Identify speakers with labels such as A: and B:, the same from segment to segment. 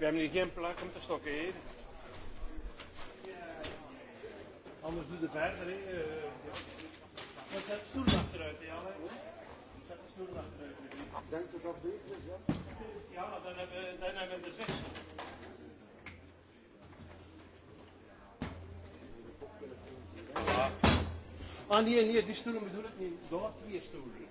A: We hebben hier geen plak om te stokken hier. Anders doe je verder. Hè. Uh, zet de stoel achteruit, Jan. Zet de stoel achteruit. Denk je dat beter is, ja? Ja, dan hebben, we, dan hebben we de zicht. Ah. ah, nee, nee, die stoelen bedoel ik niet. Daar twee stoelen.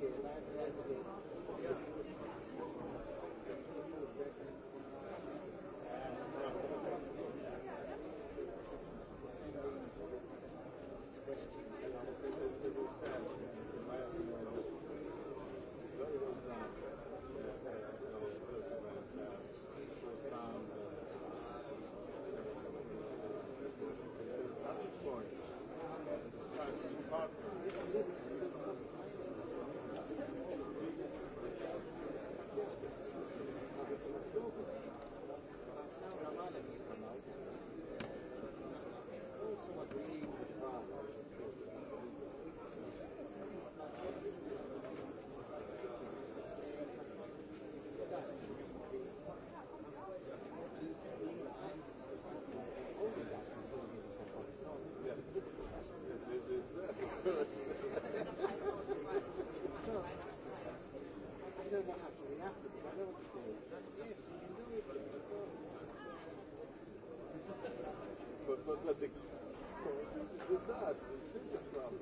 A: Grazie. but the, this is not. This is a problem.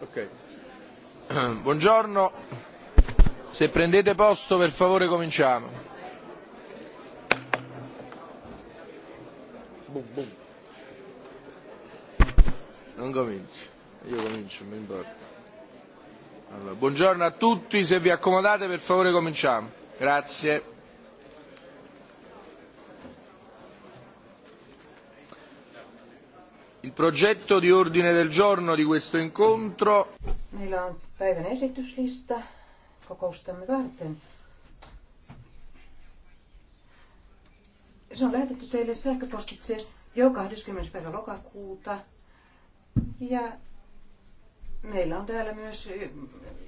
B: Okay. Buongiorno, se prendete posto per favore cominciamo. Non comincio, io comincio, mi importa. Allora, buongiorno a tutti, se vi accomodate per favore cominciamo. Grazie. Il progetto di ordine del giorno di questo incontro.
C: Meillä
D: on päivän esityslista kokoustamme varten. Se on lähetetty teille sähköpostitse jo 20. päivä lokakuuta. Ja meillä on täällä myös eh,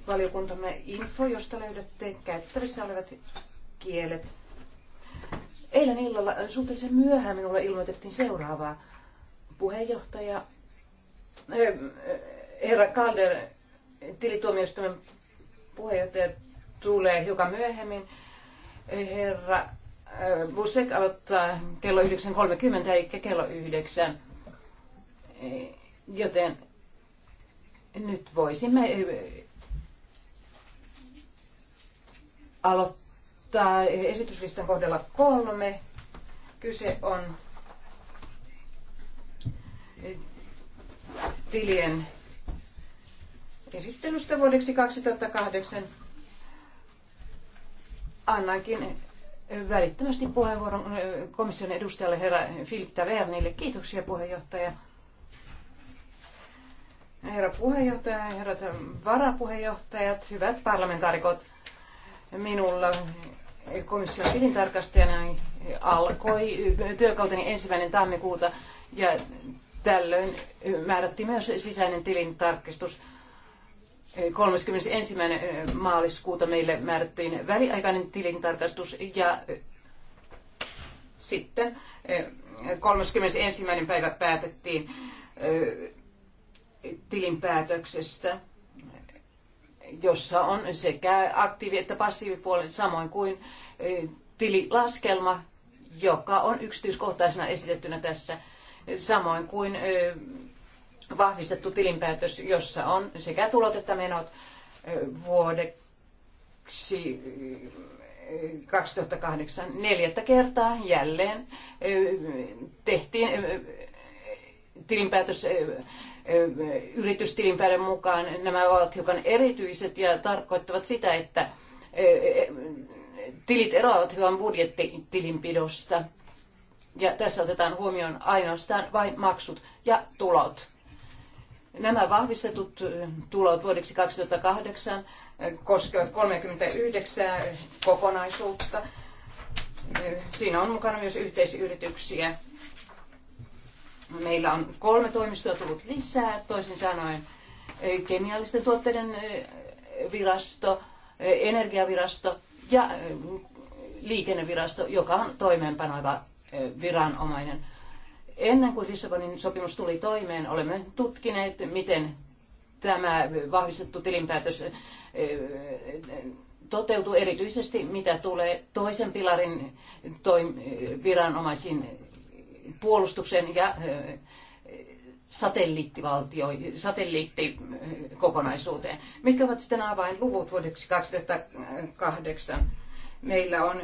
D: valiokuntamme info, josta löydätte käyttävissä olevat kielet. Eilen illalla eh, suhteellisen myöhään minulle ilmoitettiin seuraavaa Puheenjohtaja, eh, herra Calder, tilituomioistuimen puheenjohtaja tulee hiukan myöhemmin. Herra eh, Busek aloittaa kello 9.30 eikä kello 9. Eh, joten nyt voisimme aloittaa esityslistan kohdalla kolme. Kyse on tilien esittelystä vuodeksi 2008. Annankin välittömästi puheenvuoron äh, komission edustajalle herra Filip Tavernille. Kiitoksia puheenjohtaja. Herra puheenjohtaja, herrat varapuheenjohtajat, hyvät parlamentaarikot, minulla komission tilintarkastajana alkoi työkauteni ensimmäinen tammikuuta ja Tällöin määrättiin myös sisäinen tilintarkistus. 31. maaliskuuta meille määrättiin väliaikainen tilintarkastus ja sitten 31. päivä päätettiin tilinpäätöksestä, jossa on sekä aktiivi- että passiivipuolen samoin kuin tililaskelma, joka on yksityiskohtaisena esitettynä tässä samoin kuin vahvistettu tilinpäätös, jossa on sekä tulot että menot vuodeksi 2008 neljättä kertaa jälleen tehtiin tilinpäätös yritystilinpäätön mukaan. Nämä ovat hiukan erityiset ja tarkoittavat sitä, että tilit eroavat hyvän budjettitilinpidosta. Ja tässä otetaan huomioon ainoastaan vain maksut ja tulot. Nämä vahvistetut tulot vuodeksi 2008 koskevat 39 kokonaisuutta. Siinä on mukana myös yhteisyrityksiä. Meillä on kolme toimistoa tullut lisää, toisin sanoen kemiallisten tuotteiden virasto, energiavirasto ja liikennevirasto, joka on toimeenpanova viranomainen. Ennen kuin Lissabonin sopimus tuli toimeen, olemme tutkineet, miten tämä vahvistettu tilinpäätös toteutuu erityisesti, mitä tulee toisen pilarin viranomaisiin puolustuksen ja satelliittivaltio, satelliittikokonaisuuteen. Mitkä ovat sitten avainluvut vuodeksi 2008? Meillä on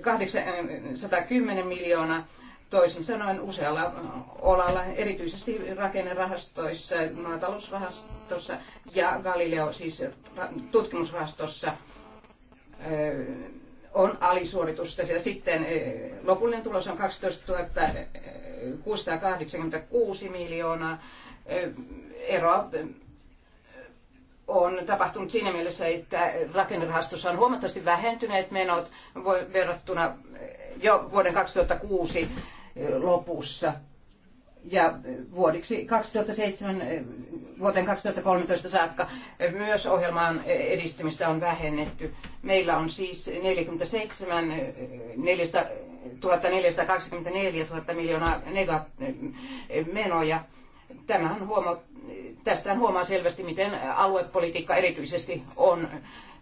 D: 810 miljoonaa toisin sanoen usealla olalla, erityisesti rakennerahastoissa, maatalousrahastossa ja Galileo, siis tutkimusrahastossa on alisuoritusta. Ja sitten lopullinen tulos on 12 686 miljoonaa. Eroa on tapahtunut siinä mielessä, että rakennerahastossa on huomattavasti vähentyneet menot verrattuna eh, jo vuoden 2006 eh, lopussa. Ja eh, vuodiksi 2007, vuoteen 2013 saakka myös ohjelman edistymistä on vähennetty. Meillä on siis 47 1424 000 miljoonaa menoja. Tämä on tästä huomaa selvästi, miten aluepolitiikka erityisesti on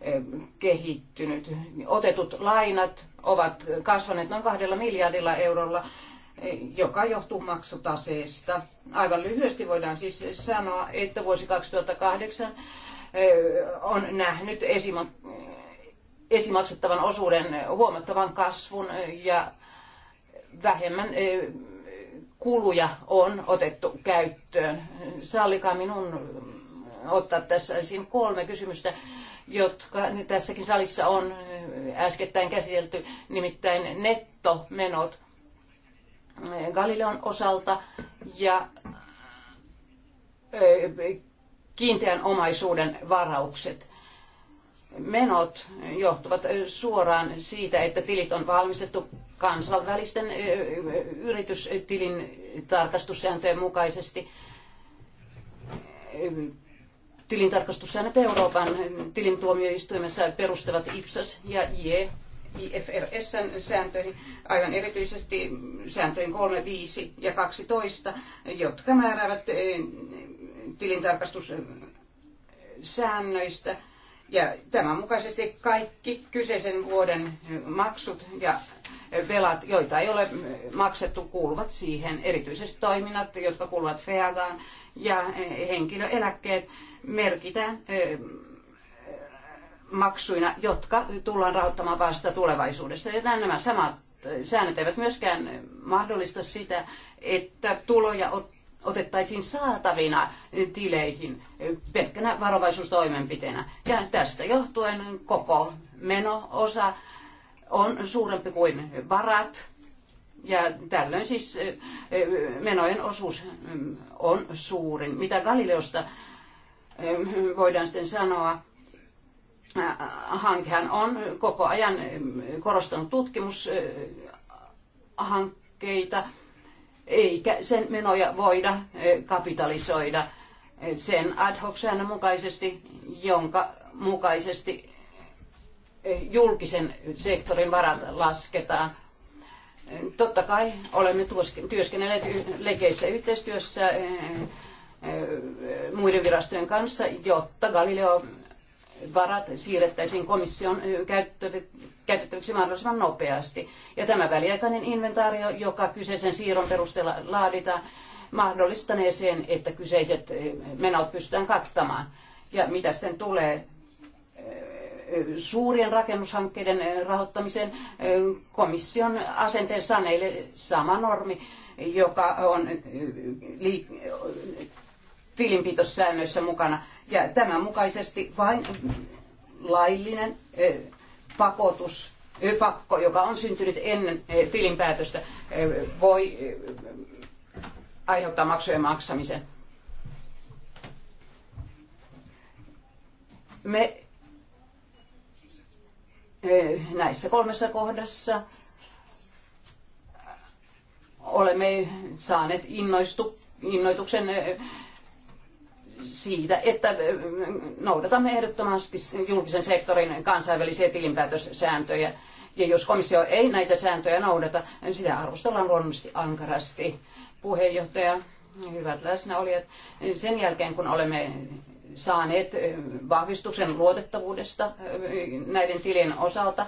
D: eh, kehittynyt. Otetut lainat ovat kasvaneet noin kahdella miljardilla eurolla, eh, joka johtuu maksutaseesta. Aivan lyhyesti voidaan siis sanoa, että vuosi 2008 eh, on nähnyt esimaksettavan osuuden huomattavan kasvun ja vähemmän kuluja on otettu käyttöön. Sallikaa minun ottaa tässä esiin kolme kysymystä, jotka tässäkin salissa on äskettäin käsitelty, nimittäin nettomenot Galileon osalta ja kiinteän omaisuuden varaukset menot johtuvat suoraan siitä, että tilit on valmistettu kansainvälisten yritystilin tarkastussääntöjen mukaisesti. Tilintarkastussäännöt Euroopan tilintuomioistuimessa perustavat IPSAS ja JE IFRS-sääntöihin, aivan erityisesti sääntöihin 3, 5 ja 12, jotka määräävät tilintarkastussäännöistä – ja tämän mukaisesti kaikki kyseisen vuoden maksut ja velat, joita ei ole maksettu, kuuluvat siihen. Erityisesti toiminnat, jotka kuuluvat FEAGAan ja henkilöeläkkeet merkitään maksuina, jotka tullaan rahoittamaan vasta tulevaisuudessa. Ja nämä samat säännöt eivät myöskään mahdollista sitä, että tuloja otettaisiin saatavina tileihin pelkkänä varovaisuustoimenpiteenä. Ja tästä johtuen koko menoosa on suurempi kuin varat. Ja tällöin siis menojen osuus mm, on suurin. Mitä Galileosta voidaan sitten sanoa, hankehan on koko ajan mm, korostanut tutkimushankkeita eikä sen menoja voida eh, kapitalisoida eh, sen ad hoc säännön mukaisesti, jonka mukaisesti eh, julkisen sektorin varat lasketaan. Totta kai olemme työskennelleet legeissä yhteistyössä muiden virastojen kanssa, jotta Galileo varat siirrettäisiin komission käytettäväksi mahdollisimman nopeasti. Ja tämä väliaikainen inventaario, joka kyseisen siirron perusteella laaditaan, mahdollistanee sen, että kyseiset menot pystytään kattamaan. Ja mitä sitten tulee suurien rakennushankkeiden rahoittamiseen, komission asenteen saneille sama normi, joka on tilinpitosäännöissä mukana ja tämän mukaisesti vain laillinen pakotus, pakko, joka on syntynyt ennen tilinpäätöstä, voi aiheuttaa maksujen maksamisen. Me näissä kolmessa kohdassa olemme saaneet innoistu, innoituksen siitä, että noudatamme ehdottomasti julkisen sektorin kansainvälisiä tilinpäätössääntöjä. Ja jos komissio ei näitä sääntöjä noudata, niin sitä arvostellaan luonnollisesti ankarasti. Puheenjohtaja, hyvät läsnäolijat, sen jälkeen kun olemme saaneet vahvistuksen luotettavuudesta näiden tilien osalta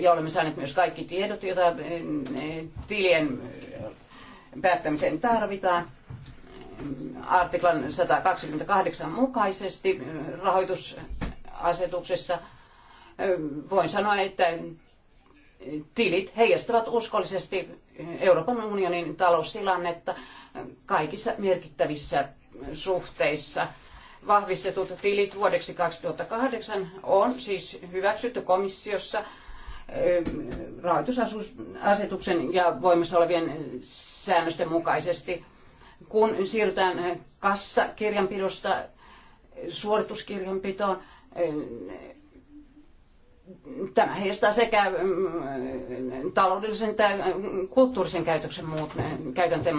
D: ja olemme saaneet myös kaikki tiedot, joita tilien päättämiseen tarvitaan, artiklan 128 mukaisesti rahoitusasetuksessa. Voin sanoa, että tilit heijastavat uskollisesti Euroopan unionin taloustilannetta kaikissa merkittävissä suhteissa. Vahvistetut tilit vuodeksi 2008 on siis hyväksytty komissiossa rahoitusasetuksen ja voimassa olevien säännösten mukaisesti – kun siirrytään eh, kassakirjanpidosta eh, suorituskirjanpitoon, eh, tämä heistää sekä mm, taloudellisen että mm, kulttuurisen käytöksen muut, käytänteen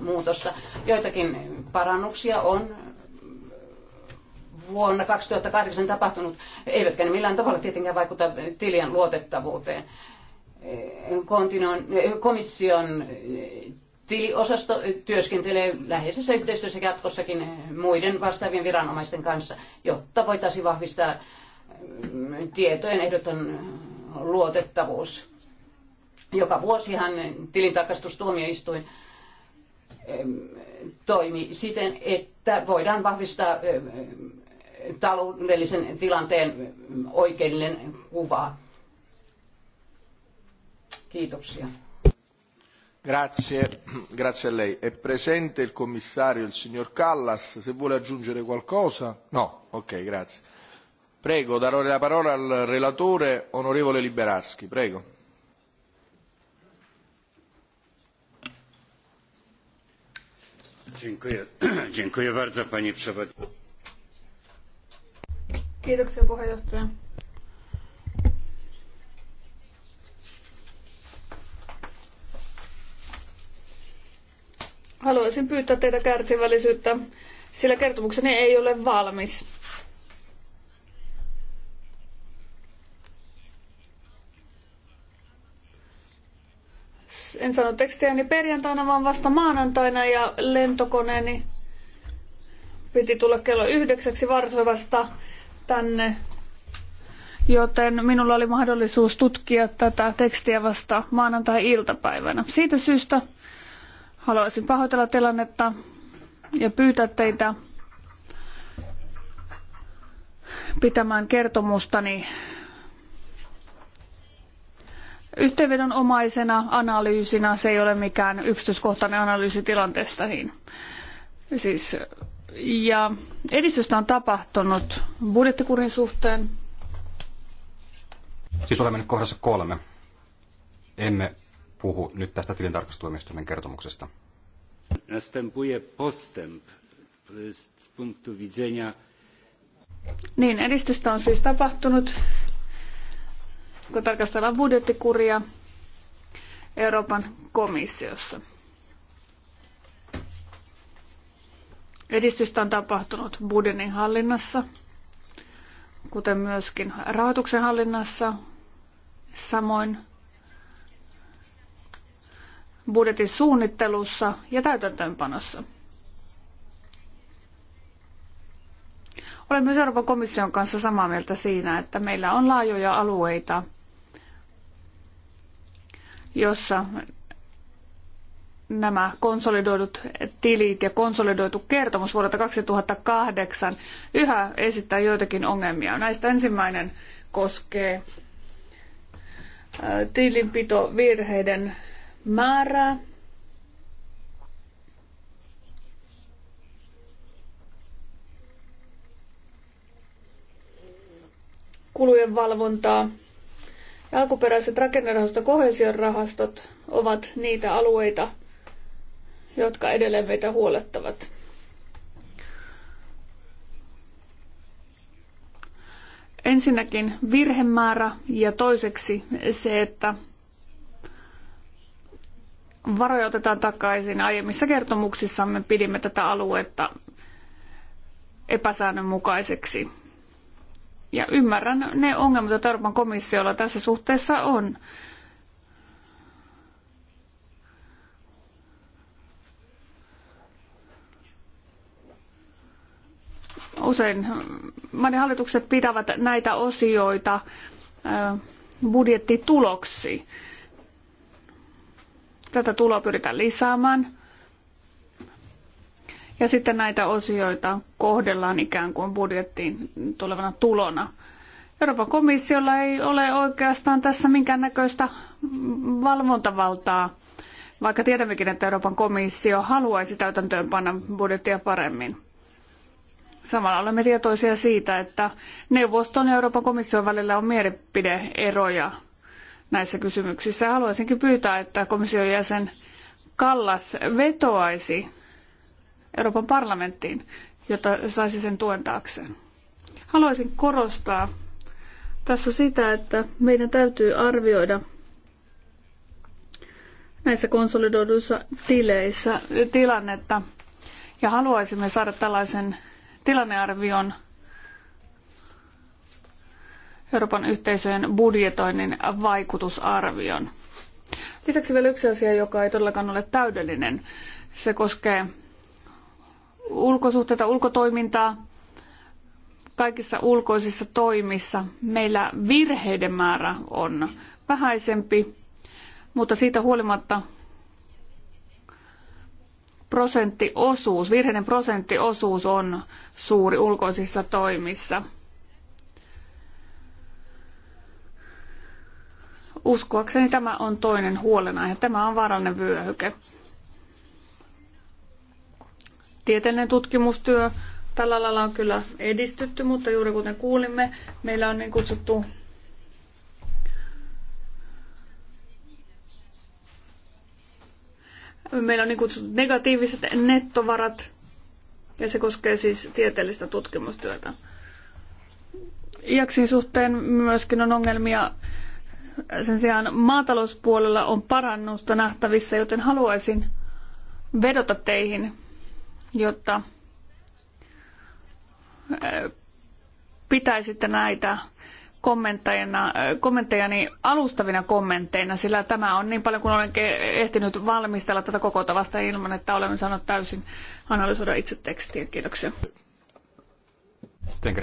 D: muutosta. Joitakin parannuksia on mm, vuonna 2008 tapahtunut, eivätkä ne millään tavalla tietenkään vaikuta tilien luotettavuuteen. Komission Tiliosasto työskentelee läheisessä yhteistyössä jatkossakin muiden vastaavien viranomaisten kanssa, jotta voitaisiin vahvistaa mm, tietojen ehdoton luotettavuus. Joka vuosihan tilintarkastustuomioistuin toimi siten, että voidaan vahvistaa taloudellisen tilanteen oikeellinen kuva. Kiitoksia.
B: Grazie, grazie a lei. È presente il commissario, il signor Callas, se vuole aggiungere qualcosa? No, ok, grazie. Prego, darò la parola al relatore, onorevole Liberaschi, prego.
E: Dziękuję, dziękuję bardzo panie przewodniczący.
C: Kiitoksia puheenjohtaja. Haluaisin pyytää teitä kärsivällisyyttä, sillä kertomukseni ei ole valmis. en sano tekstiäni perjantaina, vaan vasta maanantaina ja lentokoneeni piti tulla kello yhdeksäksi Varsovasta tänne, joten minulla oli mahdollisuus tutkia tätä tekstiä vasta maanantai-iltapäivänä. Siitä syystä Haluaisin pahoitella tilannetta ja pyytää teitä pitämään kertomustani yhteenvedonomaisena analyysinä. Se ei ole mikään yksityiskohtainen analyysi tilanteesta. Siis, ja edistystä on tapahtunut budjettikurin suhteen.
E: Siis olemme nyt kohdassa kolme. Emme puhu nyt tästä tilintarkastustuomioistuimen kertomuksesta. Następuje postęp z punktu widzenia...
C: Niin, edistystä on siis tapahtunut, kun tarkastellaan budjettikuria Euroopan komissiossa. Edistystä on tapahtunut budjetin hallinnassa, kuten myöskin rahoituksen hallinnassa, samoin budjetin suunnittelussa ja täytäntöönpanossa. Olen myös Euroopan komission kanssa samaa mieltä siinä, että meillä on laajoja alueita, jossa nämä konsolidoidut tilit ja konsolidoitu kertomus vuodelta 2008 yhä esittää joitakin ongelmia. Näistä ensimmäinen koskee äh, tilinpitovirheiden virheiden Mara. kulujen valvontaa. Ja alkuperäiset rakennerahastot ja rahastot ovat niitä alueita, jotka edelleen meitä huolettavat. Ensinnäkin virhemäärä ja toiseksi se, että varoja otetaan takaisin. Aiemmissa kertomuksissamme pidimme tätä aluetta epäsäännönmukaiseksi. Ja ymmärrän ne ongelmat, joita Euroopan komissiolla tässä suhteessa on. Usein maiden hallitukset pitävät näitä osioita budjettituloksi. tuloksi Tätä tuloa pyritään lisäämään. Ja sitten näitä osioita kohdellaan ikään kuin budjettiin tulevana tulona. Euroopan komissiolla ei ole oikeastaan tässä minkäännäköistä valvontavaltaa, vaikka tiedämmekin, että Euroopan komissio haluaisi täytäntöönpanna budjettia paremmin. Samalla olemme tietoisia siitä, että neuvoston ja Euroopan komission välillä on mielipideeroja näissä kysymyksissä. Haluaisinkin pyytää, että komission jäsen Kallas vetoaisi Euroopan parlamenttiin, jotta saisi sen tuen taakseen. Haluaisin korostaa tässä sitä, että meidän täytyy arvioida näissä konsolidoiduissa tileissä tilannetta ja haluaisimme saada tällaisen tilannearvion Euroopan yhteisöjen budjetoinnin vaikutusarvion. Lisäksi vielä yksi asia, joka ei todellakaan ole täydellinen. Se koskee ulkosuhteita, ulkotoimintaa. Kaikissa ulkoisissa toimissa meillä virheiden määrä on vähäisempi, mutta siitä huolimatta prosenttiosuus, virheiden prosenttiosuus on suuri ulkoisissa toimissa – Uskoakseni tämä on toinen huolenaihe. Tämä on vaarallinen vyöhyke. Tieteellinen tutkimustyö tällä alalla on kyllä edistytty, mutta juuri kuten kuulimme, meillä on niin kutsuttu meillä on niin kutsutut negatiiviset nettovarat, ja se koskee siis tieteellistä tutkimustyötä. Iaksin suhteen myöskin on ongelmia sen sijaan maatalouspuolella on parannusta nähtävissä, joten haluaisin vedota teihin, jotta eh, pitäisitte näitä kommenttejani eh, alustavina kommentteina, sillä tämä on niin paljon kuin olen ehtinyt valmistella tätä kokousta vasta ilman, että olen saanut täysin analysoida itse tekstiä. Kiitoksia.
E: Sten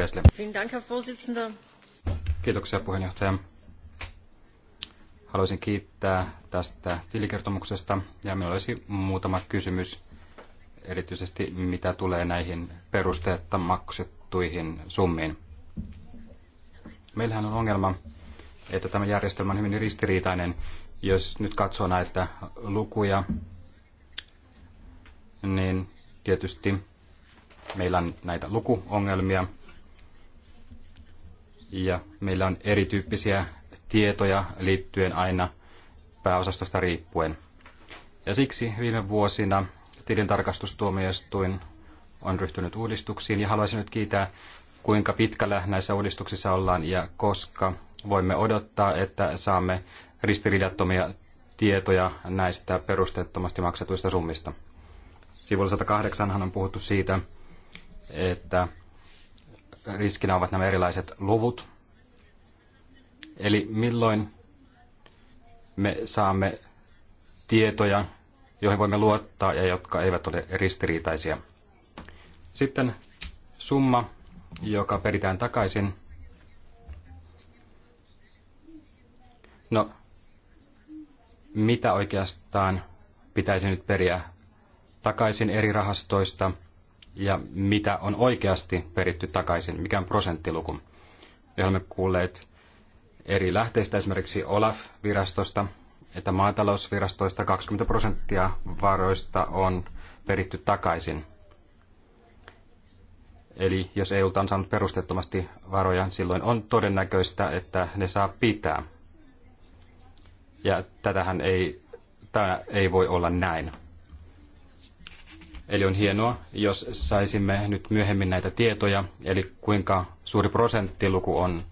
E: Kiitoksia puheenjohtaja. Haluaisin kiittää tästä tilikertomuksesta ja minulla olisi muutama kysymys, erityisesti mitä tulee näihin perusteetta maksettuihin summiin. Meillähän on ongelma, että tämä järjestelmä on hyvin ristiriitainen. Jos nyt katsoo näitä lukuja, niin tietysti meillä on näitä lukuongelmia ja meillä on erityyppisiä tietoja liittyen aina pääosastosta riippuen. Ja siksi viime vuosina tilintarkastustuomioistuin on ryhtynyt uudistuksiin ja haluaisin nyt kiittää, kuinka pitkällä näissä uudistuksissa ollaan ja koska voimme odottaa, että saamme ristiriidattomia tietoja näistä perusteettomasti maksetuista summista. Sivulla 108 on puhuttu siitä, että riskinä ovat nämä erilaiset luvut, Eli milloin me saamme tietoja, joihin voimme luottaa ja jotka eivät ole ristiriitaisia. Sitten summa, joka peritään takaisin. No, mitä oikeastaan pitäisi nyt periä takaisin eri rahastoista ja mitä on oikeasti peritty takaisin, mikä on prosenttiluku. Me olemme kuulleet eri lähteistä, esimerkiksi OLAF-virastosta, että maatalousvirastoista 20 prosenttia varoista on peritty takaisin. Eli jos EU on saanut perusteettomasti varoja, silloin on todennäköistä, että ne saa pitää. Ja tätähän ei, tämä ei voi olla näin. Eli on hienoa, jos saisimme nyt myöhemmin näitä tietoja, eli kuinka suuri prosenttiluku on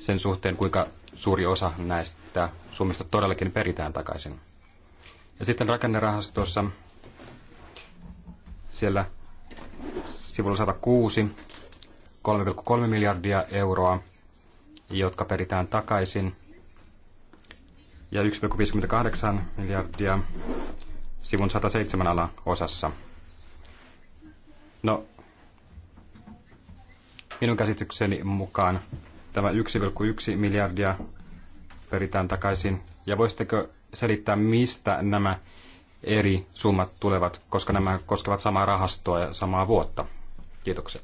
E: sen suhteen, kuinka suuri osa näistä summista todellakin peritään takaisin. Ja sitten rakennerahastossa siellä sivulla 106 3,3 miljardia euroa, jotka peritään takaisin, ja 1,58 miljardia sivun 107 ala osassa. No, minun käsitykseni mukaan tämä 1,1 miljardia peritään takaisin. Ja voisitteko selittää, mistä nämä eri summat tulevat, koska nämä koskevat samaa rahastoa ja samaa vuotta? Kiitoksia.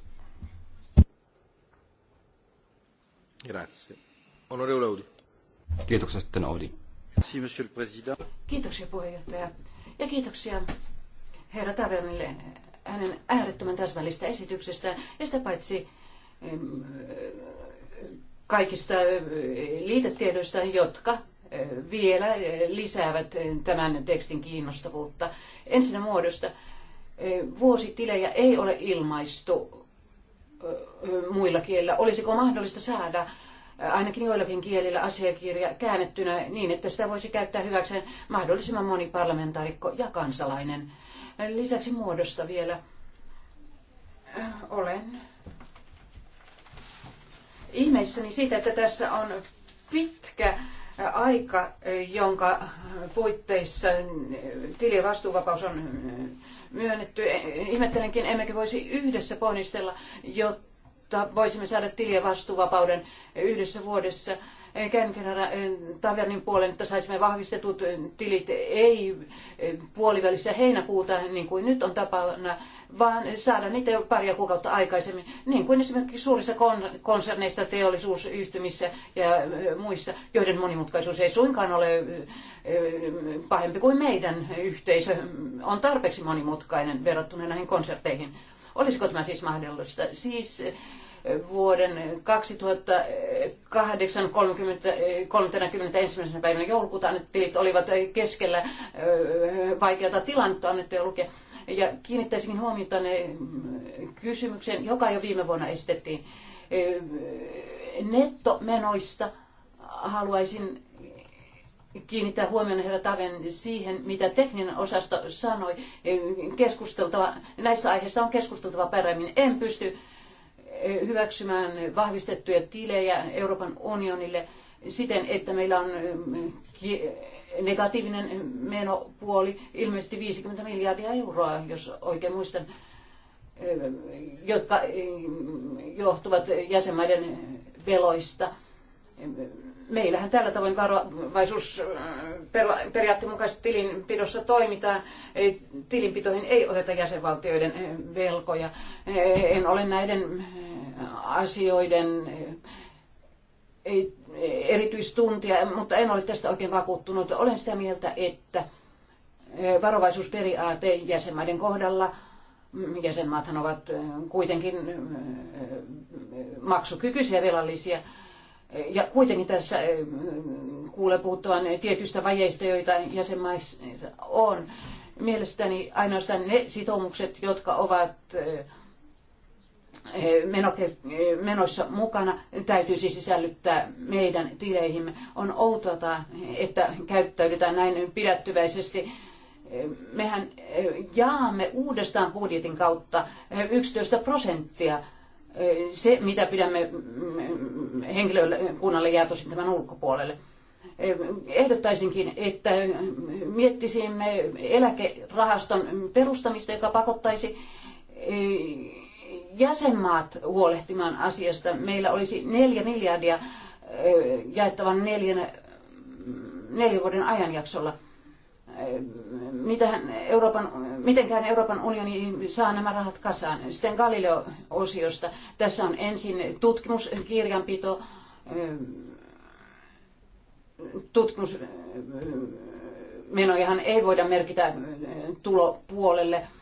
E: Grazie. Onorevole Audi. Kiitoksia sitten Audi. Merci, monsieur
D: Kiitoksia puheenjohtaja. Ja kiitoksia herra Tavernille hänen äärettömän täsmällistä esityksestä. Ja sitä paitsi mm, kaikista liitetiedoista, jotka vielä lisäävät tämän tekstin kiinnostavuutta. Ensinnä muodosta vuositilejä ei ole ilmaistu muilla kielillä. Olisiko mahdollista saada ainakin joillakin kielillä asiakirja käännettynä niin, että sitä voisi käyttää hyväkseen mahdollisimman moni parlamentaarikko ja kansalainen. Lisäksi muodosta vielä olen ihmeissäni siitä, että tässä on pitkä äh, aika, äh, jonka puitteissa äh, tilien vastuuvapaus on myönnetty. E, ihmettelenkin, emmekö voisi yhdessä ponnistella, jotta voisimme saada tilien vastuuvapauden yhdessä vuodessa. Käyn tavernin puolen, että saisimme vahvistetut tilit ei puolivälissä heinäkuuta, niin kuin nyt on tapana, vaan saada niitä jo paria kuukautta aikaisemmin, niin kuin esimerkiksi suurissa konserneissa, teollisuusyhtymissä ja muissa, joiden monimutkaisuus ei suinkaan ole pahempi kuin meidän yhteisö on tarpeeksi monimutkainen verrattuna näihin konserteihin. Olisiko tämä siis mahdollista? Siis vuoden 2008 30, 31. päivänä joulukuuta annetut tilit olivat keskellä vaikeata tilannetta annettuja lukea. Ja kiinnittäisinkin huomiota mm, kysymykseen, joka jo viime vuonna esitettiin nettomenoista. Haluaisin kiinnittää huomioon herra Taven siihen, mitä tekninen osasto sanoi. Keskusteltava, näistä aiheista on keskusteltava paremmin. En pysty hyväksymään vahvistettuja tilejä Euroopan unionille siten, että meillä on negatiivinen menopuoli ilmeisesti 50 miljardia euroa, jos oikein muistan, jotka eh, johtuvat jäsenmaiden veloista. Meillähän tällä tavoin varovaisuusperiaatteen eh, mukaisesti tilinpidossa toimitaan. Tilinpitoihin ei oteta jäsenvaltioiden eh, velkoja. En ole näiden asioiden erityistuntia, mutta en ole tästä oikein vakuuttunut. Olen sitä mieltä, että varovaisuusperiaate jäsenmaiden kohdalla, mm, jäsenmaathan ovat kuitenkin maksukykyisiä velallisia, ja kuitenkin tässä kuulee puhuttavan tietystä vajeista, joita jäsenmaissa on. Mielestäni ainoastaan ne sitoumukset, jotka ovat menoissa mukana täytyisi sisällyttää meidän tileihimme. On outoa, että käyttäydytään näin pidättyväisesti mehän jaamme uudestaan budjetin kautta 11 prosenttia. Se, mitä pidämme henkilökunnalle, jää tosin tämän ulkopuolelle. Ehdottaisinkin, että miettisimme eläkerahaston perustamista, joka pakottaisi jäsenmaat huolehtimaan asiasta. Meillä olisi neljä miljardia jaettavan neljän, neljän vuoden ajanjaksolla. Mitähän Euroopan, mitenkään Euroopan unioni saa nämä rahat kasaan. Sitten Galileo-osiosta. Tässä on ensin tutkimus, kirjanpito, tutkimusmenojahan ei voida merkitä tulopuolelle –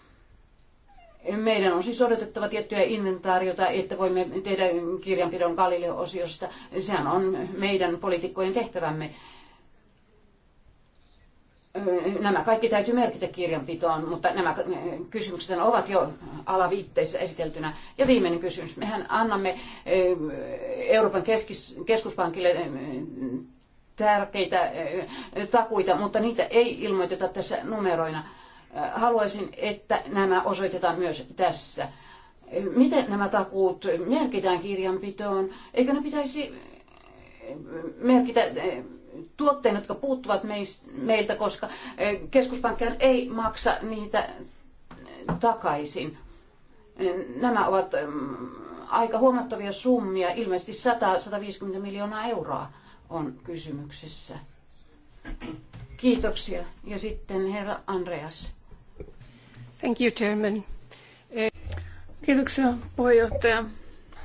D: meidän on siis odotettava tiettyä inventaariota, että voimme tehdä kirjanpidon Galileo-osiosta. Sehän on meidän poliitikkojen tehtävämme. Nämä kaikki täytyy merkitä kirjanpitoon, mutta nämä kysymykset ovat jo alaviitteissä esiteltynä. Ja viimeinen kysymys. Mehän annamme eh, Euroopan keskuspankille eh, tärkeitä eh, takuita, mutta niitä ei ilmoiteta tässä numeroina Haluaisin, että nämä osoitetaan myös tässä. Miten nämä takuut merkitään kirjanpitoon? Eikö ne pitäisi eh, merkitä eh, tuotteina, jotka puuttuvat meiltä, koska eh, keskuspankki ei maksa niitä takaisin. Nämä ovat aika huomattavia summia, ilmeisesti 100-150 miljoonaa euroa on kysymyksessä. Kiitoksia. Ja sitten herra Andreas.
C: Thank you, Chairman. Kiitoksia puheenjohtaja.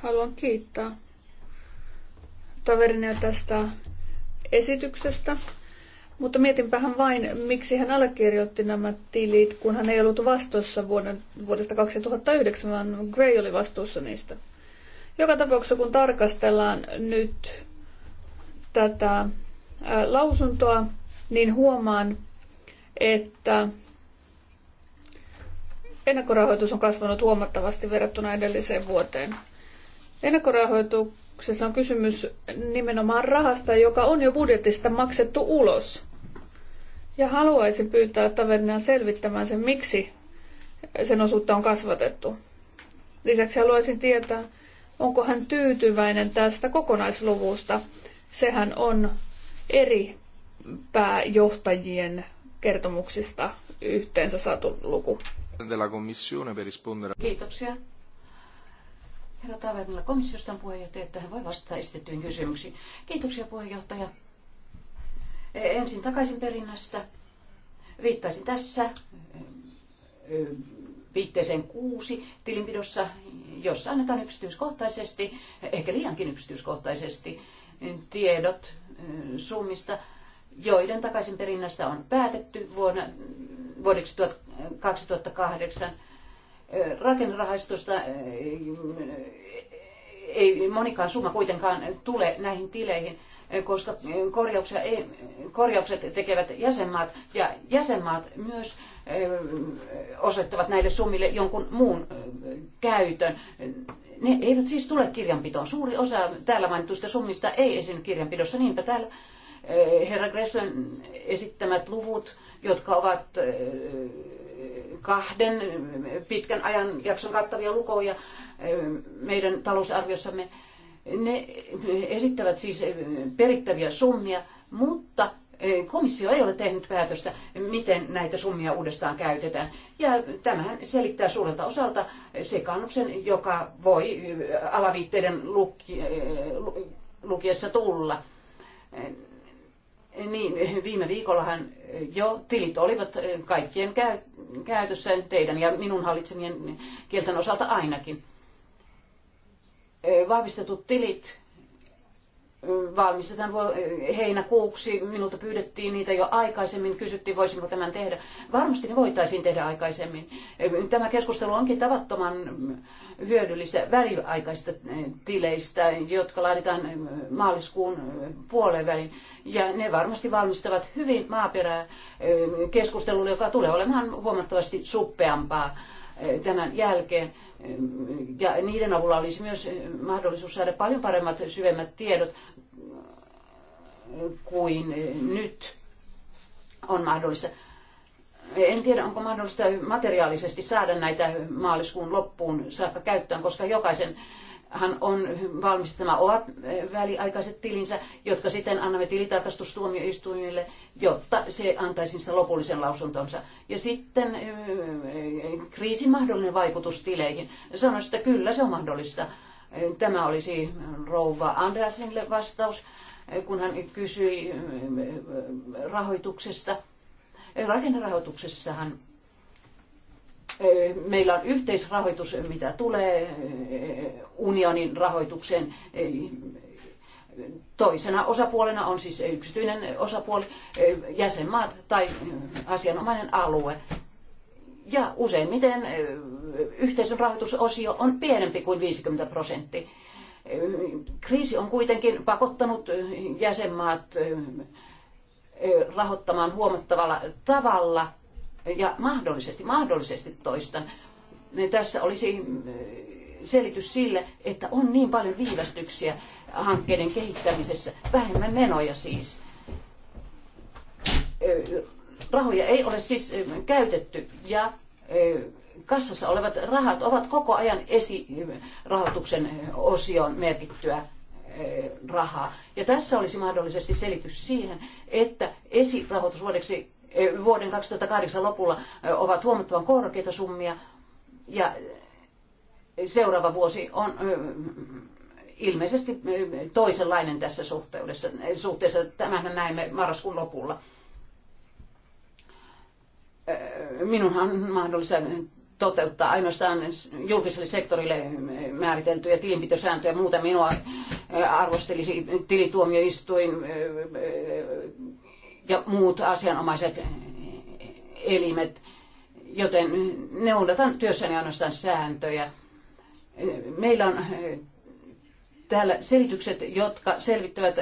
C: Haluan kiittää toverinia tästä esityksestä. Mutta mietinpähän vain, miksi hän allekirjoitti nämä tilit, kun hän ei ollut vastuussa vuoden, vuodesta 2009, vaan Gray oli vastuussa niistä. Joka tapauksessa, kun tarkastellaan nyt tätä ää, lausuntoa, niin huomaan, että Ennakkorahoitus on kasvanut huomattavasti verrattuna edelliseen vuoteen. Ennakkorahoituksessa on kysymys nimenomaan rahasta, joka on jo budjetista maksettu ulos. Ja haluaisin pyytää Tavernia selvittämään sen, miksi sen osuutta on kasvatettu. Lisäksi haluaisin tietää, onko hän tyytyväinen tästä kokonaisluvusta. Sehän on eri pääjohtajien kertomuksista
B: yhteensä saatu luku. Della Commissione per rispondere. Kiitoksia.
D: Herra Tavernilla komissiosta puheenjohtaja, että hän voi vastata esitettyihin kysymyksiin. Kiitoksia puheenjohtaja. E, ensin takaisin perinnästä. Viittaisin tässä e, viitteeseen kuusi tilinpidossa, jossa annetaan yksityiskohtaisesti, ehkä liiankin yksityiskohtaisesti, tiedot e, summista, joiden perinnästä on päätetty vuonna, vuodeksi 2008 rakennerahastosta eh, ei monikaan summa kuitenkaan tule näihin tileihin, eh, koska eh, korjaukset tekevät jäsenmaat ja jäsenmaat myös osoittavat näille summille jonkun muun käytön. Ne eivät siis tule kirjanpitoon. Suuri osa täällä mainituista summista ei esiinny kirjanpidossa. Niinpä täällä herra Gresslön esittämät luvut, jotka ovat kahden pitkän ajan jakson kattavia lukuja eh, meidän talousarviossamme. Ne esittävät siis eh, perittäviä summia, mutta eh, komissio ei ole tehnyt päätöstä, miten näitä summia uudestaan käytetään. Ja tämähän selittää suurelta osalta sekannuksen, joka voi alaviitteiden luki, lukiessa tulla. Niin, viime viikollahan jo tilit olivat kaikkien käytössä, teidän ja minun hallitsemien kielten osalta ainakin. Vahvistetut tilit valmistetaan heinäkuuksi. Minulta pyydettiin niitä jo aikaisemmin, kysyttiin voisinko tämän tehdä. Varmasti ne voitaisiin tehdä aikaisemmin. Tämä keskustelu onkin tavattoman hyödyllistä väliaikaisista eh, tileistä, jotka laaditaan eh, maaliskuun eh, puoleen väliin. Ja ne varmasti valmistavat hyvin maaperää keskustelulle, joka tulee olemaan huomattavasti suppeampaa tämän jälkeen ja niiden avulla olisi myös mahdollisuus saada paljon paremmat syvemmät tiedot kuin nyt on mahdollista. En tiedä, onko mahdollista materiaalisesti saada näitä maaliskuun loppuun saakka käyttöön, koska jokaisen hän on valmis, nämä ovat eh, väliaikaiset tilinsä, jotka sitten annamme tilitarkastustuomioistuimille, jotta se antaisi sitä lopullisen lausuntonsa. Ja sitten eh, kriisin mahdollinen vaikutus tileihin. Sanoisin, että kyllä se on mahdollista. Eh, tämä olisi rouva Andersenille vastaus, kun hän kysyi rahoituksesta. Rakennerahoituksessahan Meillä on yhteisrahoitus, mitä tulee eh, unionin rahoitukseen. Eh, toisena osapuolena on siis yksityinen osapuoli, eh, jäsenmaat tai asianomainen alue. Ja useimmiten yhteisön rahoitusosio on pienempi kuin 50 prosenttia. Kriisi on kuitenkin pakottanut jäsenmaat rahoittamaan huomattavalla tavalla ja mahdollisesti, mahdollisesti toistan, niin tässä olisi äh, selitys sille, että on niin paljon viivästyksiä hankkeiden kehittämisessä, vähemmän menoja siis. Rahoja ei ole siis käytetty ja kassassa olevat rahat ovat koko ajan esirahoituksen osioon merkittyä rahaa. Ja tässä olisi mahdollisesti selitys siihen, että esirahoitus vuodeksi vuoden 2008 lopulla ovat huomattavan korkeita summia ja seuraava vuosi on ilmeisesti toisenlainen tässä suhteudessa, suhteessa. Tämähän näemme marraskuun lopulla. Minunhan on mahdollista toteuttaa ainoastaan julkiselle sektorille määriteltyjä tilinpitosääntöjä. Muuta minua arvostelisi tilituomioistuin ja muut asianomaiset elimet, joten neuvonatan työssäni ainoastaan sääntöjä. Meillä on täällä selitykset, jotka selvittävät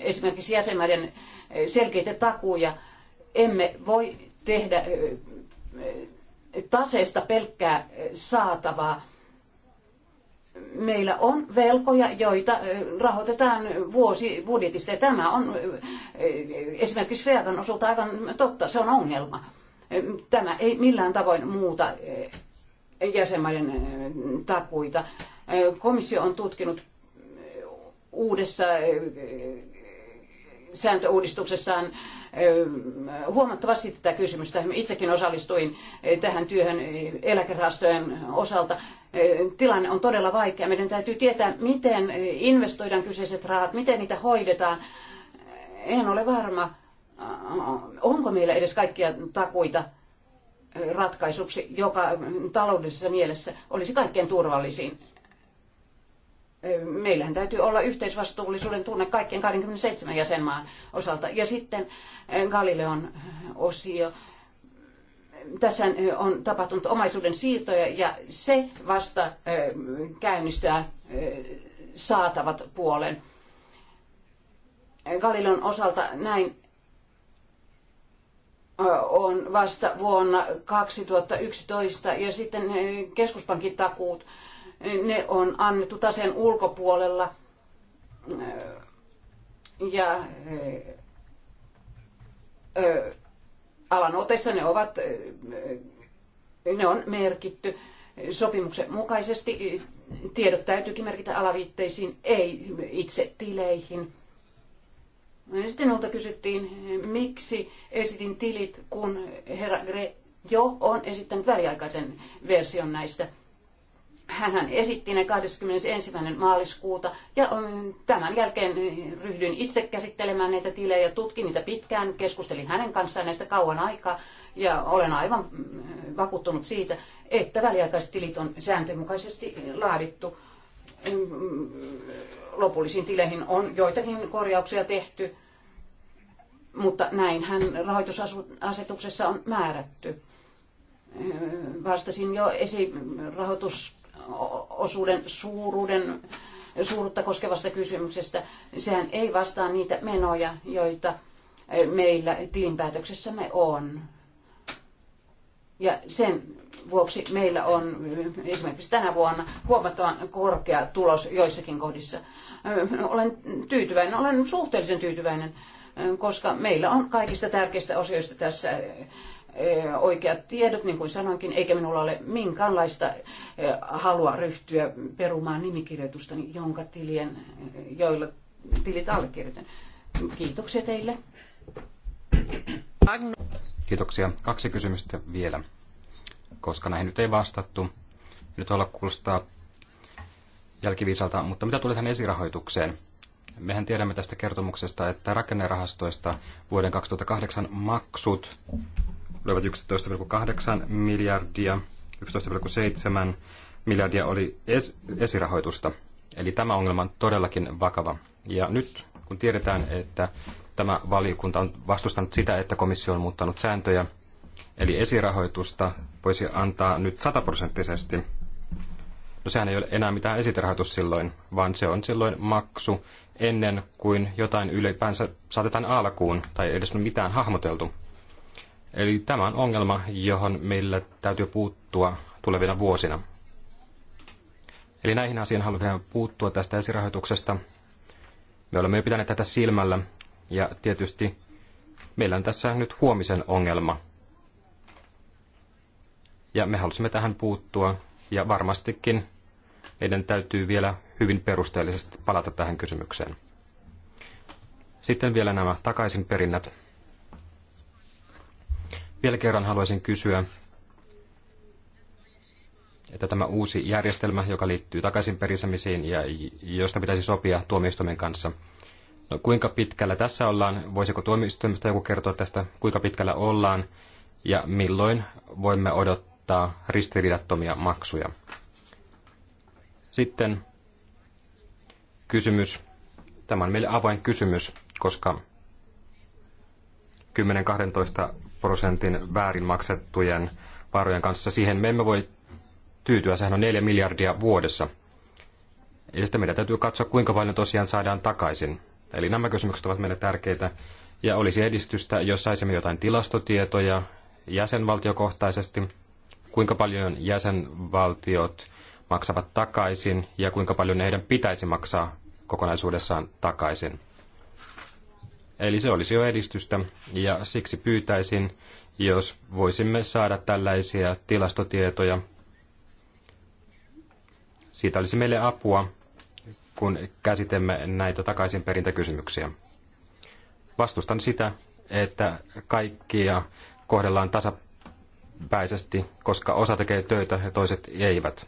D: esimerkiksi jäsenmaiden selkeitä takuja. Emme voi tehdä taseesta pelkkää saatavaa meillä on velkoja, joita rahoitetaan vuosibudjetista. Ja tämä on esimerkiksi Feagan osalta aivan totta, se on ongelma. Tämä ei millään tavoin muuta jäsenmaiden takuita. Komissio on tutkinut uudessa sääntöuudistuksessaan huomattavasti tätä kysymystä. Itsekin osallistuin eh, tähän työhön eh, eläkerahastojen osalta. Eh, tilanne on todella vaikea. Meidän täytyy tietää, miten investoidaan kyseiset rahat, miten niitä hoidetaan. En ole varma, onko meillä edes kaikkia takuita ratkaisuksi, joka taloudellisessa mielessä olisi kaikkein turvallisin meillähän täytyy olla yhteisvastuullisuuden tunne kaikkien 27 jäsenmaan osalta. Ja sitten Galileon osio. Tässä on tapahtunut omaisuuden siirtoja ja se vasta käynnistää saatavat puolen. Galileon osalta näin on vasta vuonna 2011 ja sitten keskuspankin takuut ne on annettu taseen ulkopuolella ja alan otessa ne ovat ne on merkitty sopimuksen mukaisesti. Tiedot täytyykin merkitä alaviitteisiin, ei itse tileihin. Sitten minulta kysyttiin, miksi esitin tilit, kun herra Gre jo on esittänyt väliaikaisen version näistä hän esitti ne 21. maaliskuuta ja tämän jälkeen ryhdyin itse käsittelemään näitä tilejä, tutkin niitä pitkään, keskustelin hänen kanssaan näistä kauan aikaa ja olen aivan mm, vakuuttunut siitä, että väliaikaiset tilit on sääntömukaisesti laadittu. Lopullisiin tileihin on joitakin korjauksia tehty, mutta näinhän rahoitusasetuksessa on määrätty vastasin jo esirahoitus osuuden suuruuden suuruutta koskevasta kysymyksestä. Sehän ei vastaa niitä menoja, joita eh, meillä tilinpäätöksessämme on. Ja sen vuoksi meillä on eh, esimerkiksi tänä vuonna huomattavan korkea tulos joissakin kohdissa. Eh, olen tyytyväinen, olen suhteellisen tyytyväinen, koska meillä on kaikista tärkeistä osioista tässä oikeat tiedot, niin kuin sanoinkin, eikä minulla ole minkäänlaista halua ryhtyä perumaan nimikirjoitustani, jonka tilien, joilla tilit allekirjoitan. Kiitoksia teille.
E: Kiitoksia. Kaksi kysymystä vielä, koska näihin nyt ei vastattu. Niin nyt olla kuulostaa jälkiviisalta, mutta mitä tulee tähän esirahoitukseen? Mehän tiedämme tästä kertomuksesta, että rakennerahastoista vuoden 2008 maksut olivat 11,8 miljardia, 11,7 miljardia oli es- esirahoitusta. Eli tämä ongelma on todellakin vakava. Ja nyt kun tiedetään, että tämä valiokunta on vastustanut sitä, että komissio on muuttanut sääntöjä, eli esirahoitusta voisi antaa nyt sataprosenttisesti. No sehän ei ole enää mitään esirahoitus silloin, vaan se on silloin maksu ennen kuin jotain ylipäänsä saatetaan alkuun tai edes on mitään hahmoteltu. Eli tämä on ongelma, johon meillä täytyy puuttua tulevina vuosina. Eli näihin asioihin halutaan puuttua tästä esirahoituksesta. Me olemme jo pitäneet tätä silmällä ja tietysti meillä on tässä nyt huomisen ongelma. Ja me halusimme tähän puuttua ja varmastikin meidän täytyy vielä hyvin perusteellisesti palata tähän kysymykseen. Sitten vielä nämä takaisinperinnät. Vielä kerran haluaisin kysyä, että tämä uusi järjestelmä, joka liittyy takaisin perisämisiin ja josta pitäisi sopia tuomioistuimen kanssa. No, kuinka pitkällä tässä ollaan? Voisiko tuomioistuimesta joku kertoa tästä, kuinka pitkällä ollaan ja milloin voimme odottaa ristiriidattomia maksuja? Sitten kysymys. Tämä on meille avain kysymys, koska 10 prosentin väärin maksettujen varojen kanssa. Siihen me emme voi tyytyä, sehän on 4 miljardia vuodessa. Ja sitten meidän täytyy katsoa, kuinka paljon tosiaan saadaan takaisin. Eli nämä kysymykset ovat meille tärkeitä. Ja olisi edistystä, jos saisimme jotain tilastotietoja jäsenvaltiokohtaisesti, kuinka paljon jäsenvaltiot maksavat takaisin ja kuinka paljon heidän pitäisi maksaa kokonaisuudessaan takaisin. Eli se olisi jo edistystä ja siksi pyytäisin, jos voisimme saada tällaisia tilastotietoja. Siitä olisi meille apua, kun käsitemme näitä takaisinperintäkysymyksiä. Vastustan sitä, että kaikkia kohdellaan tasapäisesti, koska osa tekee töitä ja toiset eivät.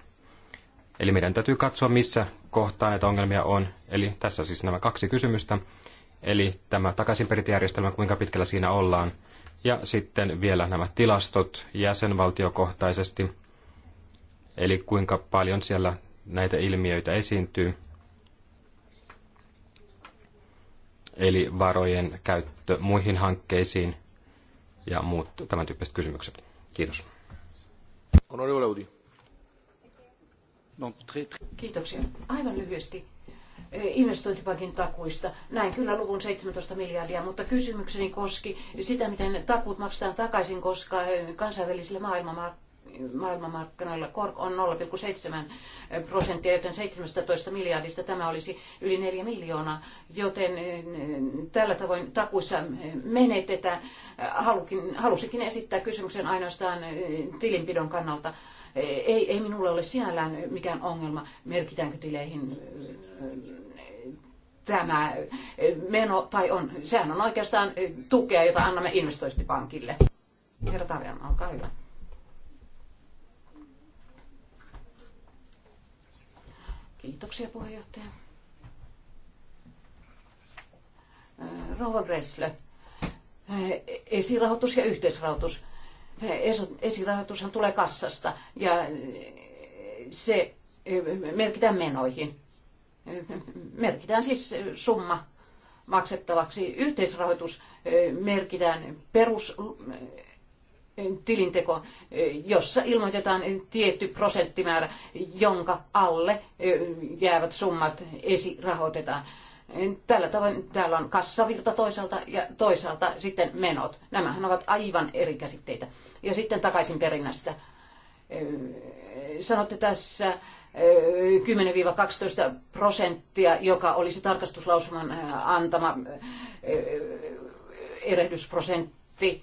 E: Eli meidän täytyy katsoa, missä kohtaa näitä ongelmia on. Eli tässä siis nämä kaksi kysymystä eli tämä takaisinperintäjärjestelmä, kuinka pitkällä siinä ollaan. Ja sitten vielä nämä tilastot jäsenvaltiokohtaisesti, eli kuinka paljon siellä näitä ilmiöitä esiintyy. Eli varojen käyttö muihin hankkeisiin ja muut tämän tyyppiset kysymykset. Kiitos.
D: Kiitoksia. Aivan lyhyesti investointipankin takuista. Näin kyllä luvun 17 miljardia, mutta kysymykseni koski sitä, miten takuut maksetaan takaisin, koska kansainvälisillä maailmanmarkkinoilla maailmanmarkkinoilla korko on 0,7 prosenttia, joten 17 miljardista tämä olisi yli 4 miljoonaa, joten tällä tavoin takuissa menetetään. halusikin esittää kysymyksen ainoastaan tilinpidon kannalta. Ei, ei minulla ole sinällään mikään ongelma, merkitäänkö tileihin äh, tämä äh, meno, tai on, sehän on oikeastaan äh, tukea, jota annamme investointipankille. Herra Tarjan, olkaa hyvä. Kiitoksia puheenjohtaja. Rouva Gressle, esirahoitus ja yhteisrahoitus esirahoitushan tulee kassasta ja se eh, merkitään menoihin. Eh, merkitään siis summa maksettavaksi. Yhteisrahoitus eh, merkitään perustilinteko, jossa ilmoitetaan tietty prosenttimäärä, jonka alle jäävät summat esirahoitetaan. Tällä tavoin täällä on kassavirta toisaalta ja toisaalta sitten menot. Nämähän ovat aivan eri käsitteitä. Ja sitten takaisin perinnästä. Sanotte tässä 10-12 prosenttia, joka olisi tarkastuslausuman antama erehdysprosentti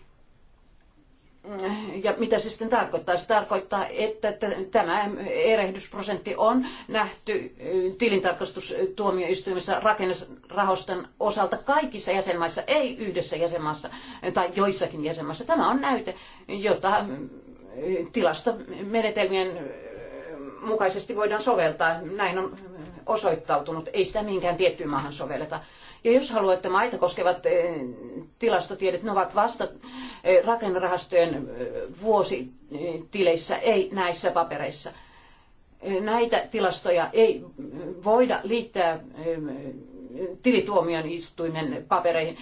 D: ja mitä se sitten tarkoittaa? Se tarkoittaa, että tämä erehdysprosentti on nähty tilintarkastustuomioistuimessa rakennusrahoston osalta kaikissa jäsenmaissa, ei yhdessä jäsenmaassa tai joissakin jäsenmaissa. Tämä on näyte, jota tilastomenetelmien mukaisesti voidaan soveltaa. Näin on osoittautunut. Ei sitä minkään tiettyyn maahan sovelleta. Ja jos haluatte maita koskevat eh, tilastotiedot ne ovat vasta eh, rakennerahastojen eh, vuositileissä, ei näissä papereissa. Näitä tilastoja ei mm, voida liittää tilituomioistuimen papereihin,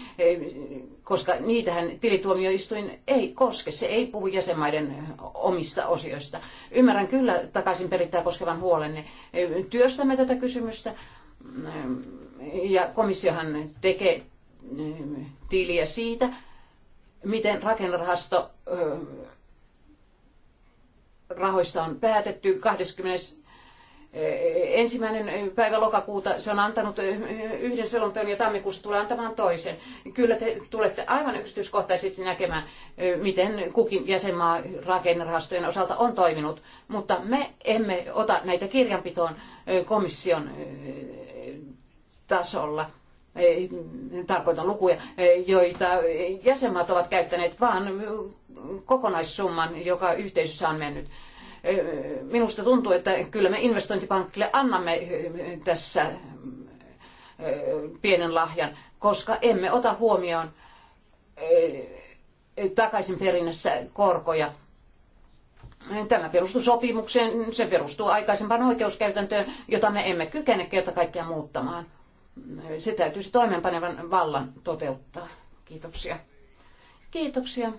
D: koska niitähän tilituomioistuin ei koske. Se ei puhu jäsenmaiden omista osioista. Ymmärrän kyllä takaisin perittää koskevan huolenne. Työstämme tätä kysymystä mm, ja komissiohan tekee mm, tiliä siitä, miten rakennerahasto rahoista on päätetty 21. ensimmäinen päivä lokakuuta se on antanut yhden selonteon ja tammikuussa tulee antamaan toisen. Kyllä te tulette aivan yksityiskohtaisesti näkemään, miten kukin jäsenmaa rakennerahastojen osalta on toiminut, mutta me emme ota näitä kirjanpitoon komission tasolla tarkoitan lukuja, joita jäsenmaat ovat käyttäneet, vaan kokonaissumman, joka yhteisössä on mennyt. Minusta tuntuu, että kyllä me investointipankille annamme tässä pienen lahjan, koska emme ota huomioon takaisin perinnässä korkoja. Tämä perustuu sopimukseen, se perustuu aikaisempaan oikeuskäytäntöön, jota me emme kykene kerta kaikkiaan muuttamaan se täytyisi toimeenpanevan vallan toteuttaa. Kiitoksia. Kiitoksia.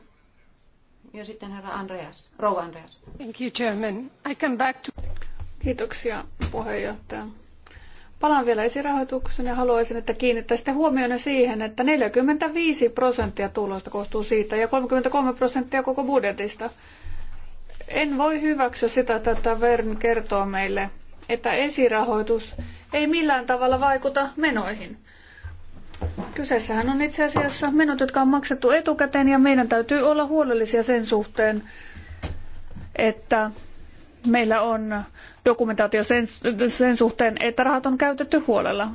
D: Ja sitten herra Andreas, rouva Andreas. Thank you, Chairman. I come back to... Kiitoksia,
C: puheenjohtaja. Palaan vielä esirahoituksen ja haluaisin, että kiinnittäisitte huomioon siihen, että 45 prosenttia tuloista koostuu siitä ja 33 prosenttia koko budjetista. En voi hyväksyä sitä, että Vern kertoo meille että esirahoitus ei millään tavalla vaikuta menoihin. Kyseessähän on itse asiassa menot, jotka on maksettu etukäteen ja meidän täytyy olla huolellisia sen suhteen, että meillä on dokumentaatio sen, sen suhteen, että rahat on käytetty huolella.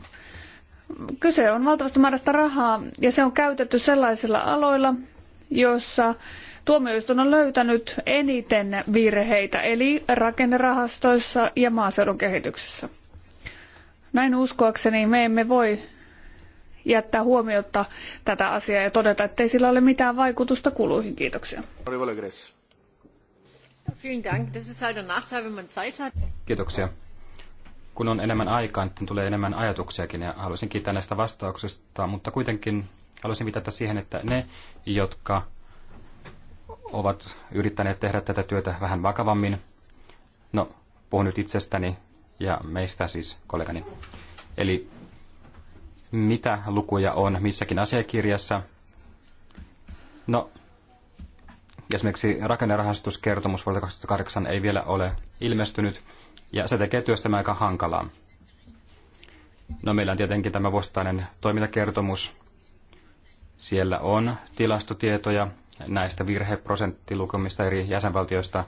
C: Kyse on valtavasta määrästä rahaa ja se on käytetty sellaisilla aloilla, joissa Tuomioistuin on löytänyt eniten virheitä, eli rakennerahastoissa ja maaseudun kehityksessä. Näin uskoakseni me emme voi jättää huomiotta tätä asiaa ja todeta, ettei sillä ole mitään vaikutusta kuluihin. Kiitoksia.
E: Kiitoksia. Kun on enemmän aikaa, niin tulee enemmän ajatuksiakin ja haluaisin kiittää näistä vastauksista, mutta kuitenkin haluaisin viitata siihen, että ne, jotka ovat yrittäneet tehdä tätä työtä vähän vakavammin. No, puhun nyt itsestäni ja meistä siis kollegani. Eli mitä lukuja on missäkin asiakirjassa? No, esimerkiksi rakennerahastuskertomus vuodelta 2008 ei vielä ole ilmestynyt, ja se tekee työstämme aika hankalaa. No meillä on tietenkin tämä vuosittainen toimintakertomus. Siellä on tilastotietoja näistä virheprosenttilukumista eri jäsenvaltioista.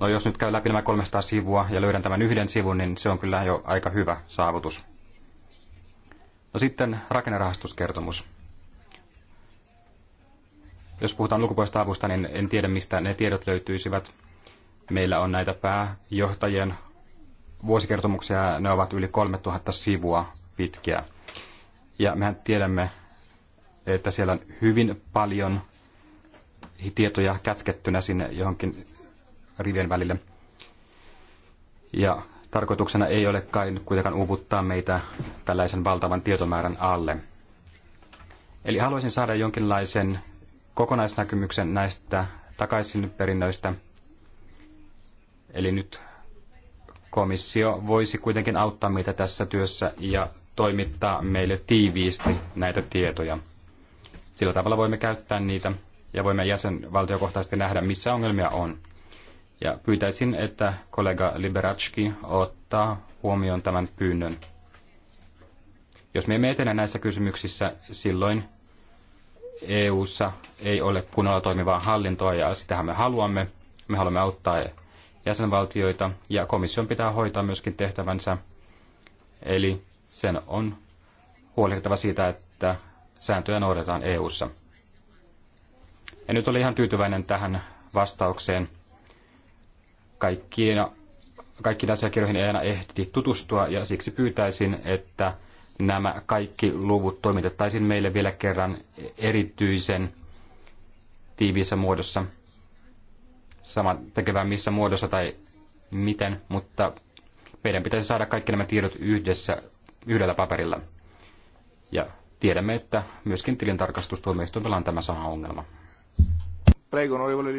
E: No jos nyt käy läpi nämä 300 sivua ja löydän tämän yhden sivun, niin se on kyllä jo aika hyvä saavutus. No sitten rakennerahastuskertomus. Jos puhutaan lukupuolista avusta, niin en tiedä mistä ne tiedot löytyisivät. Meillä on näitä pääjohtajien vuosikertomuksia, ne ovat yli 3000 sivua pitkiä. Ja mehän tiedämme, että siellä on hyvin paljon tietoja kätkettynä sinne johonkin rivien välille. Ja tarkoituksena ei ole kai kuitenkaan uuvuttaa meitä tällaisen valtavan tietomäärän alle. Eli haluaisin saada jonkinlaisen kokonaisnäkymyksen näistä takaisinperinnöistä. Eli nyt komissio voisi kuitenkin auttaa meitä tässä työssä ja toimittaa meille tiiviisti näitä tietoja. Sillä tavalla voimme käyttää niitä ja voimme jäsenvaltiokohtaisesti nähdä, missä ongelmia on. Ja pyytäisin, että kollega Liberatski ottaa huomioon tämän pyynnön. Jos me emme etene näissä kysymyksissä, silloin EU:ssa ei ole kunnolla toimivaa hallintoa ja sitähän me haluamme. Me haluamme auttaa jäsenvaltioita ja komission pitää hoitaa myöskin tehtävänsä. Eli sen on huolehtava siitä, että sääntöjä noudatetaan EU:ssa. En nyt ole ihan tyytyväinen tähän vastaukseen. Kaikkiin, kaikkiin asiakirjoihin ei aina ehdi tutustua ja siksi pyytäisin, että nämä kaikki luvut toimitettaisiin meille vielä kerran erityisen tiiviissä muodossa. Sama tekevään missä muodossa tai miten, mutta meidän pitäisi saada kaikki nämä tiedot yhdessä yhdellä paperilla. Ja tiedämme, että myöskin tilintarkastustuomioistuimella on tämä sama ongelma.
B: Prego, onorevole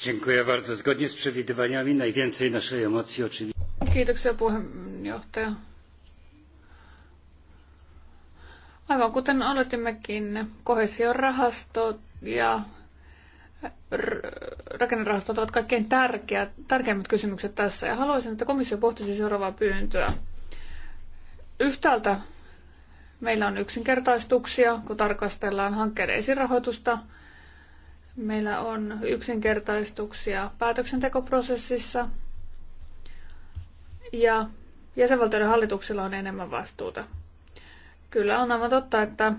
E: Dziękuję bardzo. Zgodnie z przewidywaniami najwięcej naszej emocji oczywiście.
C: Kiitoksia puheenjohtaja. Aivan kuten oletimmekin, rahasto ja rakennerahastot ovat kaikkein tärkeät, tärkeimmät kysymykset tässä. Ja haluaisin, että komissio pohtisi seuraavaa pyyntöä. Yhtäältä Meillä on yksinkertaistuksia, kun tarkastellaan hankkeiden esirahoitusta. Meillä on yksinkertaistuksia päätöksentekoprosessissa. Ja jäsenvaltioiden hallituksilla on enemmän vastuuta. Kyllä on aivan totta, että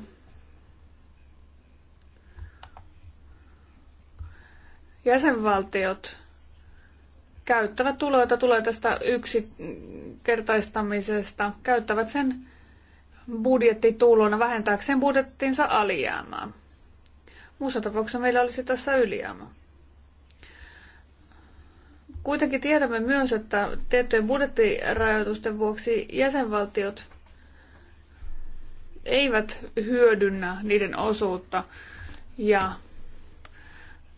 C: jäsenvaltiot käyttävät tuloita tulee tästä yksinkertaistamisesta, käyttävät sen budjettitulona vähentääkseen budjettinsa alijäämää. Muussa tapauksessa meillä olisi tässä ylijäämä. Kuitenkin tiedämme myös, että tiettyjen budjettirajoitusten vuoksi jäsenvaltiot eivät hyödynnä niiden osuutta ja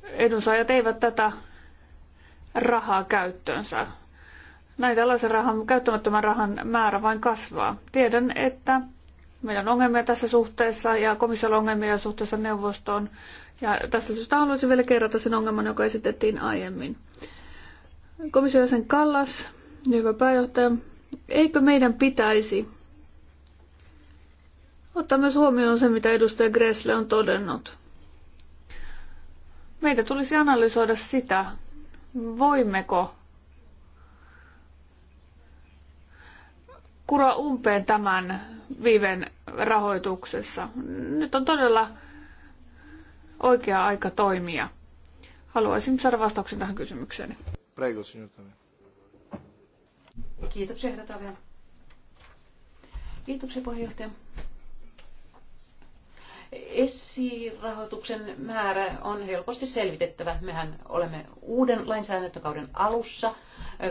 C: edunsaajat eivät tätä rahaa käyttöönsä. Näin tällaisen rahan, käyttämättömän rahan määrä vain kasvaa. Tiedän, että Meillä on ongelmia tässä suhteessa ja komissiolla on ongelmia suhteessa neuvostoon. Ja tästä syystä haluaisin vielä kerrata sen ongelman, joka esitettiin aiemmin. Komission jäsen Kallas, hyvä pääjohtaja, eikö meidän pitäisi ottaa myös huomioon se, mitä edustaja Gressle on todennut? Meidän tulisi analysoida sitä, voimmeko kuroa umpeen tämän Viven rahoituksessa. Nyt on todella oikea aika toimia. Haluaisin saada vastauksen tähän kysymykseen.
B: Prego, signor
D: Kiitoksia, herra Tavia. Kiitoksia, puheenjohtaja. Esirahoituksen määrä on helposti selvitettävä. Mehän olemme uuden lainsäädäntökauden alussa – 2007-2013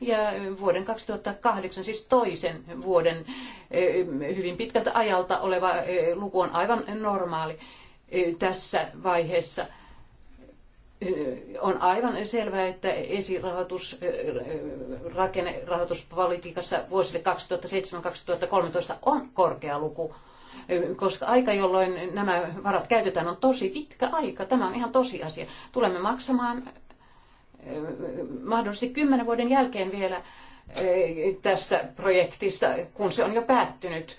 D: ja vuoden 2008, siis toisen vuoden eh, hyvin pitkältä ajalta oleva eh, luku on aivan normaali eh, tässä vaiheessa on aivan selvää, että esirahoitus, vuosille 2007-2013 on korkea luku, koska aika, jolloin nämä varat käytetään, on tosi pitkä aika. Tämä on ihan tosiasia. Tulemme maksamaan mahdollisesti kymmenen vuoden jälkeen vielä eh, tästä projektista, kun se on jo päättynyt,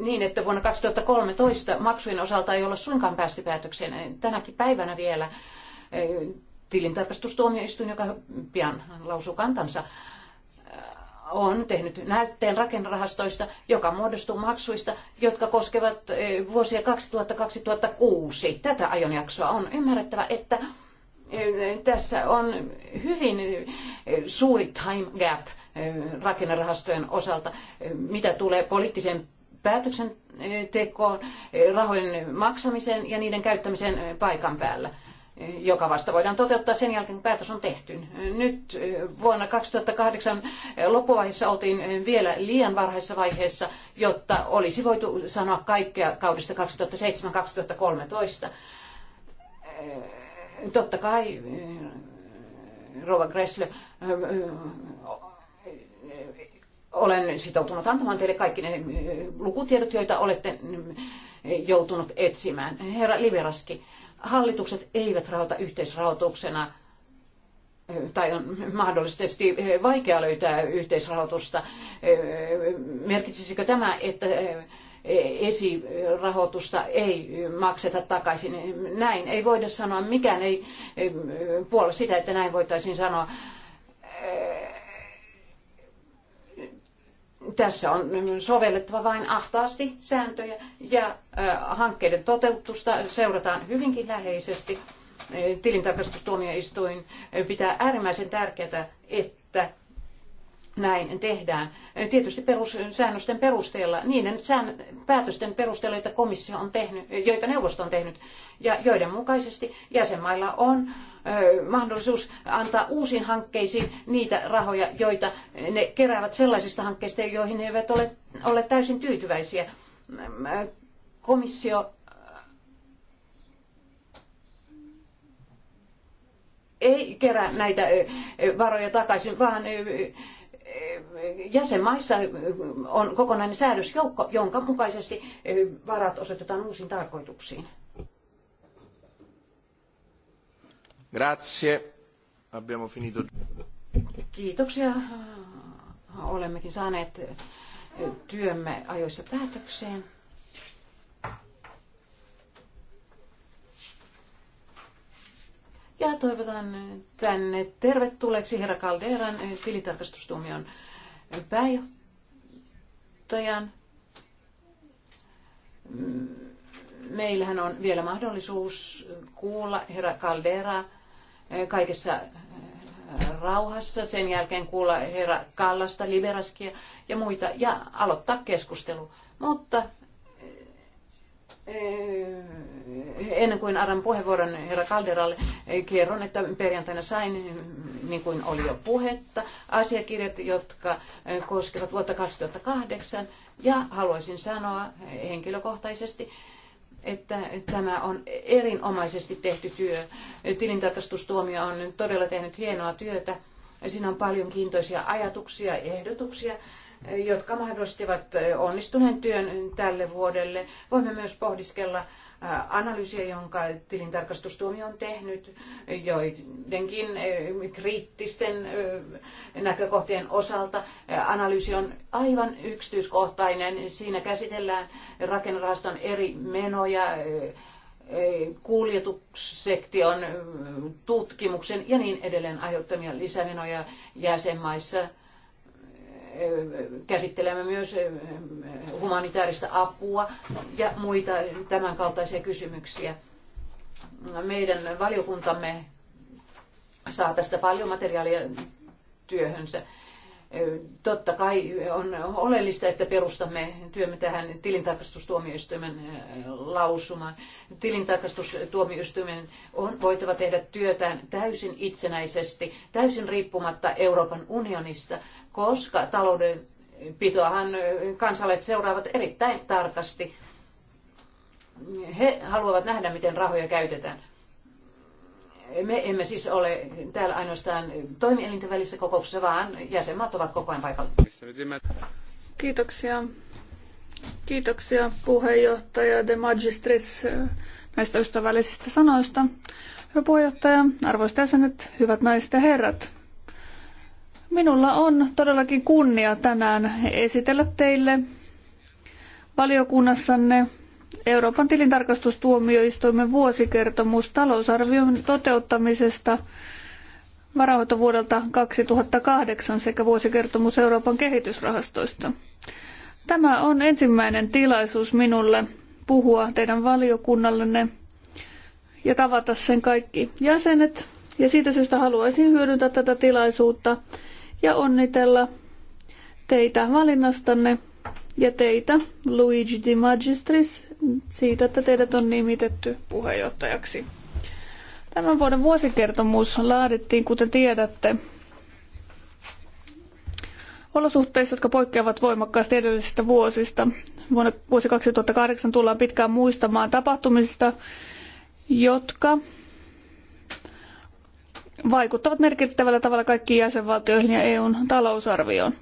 D: niin että vuonna 2013 maksujen osalta ei olla suinkaan päästy päätökseen. Tänäkin päivänä vielä eh, tilintarkastustuomioistuin, joka pian lausuu kantansa, eh, on tehnyt näytteen rakennerahastoista, joka muodostuu maksuista, jotka koskevat vuosia 2000-2006. Tätä ajonjaksoa on ymmärrettävä, että tässä on hyvin eh, suuri time gap eh, rakennerahastojen osalta, eh, mitä tulee poliittiseen päätöksentekoon, rahojen maksamiseen ja niiden käyttämiseen paikan päällä joka vasta voidaan toteuttaa sen jälkeen, kun päätös on tehty. Nyt vuonna 2008 loppuvaiheessa oltiin vielä liian varhaisessa vaiheessa, jotta olisi voitu sanoa kaikkea kaudesta 2007-2013 Totta kai Rova Gressle, olen sitoutunut antamaan teille kaikki ne lukutiedot, joita olette mm, joutunut etsimään. Herra Liberaski, hallitukset eivät rahoita yhteisrahoituksena tai on mahdollisesti vaikea löytää yhteisrahoitusta. Merkitsisikö tämä, että esirahoitusta ei makseta takaisin. Näin ei voida sanoa, mikään ei puolla sitä, että näin voitaisiin sanoa. Tässä on sovellettava vain ahtaasti sääntöjä ja hankkeiden toteutusta seurataan hyvinkin läheisesti. Tilintarkastustuomioistuin pitää äärimmäisen tärkeää, että näin tehdään. Tietysti perussäännösten perusteella, niiden sään, päätösten perusteella, joita komissio on tehnyt, joita neuvosto on tehnyt, ja joiden mukaisesti jäsenmailla on ö, mahdollisuus antaa uusiin hankkeisiin niitä rahoja, joita ne keräävät sellaisista hankkeista, joihin ne eivät ole, ole täysin tyytyväisiä. Komissio ei kerää näitä varoja takaisin, vaan jäsenmaissa on kokonainen säädösjoukko, jonka mukaisesti varat osoitetaan uusiin tarkoituksiin.
B: Grazie. Abbiamo finito.
D: Kiitoksia. Olemmekin saaneet työmme ajoissa päätökseen. Ja toivotan tänne tervetulleeksi herra Calderan eh, tilintarkastustuomion eh, pääjohtajan. Mm, meillähän on vielä mahdollisuus kuulla herra Caldera eh, kaikessa rauhassa, sen jälkeen kuulla herra Kallasta, Liberaskia ja muita ja aloittaa keskustelu. Mutta ennen kuin annan puheenvuoron herra Calderalle kerron, että perjantaina sain, niin kuin oli jo puhetta, asiakirjat, jotka koskevat vuotta 2008. Ja haluaisin sanoa henkilökohtaisesti, että tämä on erinomaisesti tehty työ. Tilintarkastustuomio on todella tehnyt hienoa työtä. Siinä on paljon kiintoisia ajatuksia ja ehdotuksia jotka mahdollistivat onnistuneen työn tälle vuodelle. Voimme myös pohdiskella analyysiä, jonka tilintarkastustuomio on tehnyt joidenkin kriittisten näkökohtien osalta. Analyysi on aivan yksityiskohtainen. Siinä käsitellään rakennerahaston eri menoja, kuljetussektion tutkimuksen ja niin edelleen aiheuttamia lisämenoja jäsenmaissa – käsittelemme myös eh, humanitaarista apua ja muita tämän kaltaisia kysymyksiä. Meidän valiokuntamme saa tästä paljon materiaalia työhönsä. Eh, totta kai on oleellista, että perustamme työmme tähän tilintarkastustuomioistuimen eh, lausumaan. Tilintarkastustuomioistuimen on voitava tehdä työtään täysin itsenäisesti, täysin riippumatta Euroopan unionista – koska taloudenpitoahan kansalaiset seuraavat erittäin tarkasti. He haluavat nähdä, miten rahoja käytetään. Me emme siis ole täällä ainoastaan toimielinten välissä kokouksessa, vaan jäsenmaat ovat koko ajan paikalla.
C: Kiitoksia. Kiitoksia puheenjohtaja De Magistris näistä ystävällisistä sanoista. Hyvä puheenjohtaja, arvoisat jäsenet, hyvät naiset ja herrat. Minulla on todellakin kunnia tänään esitellä teille valiokunnassanne Euroopan tilintarkastustuomioistuimen vuosikertomus talousarvion toteuttamisesta varahoitovuodelta 2008 sekä vuosikertomus Euroopan kehitysrahastoista. Tämä on ensimmäinen tilaisuus minulle puhua teidän valiokunnallenne ja tavata sen kaikki jäsenet. Ja siitä syystä haluaisin hyödyntää tätä tilaisuutta – ja onnitella teitä valinnastanne ja teitä, Luigi Di Magistris, siitä, että teidät on nimitetty puheenjohtajaksi. Tämän vuoden vuosikertomus laadittiin, kuten tiedätte, olosuhteissa, jotka poikkeavat voimakkaasti edellisistä vuosista. Vuonna, vuosi 2008 tullaan pitkään muistamaan tapahtumista, jotka vaikuttavat merkittävällä tavalla kaikkiin jäsenvaltioihin ja EUn talousarvioon.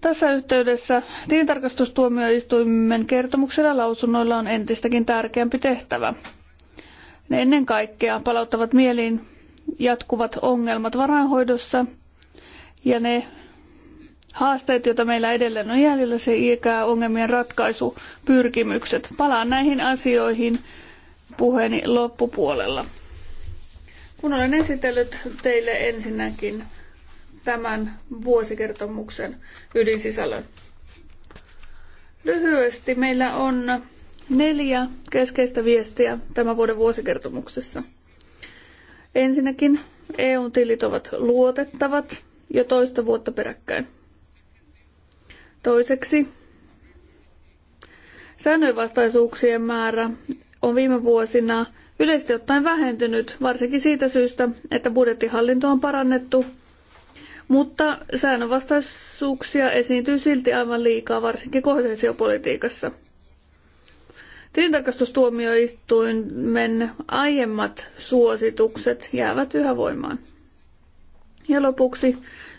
C: Tässä yhteydessä tilintarkastustuomioistuimen kertomuksella lausunnoilla on entistäkin tärkeämpi tehtävä. Ne ennen kaikkea palauttavat mieliin jatkuvat ongelmat varainhoidossa ja ne haasteet, joita meillä edelleen on jäljellä, se ongelmien ratkaisupyrkimykset. Palaan näihin asioihin puheeni loppupuolella. Kun olen esitellyt teille ensinnäkin tämän vuosikertomuksen ydinsisällön. Lyhyesti meillä on neljä keskeistä viestiä tämän vuoden vuosikertomuksessa. Ensinnäkin eu tilit ovat luotettavat jo toista vuotta peräkkäin. Toiseksi säännönvastaisuuksien määrä on viime vuosina yleisesti ottaen vähentynyt, varsinkin siitä syystä, että budjettihallinto on parannettu, mutta säännönvastaisuuksia esiintyy silti aivan liikaa, varsinkin kohesiopolitiikassa. Tilintarkastustuomioistuimen aiemmat suositukset jäävät yhä voimaan. Ja lopuksi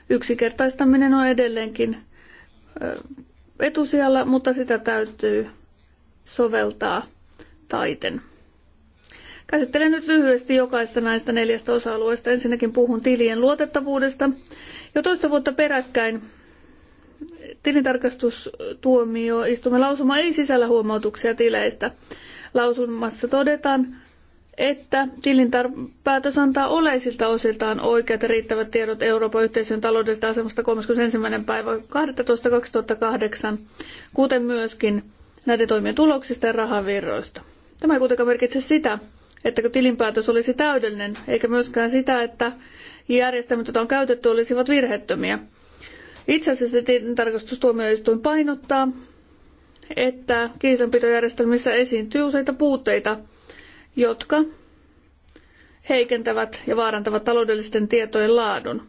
C: yksinkertaistaminen on edelleenkin etusijalla, mutta sitä täytyy soveltaa taiten. Käsittelen nyt lyhyesti jokaista näistä neljästä osa-alueesta. Ensinnäkin puhun tilien luotettavuudesta. Jo toista vuotta peräkkäin tilintarkastustuomioistuimen lausuma ei sisällä huomautuksia tileistä. Lausumassa todetaan, että tilinpäätös antaa oleisilta osiltaan oikeat ja riittävät tiedot Euroopan yhteisön taloudellisesta asemasta 31. päivä 12.2008, kuten myöskin näiden toimien tuloksista ja rahavirroista. Tämä ei kuitenkaan merkitse sitä, että tilinpäätös olisi täydellinen, eikä myöskään sitä, että järjestelmät, joita on käytetty, olisivat virheettömiä. Itse asiassa tilintarkastustuomioistuin painottaa, että kiisanpitojärjestelmissä esiintyy useita puutteita, jotka heikentävät ja vaarantavat taloudellisten tietojen laadun.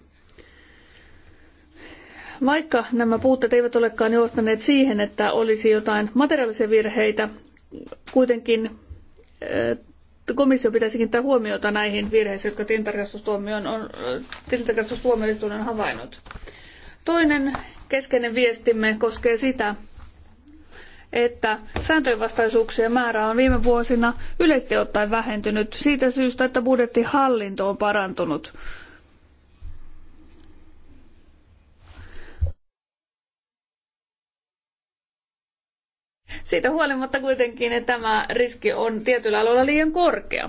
C: Vaikka nämä puutteet eivät olekaan johtaneet siihen, että olisi jotain materiaalisia virheitä, kuitenkin komissio pitäisi kiinnittää huomiota näihin virheisiin, jotka tilintarkastustuomioon on, äh, tilintarkastustuomioistuin on havainnut. Toinen keskeinen viestimme koskee sitä, että sääntöjenvastaisuuksien määrä on viime vuosina yleisesti ottaen vähentynyt siitä syystä, että budjettihallinto on parantunut. Siitä huolimatta kuitenkin että tämä riski on tietyllä aloilla liian korkea.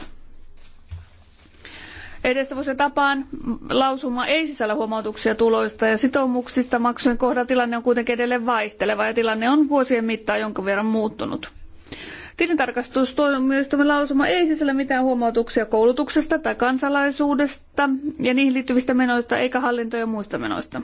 C: Edestävuosien tapaan mm, lausuma ei sisällä huomautuksia tuloista ja sitoumuksista. Maksujen kohdalla tilanne on kuitenkin edelleen vaihteleva ja tilanne on vuosien mittaan jonkin verran muuttunut. tämä lausuma ei sisällä mitään huomautuksia koulutuksesta tai kansalaisuudesta ja niihin liittyvistä menoista eikä hallinto- ja muista menoista.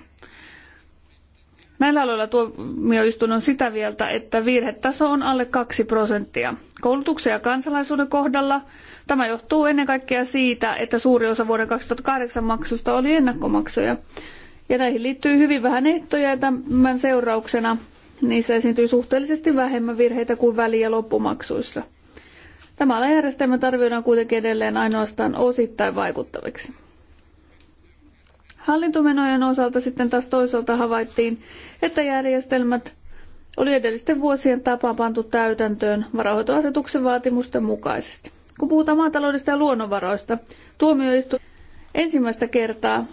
C: Näillä aloilla tuomioistuin on sitä mieltä, että virhetaso on alle 2 prosenttia. Koulutuksen ja kansalaisuuden kohdalla tämä johtuu ennen kaikkea siitä, että suuri osa vuoden 2008 maksusta oli ennakkomaksuja. Ja näihin liittyy hyvin vähän ehtoja ja tämän seurauksena niissä esiintyy suhteellisesti vähemmän virheitä kuin väli- ja loppumaksuissa. Tämä järjestelmä arvioidaan kuitenkin edelleen ainoastaan osittain vaikuttaviksi. Hallintomenojen osalta sitten taas toisaalta havaittiin, että järjestelmät oli edellisten vuosien tapaan pantu täytäntöön varahoitoasetuksen vaatimusten mukaisesti. Kun puhutaan maataloudesta ja luonnonvaroista, tuomioistuin ensimmäistä kertaa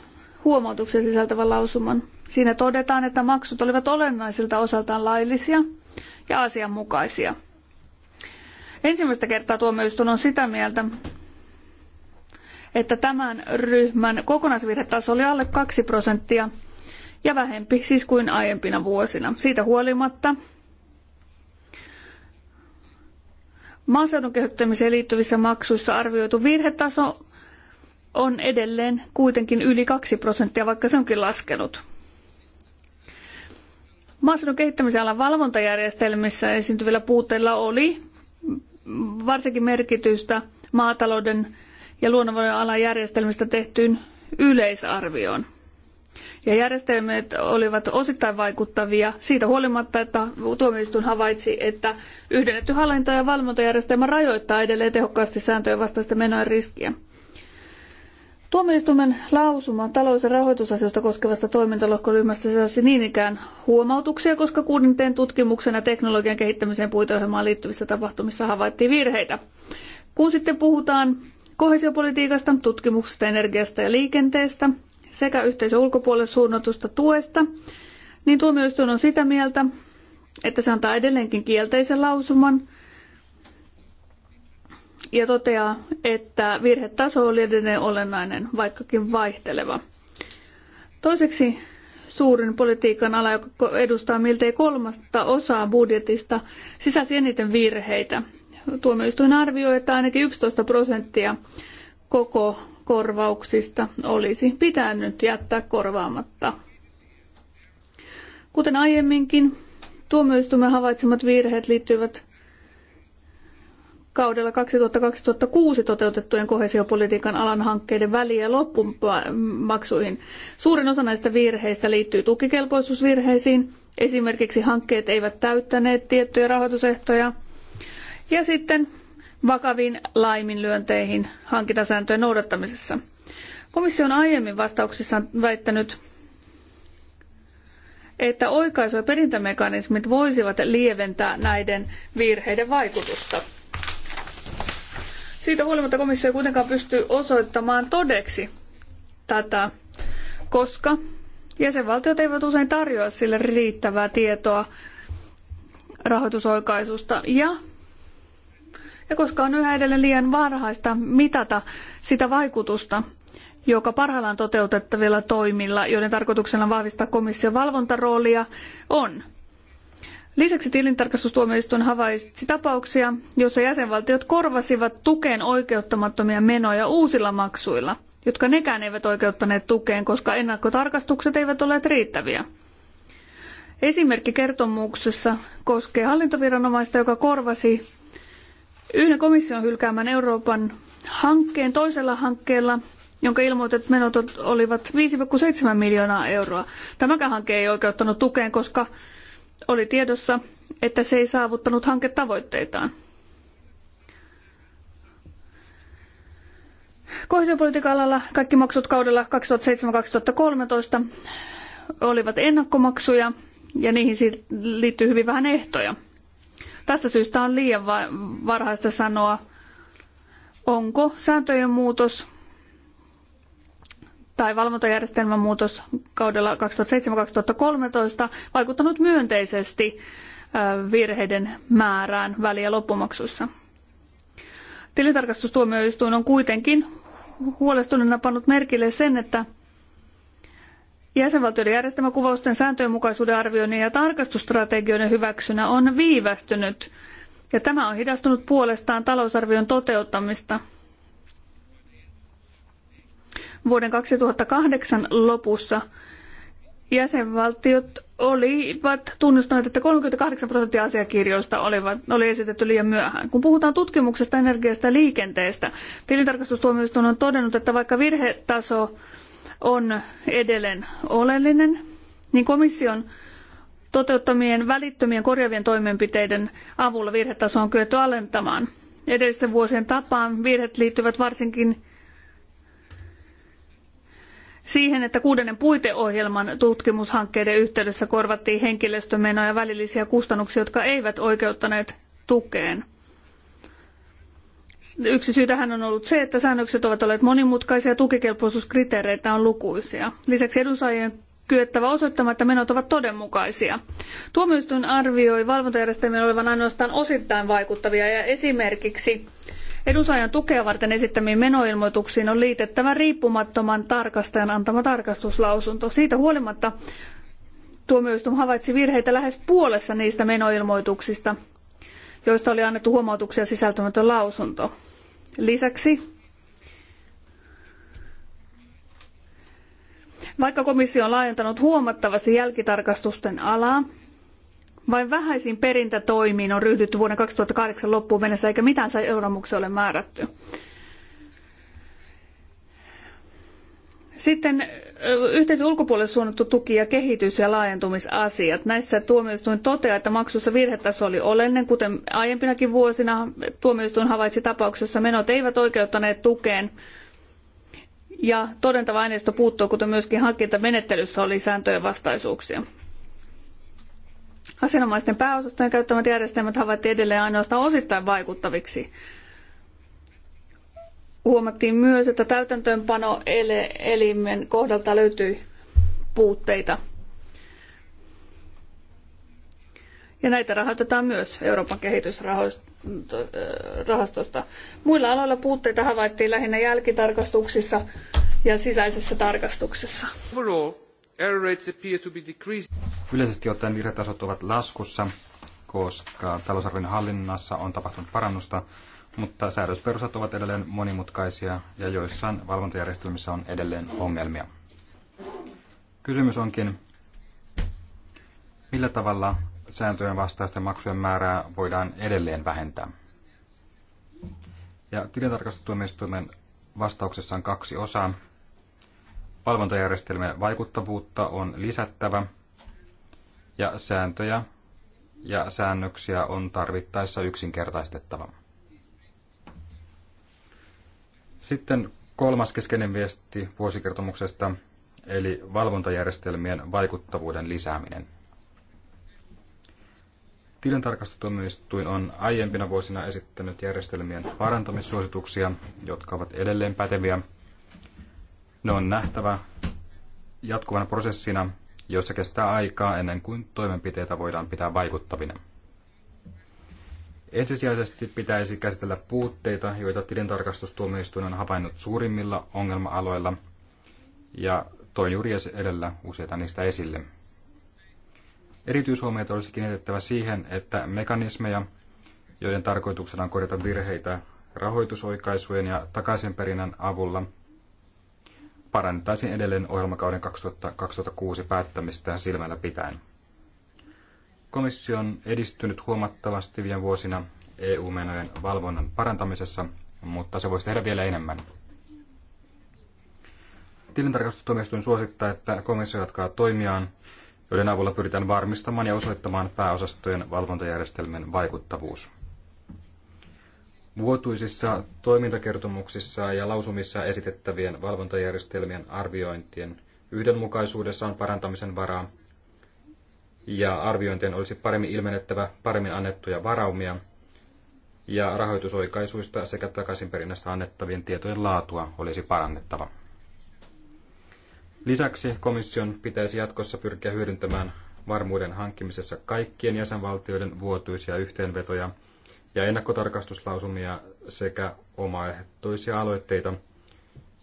C: huomautuksen sisältävän lausuman. Siinä todetaan, että maksut olivat olennaisilta osaltaan laillisia ja asianmukaisia. Ensimmäistä kertaa tuomioistuin on sitä mieltä, että tämän ryhmän kokonaisvirhetaso oli alle 2 prosenttia ja vähempi siis kuin aiempina vuosina. Siitä huolimatta maaseudun kehittämiseen liittyvissä maksuissa arvioitu virhetaso on edelleen kuitenkin yli 2 prosenttia, vaikka se onkin laskenut. Maaseudun kehittämisen alan valvontajärjestelmissä esiintyvillä puutteilla oli varsinkin merkitystä maatalouden ja luonnonvarojen alan järjestelmistä tehtyyn yleisarvioon. Ja järjestelmät olivat osittain vaikuttavia siitä huolimatta, että tuomioistuin havaitsi, että yhdennetty hallinto- ja valvontajärjestelmä rajoittaa edelleen tehokkaasti sääntöjen vastaista menojen riskiä. Tuomioistuimen lausuma talous- ja rahoitusasioista koskevasta toimintalohkoryhmästä sisälsi niin ikään huomautuksia, koska kuudenteen tutkimuksen ja teknologian kehittämiseen puiteohjelmaan liittyvissä tapahtumissa havaittiin virheitä. Kun sitten puhutaan kohesiopolitiikasta, tutkimuksesta, energiasta ja liikenteestä sekä yhteisön ulkopuolelle suunnatusta tuesta, niin tuomioistuin on sitä mieltä, että se antaa edelleenkin kielteisen lausuman ja toteaa, että virhetaso oli edelleen olennainen, vaikkakin vaihteleva. Toiseksi suurin politiikan ala, joka edustaa miltei kolmasta osaa budjetista, sisälsi eniten virheitä tuomioistuin arvioi, että ainakin 11 prosenttia koko korvauksista olisi pitänyt jättää korvaamatta. Kuten aiemminkin, tuomioistuimen havaitsemat virheet liittyvät kaudella 2000-2006 toteutettujen koheesiopolitiikan alan hankkeiden väli- ja loppumaksuihin. Suurin osa näistä virheistä liittyy tukikelpoisuusvirheisiin. Esimerkiksi hankkeet eivät täyttäneet tiettyjä rahoitusehtoja ja sitten vakaviin laiminlyönteihin hankintasääntöjen noudattamisessa. Komissio on aiemmin vastauksissaan väittänyt, että oikaisu- ja perintämekanismit voisivat lieventää näiden virheiden vaikutusta. Siitä huolimatta komissio ei kuitenkaan pysty osoittamaan todeksi tätä, koska jäsenvaltiot eivät usein tarjoa sille riittävää tietoa rahoitusoikaisusta ja ja koska on yhä edelleen liian varhaista mitata sitä vaikutusta, joka parhaillaan toteutettavilla toimilla, joiden tarkoituksena on vahvistaa komission valvontaroolia, on. Lisäksi tilintarkastustuomioistuin havaitsi tapauksia, joissa jäsenvaltiot korvasivat tukeen oikeuttamattomia menoja uusilla maksuilla, jotka nekään eivät oikeuttaneet tukeen, koska ennakkotarkastukset eivät olleet riittäviä. Esimerkki kertomuksessa koskee hallintoviranomaista, joka korvasi yhden komission hylkäämän Euroopan hankkeen toisella hankkeella, jonka ilmoitetut menot olivat 5,7 miljoonaa euroa. Tämäkään hanke ei oikeuttanut tukeen, koska oli tiedossa, että se ei saavuttanut hanketavoitteitaan. Kohesiopolitiikan alalla kaikki maksut kaudella 2007-2013 olivat ennakkomaksuja ja niihin liittyy hyvin vähän ehtoja. Tästä syystä on liian varhaista sanoa, onko sääntöjen muutos tai valvontajärjestelmän muutos kaudella 2007-2013 vaikuttanut myönteisesti virheiden määrään väli- ja loppumaksuissa. Tilintarkastustuomioistuin on kuitenkin huolestuneena pannut merkille sen, että Jäsenvaltioiden järjestämä kuvausten sääntöjenmukaisuuden arvioinnin ja tarkastusstrategioiden hyväksynä on viivästynyt, ja tämä on hidastunut puolestaan talousarvion toteuttamista. Vuoden 2008 lopussa jäsenvaltiot olivat tunnustaneet, että 38 prosenttia asiakirjoista olivat, oli esitetty liian myöhään. Kun puhutaan tutkimuksesta, energiasta ja liikenteestä, tilintarkastustuomioistuin on todennut, että vaikka virhetaso on edelleen oleellinen, niin komission toteuttamien välittömien korjaavien toimenpiteiden avulla virhetaso on kyetty alentamaan. Edellisten vuosien tapaan virheet liittyvät varsinkin siihen, että kuudennen puiteohjelman tutkimushankkeiden yhteydessä korvattiin henkilöstömenoja ja välillisiä kustannuksia, jotka eivät oikeuttaneet tukeen. Yksi syy tähän on ollut se, että säännökset ovat olleet monimutkaisia ja tukikelpoisuuskriteereitä on lukuisia. Lisäksi edunsaajien kyettävä osoittamaan, että menot ovat todenmukaisia. Tuomioistuin arvioi valvontajärjestelmien olevan ainoastaan osittain vaikuttavia ja esimerkiksi Edunsaajan tukea varten esittämiin menoilmoituksiin on liitettävä riippumattoman tarkastajan antama tarkastuslausunto. Siitä huolimatta tuomioistuin havaitsi virheitä lähes puolessa niistä menoilmoituksista, joista oli annettu huomautuksia sisältämätön lausunto. Lisäksi Vaikka komissio on laajentanut huomattavasti jälkitarkastusten alaa, vain vähäisiin perintätoimiin on ryhdytty vuoden 2008 loppuun mennessä eikä mitään seuraamuksia ole määrätty. Sitten yhteisön ulkopuolelle suunnattu tuki ja kehitys- ja laajentumisasiat. Näissä tuomioistuin toteaa, että maksussa virhetaso oli oleellinen, kuten aiempinakin vuosina tuomioistuin havaitsi tapauksessa menot eivät oikeuttaneet tukeen ja todentava aineisto puuttuu, kuten myöskin hankintamenettelyssä oli sääntöjen vastaisuuksia. Asianomaisten pääosastojen käyttämät järjestelmät havaittiin edelleen ainoastaan osittain vaikuttaviksi Huomattiin myös, että täytäntöönpanoelimen kohdalta löytyi puutteita. Ja näitä rahoitetaan myös Euroopan kehitysrahastosta. Äh, Muilla aloilla puutteita havaittiin lähinnä jälkitarkastuksissa ja sisäisessä tarkastuksessa.
E: Yleisesti ottaen virhetasot ovat laskussa, koska talousarvion hallinnassa on tapahtunut parannusta, mutta säädösperusat ovat edelleen monimutkaisia ja joissain valvontajärjestelmissä on edelleen ongelmia. Kysymys onkin, millä tavalla sääntöjen vastaisten maksujen määrää voidaan edelleen vähentää? Ja tilintarkastustuomioistuimen vastauksessa on kaksi osaa. Valvontajärjestelmien vaikuttavuutta on lisättävä ja sääntöjä ja säännöksiä on tarvittaessa yksinkertaistettava. Sitten kolmas keskeinen viesti vuosikertomuksesta, eli valvontajärjestelmien vaikuttavuuden lisääminen. Tilintarkastustuomioistuin on aiempina vuosina esittänyt järjestelmien parantamissuosituksia, jotka ovat edelleen päteviä. Ne on nähtävä jatkuvana prosessina, jossa kestää aikaa ennen kuin toimenpiteitä voidaan pitää vaikuttavina. Ensisijaisesti pitäisi käsitellä puutteita, joita tilintarkastustuomioistuin on havainnut suurimmilla ongelma-aloilla, ja toin juuri edellä useita niistä esille. Erityishuomioita olisi kiinnitettävä siihen, että mekanismeja, joiden tarkoituksena on korjata virheitä rahoitusoikaisujen ja takaisinperinnän avulla, parannettaisiin edelleen ohjelmakauden 2000, 2006 päättämistä silmällä pitäen. Komissio on edistynyt huomattavasti viime vuosina EU-menojen valvonnan parantamisessa, mutta se voisi tehdä vielä enemmän. Tilintarkastustuomioistuin suosittaa, että komissio jatkaa toimiaan, joiden avulla pyritään varmistamaan ja osoittamaan pääosastojen valvontajärjestelmien vaikuttavuus. Vuotuisissa toimintakertomuksissa ja lausumissa esitettävien valvontajärjestelmien arviointien yhdenmukaisuudessa on parantamisen varaa – ja arviointien olisi paremmin ilmennettävä paremmin annettuja varaumia ja rahoitusoikaisuista sekä takaisinperinnästä annettavien tietojen laatua olisi parannettava. Lisäksi komission pitäisi jatkossa pyrkiä hyödyntämään varmuuden hankkimisessa kaikkien jäsenvaltioiden vuotuisia yhteenvetoja ja ennakkotarkastuslausumia sekä omaehtoisia aloitteita,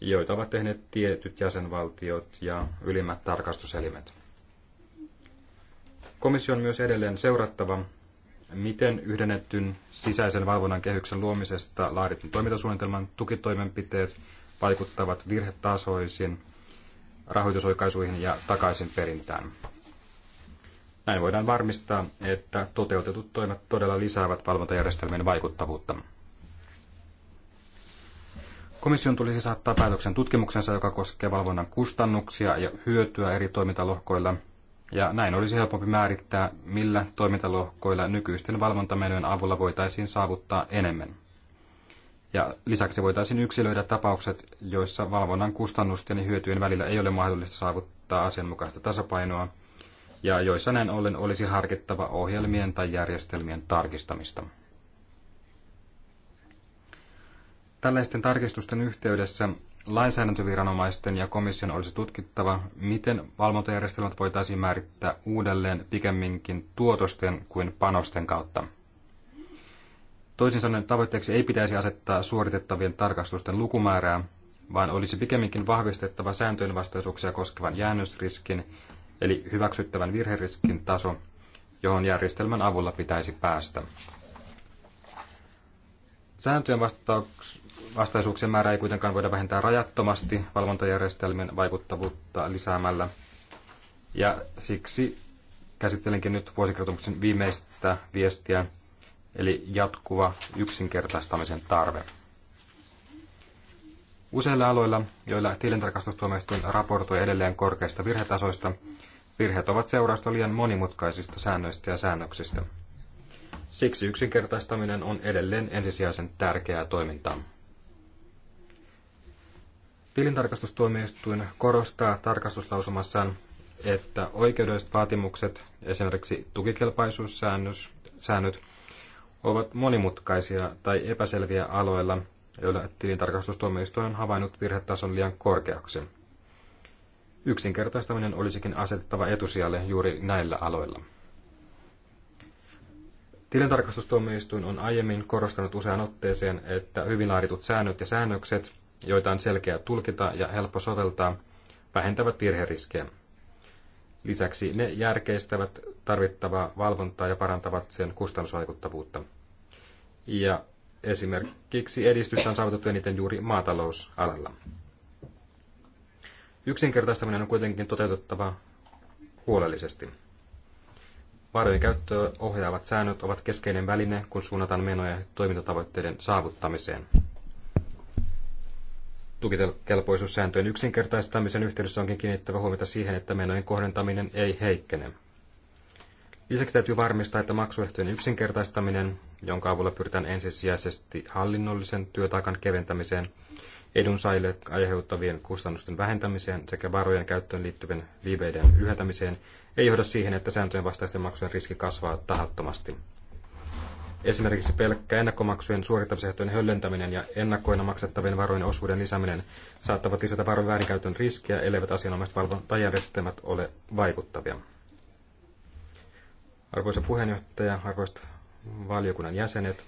E: joita ovat tehneet tietyt jäsenvaltiot ja ylimmät tarkastuselimet. Komission on myös edelleen seurattava, miten yhdennetyn sisäisen valvonnan kehyksen luomisesta laaditun toimintasuunnitelman tukitoimenpiteet vaikuttavat virhetasoisiin rahoitusoikaisuihin ja takaisin Näin voidaan varmistaa, että toteutetut toimet todella lisäävät valvontajärjestelmien vaikuttavuutta. Komission tulisi saattaa päätöksen tutkimuksensa, joka koskee valvonnan kustannuksia ja hyötyä eri toimintalohkoilla – ja näin olisi helpompi määrittää, millä toimintalohkoilla nykyisten valvontamenojen avulla voitaisiin saavuttaa enemmän. Ja lisäksi voitaisiin yksilöidä tapaukset, joissa valvonnan kustannusten ja hyötyjen välillä ei ole mahdollista saavuttaa asianmukaista tasapainoa, ja joissa näin ollen olisi harkittava ohjelmien tai järjestelmien tarkistamista. Tällaisten tarkistusten yhteydessä Lainsäädäntöviranomaisten ja komission olisi tutkittava, miten valvontajärjestelmät voitaisiin määrittää uudelleen pikemminkin tuotosten kuin panosten kautta. Toisin sanoen tavoitteeksi ei pitäisi asettaa suoritettavien tarkastusten lukumäärää, vaan olisi pikemminkin vahvistettava sääntöjen vastaisuuksia koskevan jäännösriskin, eli hyväksyttävän virheriskin taso, johon järjestelmän avulla pitäisi päästä. Sääntöjen vastaisuuksien määrä ei kuitenkaan voida vähentää rajattomasti valvontajärjestelmien vaikuttavuutta lisäämällä. Ja siksi käsittelenkin nyt vuosikertomuksen viimeistä viestiä, eli jatkuva yksinkertaistamisen tarve. Useilla aloilla, joilla tilintarkastustuomioistuin raportoi edelleen korkeista virhetasoista, virheet ovat seurausta liian monimutkaisista säännöistä ja säännöksistä. Siksi yksinkertaistaminen on edelleen ensisijaisen tärkeää toimintaa. Tilintarkastustuomioistuin korostaa tarkastuslausumassaan, että oikeudelliset vaatimukset, esimerkiksi tukikelpaisuussäännöt, ovat monimutkaisia tai epäselviä aloilla, joilla tilintarkastustuomioistuin on havainnut virhetason liian korkeaksi. Yksinkertaistaminen olisikin asetettava etusijalle juuri näillä aloilla. Tilintarkastustuomioistuin on aiemmin korostanut useaan otteeseen, että hyvin laaditut säännöt ja säännökset, joita on selkeä tulkita ja helppo soveltaa, vähentävät virheriskejä. Lisäksi ne järkeistävät tarvittavaa valvontaa ja parantavat sen kustannusvaikuttavuutta. Ja esimerkiksi edistystä on saavutettu eniten juuri maatalousalalla. Yksinkertaistaminen on kuitenkin toteutettava huolellisesti. Varojen käyttöä ohjaavat säännöt ovat keskeinen väline, kun suunnataan menoja toimintatavoitteiden saavuttamiseen. Tukikelpoisuussääntöjen yksinkertaistamisen yhteydessä onkin kiinnittävä huomiota siihen, että menojen kohdentaminen ei heikkene. Lisäksi täytyy varmistaa, että maksuehtojen yksinkertaistaminen, jonka avulla pyritään ensisijaisesti hallinnollisen työtaakan keventämiseen, edunsaajille aiheuttavien kustannusten vähentämiseen sekä varojen käyttöön liittyvien viiveiden lyhentämiseen, ei johda siihen, että sääntöjen vastaisten maksujen riski kasvaa tahattomasti. Esimerkiksi pelkkä ennakkomaksujen suorittamisehtojen höllentäminen ja ennakkoina maksettavien varojen osuuden lisääminen saattavat lisätä varojen väärinkäytön riskiä, elleivät asianomaiset valvontajärjestelmät ole vaikuttavia. Arvoisa puheenjohtaja, arvoisat valiokunnan jäsenet,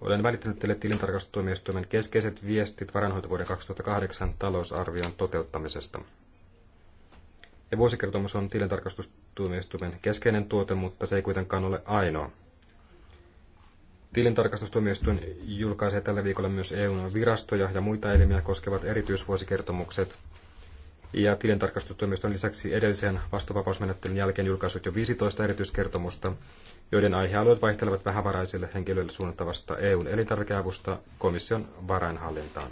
E: olen välittänyt teille tilintarkastustuomioistuimen keskeiset viestit varanhoitovuoden 2008 talousarvion toteuttamisesta. Ja vuosikertomus on tilintarkastustuomioistuimen keskeinen tuote, mutta se ei kuitenkaan ole ainoa. Tilintarkastustuomioistuin julkaisee tällä viikolla myös EUn virastoja ja muita elimiä koskevat erityisvuosikertomukset. Ja tilintarkastustuomioistuin lisäksi edellisen vastuvapausmenettelyn jälkeen julkaisut jo 15 erityiskertomusta, joiden aihealueet vaihtelevat vähävaraisille henkilöille suunnattavasta EUn elintarvikeavusta komission varainhallintaan.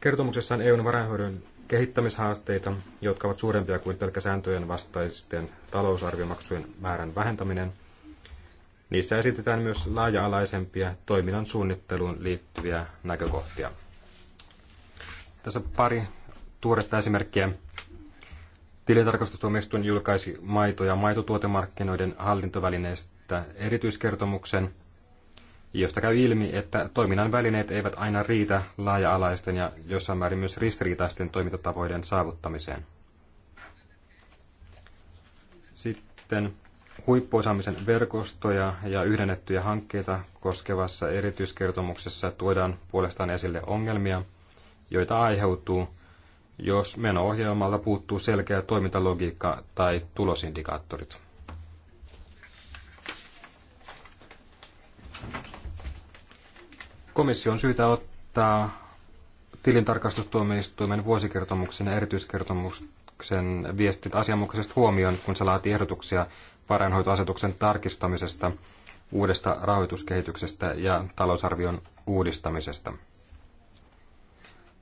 E: Kertomuksessaan EUn varainhoidon kehittämishaasteita, jotka ovat suurempia kuin pelkkä sääntöjen vastaisten talousarviomaksujen määrän vähentäminen. Niissä esitetään myös laaja-alaisempia toiminnan suunnitteluun liittyviä näkökohtia. Tässä pari tuoretta esimerkkiä. Tilintarkastustuomioistuin julkaisi maito- ja maitotuotemarkkinoiden hallintovälineestä erityiskertomuksen – josta käy ilmi, että toiminnan välineet eivät aina riitä laaja-alaisten ja jossain määrin myös ristiriitaisten toimintatavoiden saavuttamiseen. Sitten huippuosaamisen verkostoja ja yhdennettyjä hankkeita koskevassa erityiskertomuksessa tuodaan puolestaan esille ongelmia, joita aiheutuu, jos meno-ohjelmalta puuttuu selkeä toimintalogiikka tai tulosindikaattorit. Komission syytä ottaa tilintarkastustuomioistuimen vuosikertomuksen ja erityiskertomuksen viestit asianmukaisesti huomioon, kun se laatii ehdotuksia varainhoitoasetuksen tarkistamisesta, uudesta rahoituskehityksestä ja talousarvion uudistamisesta.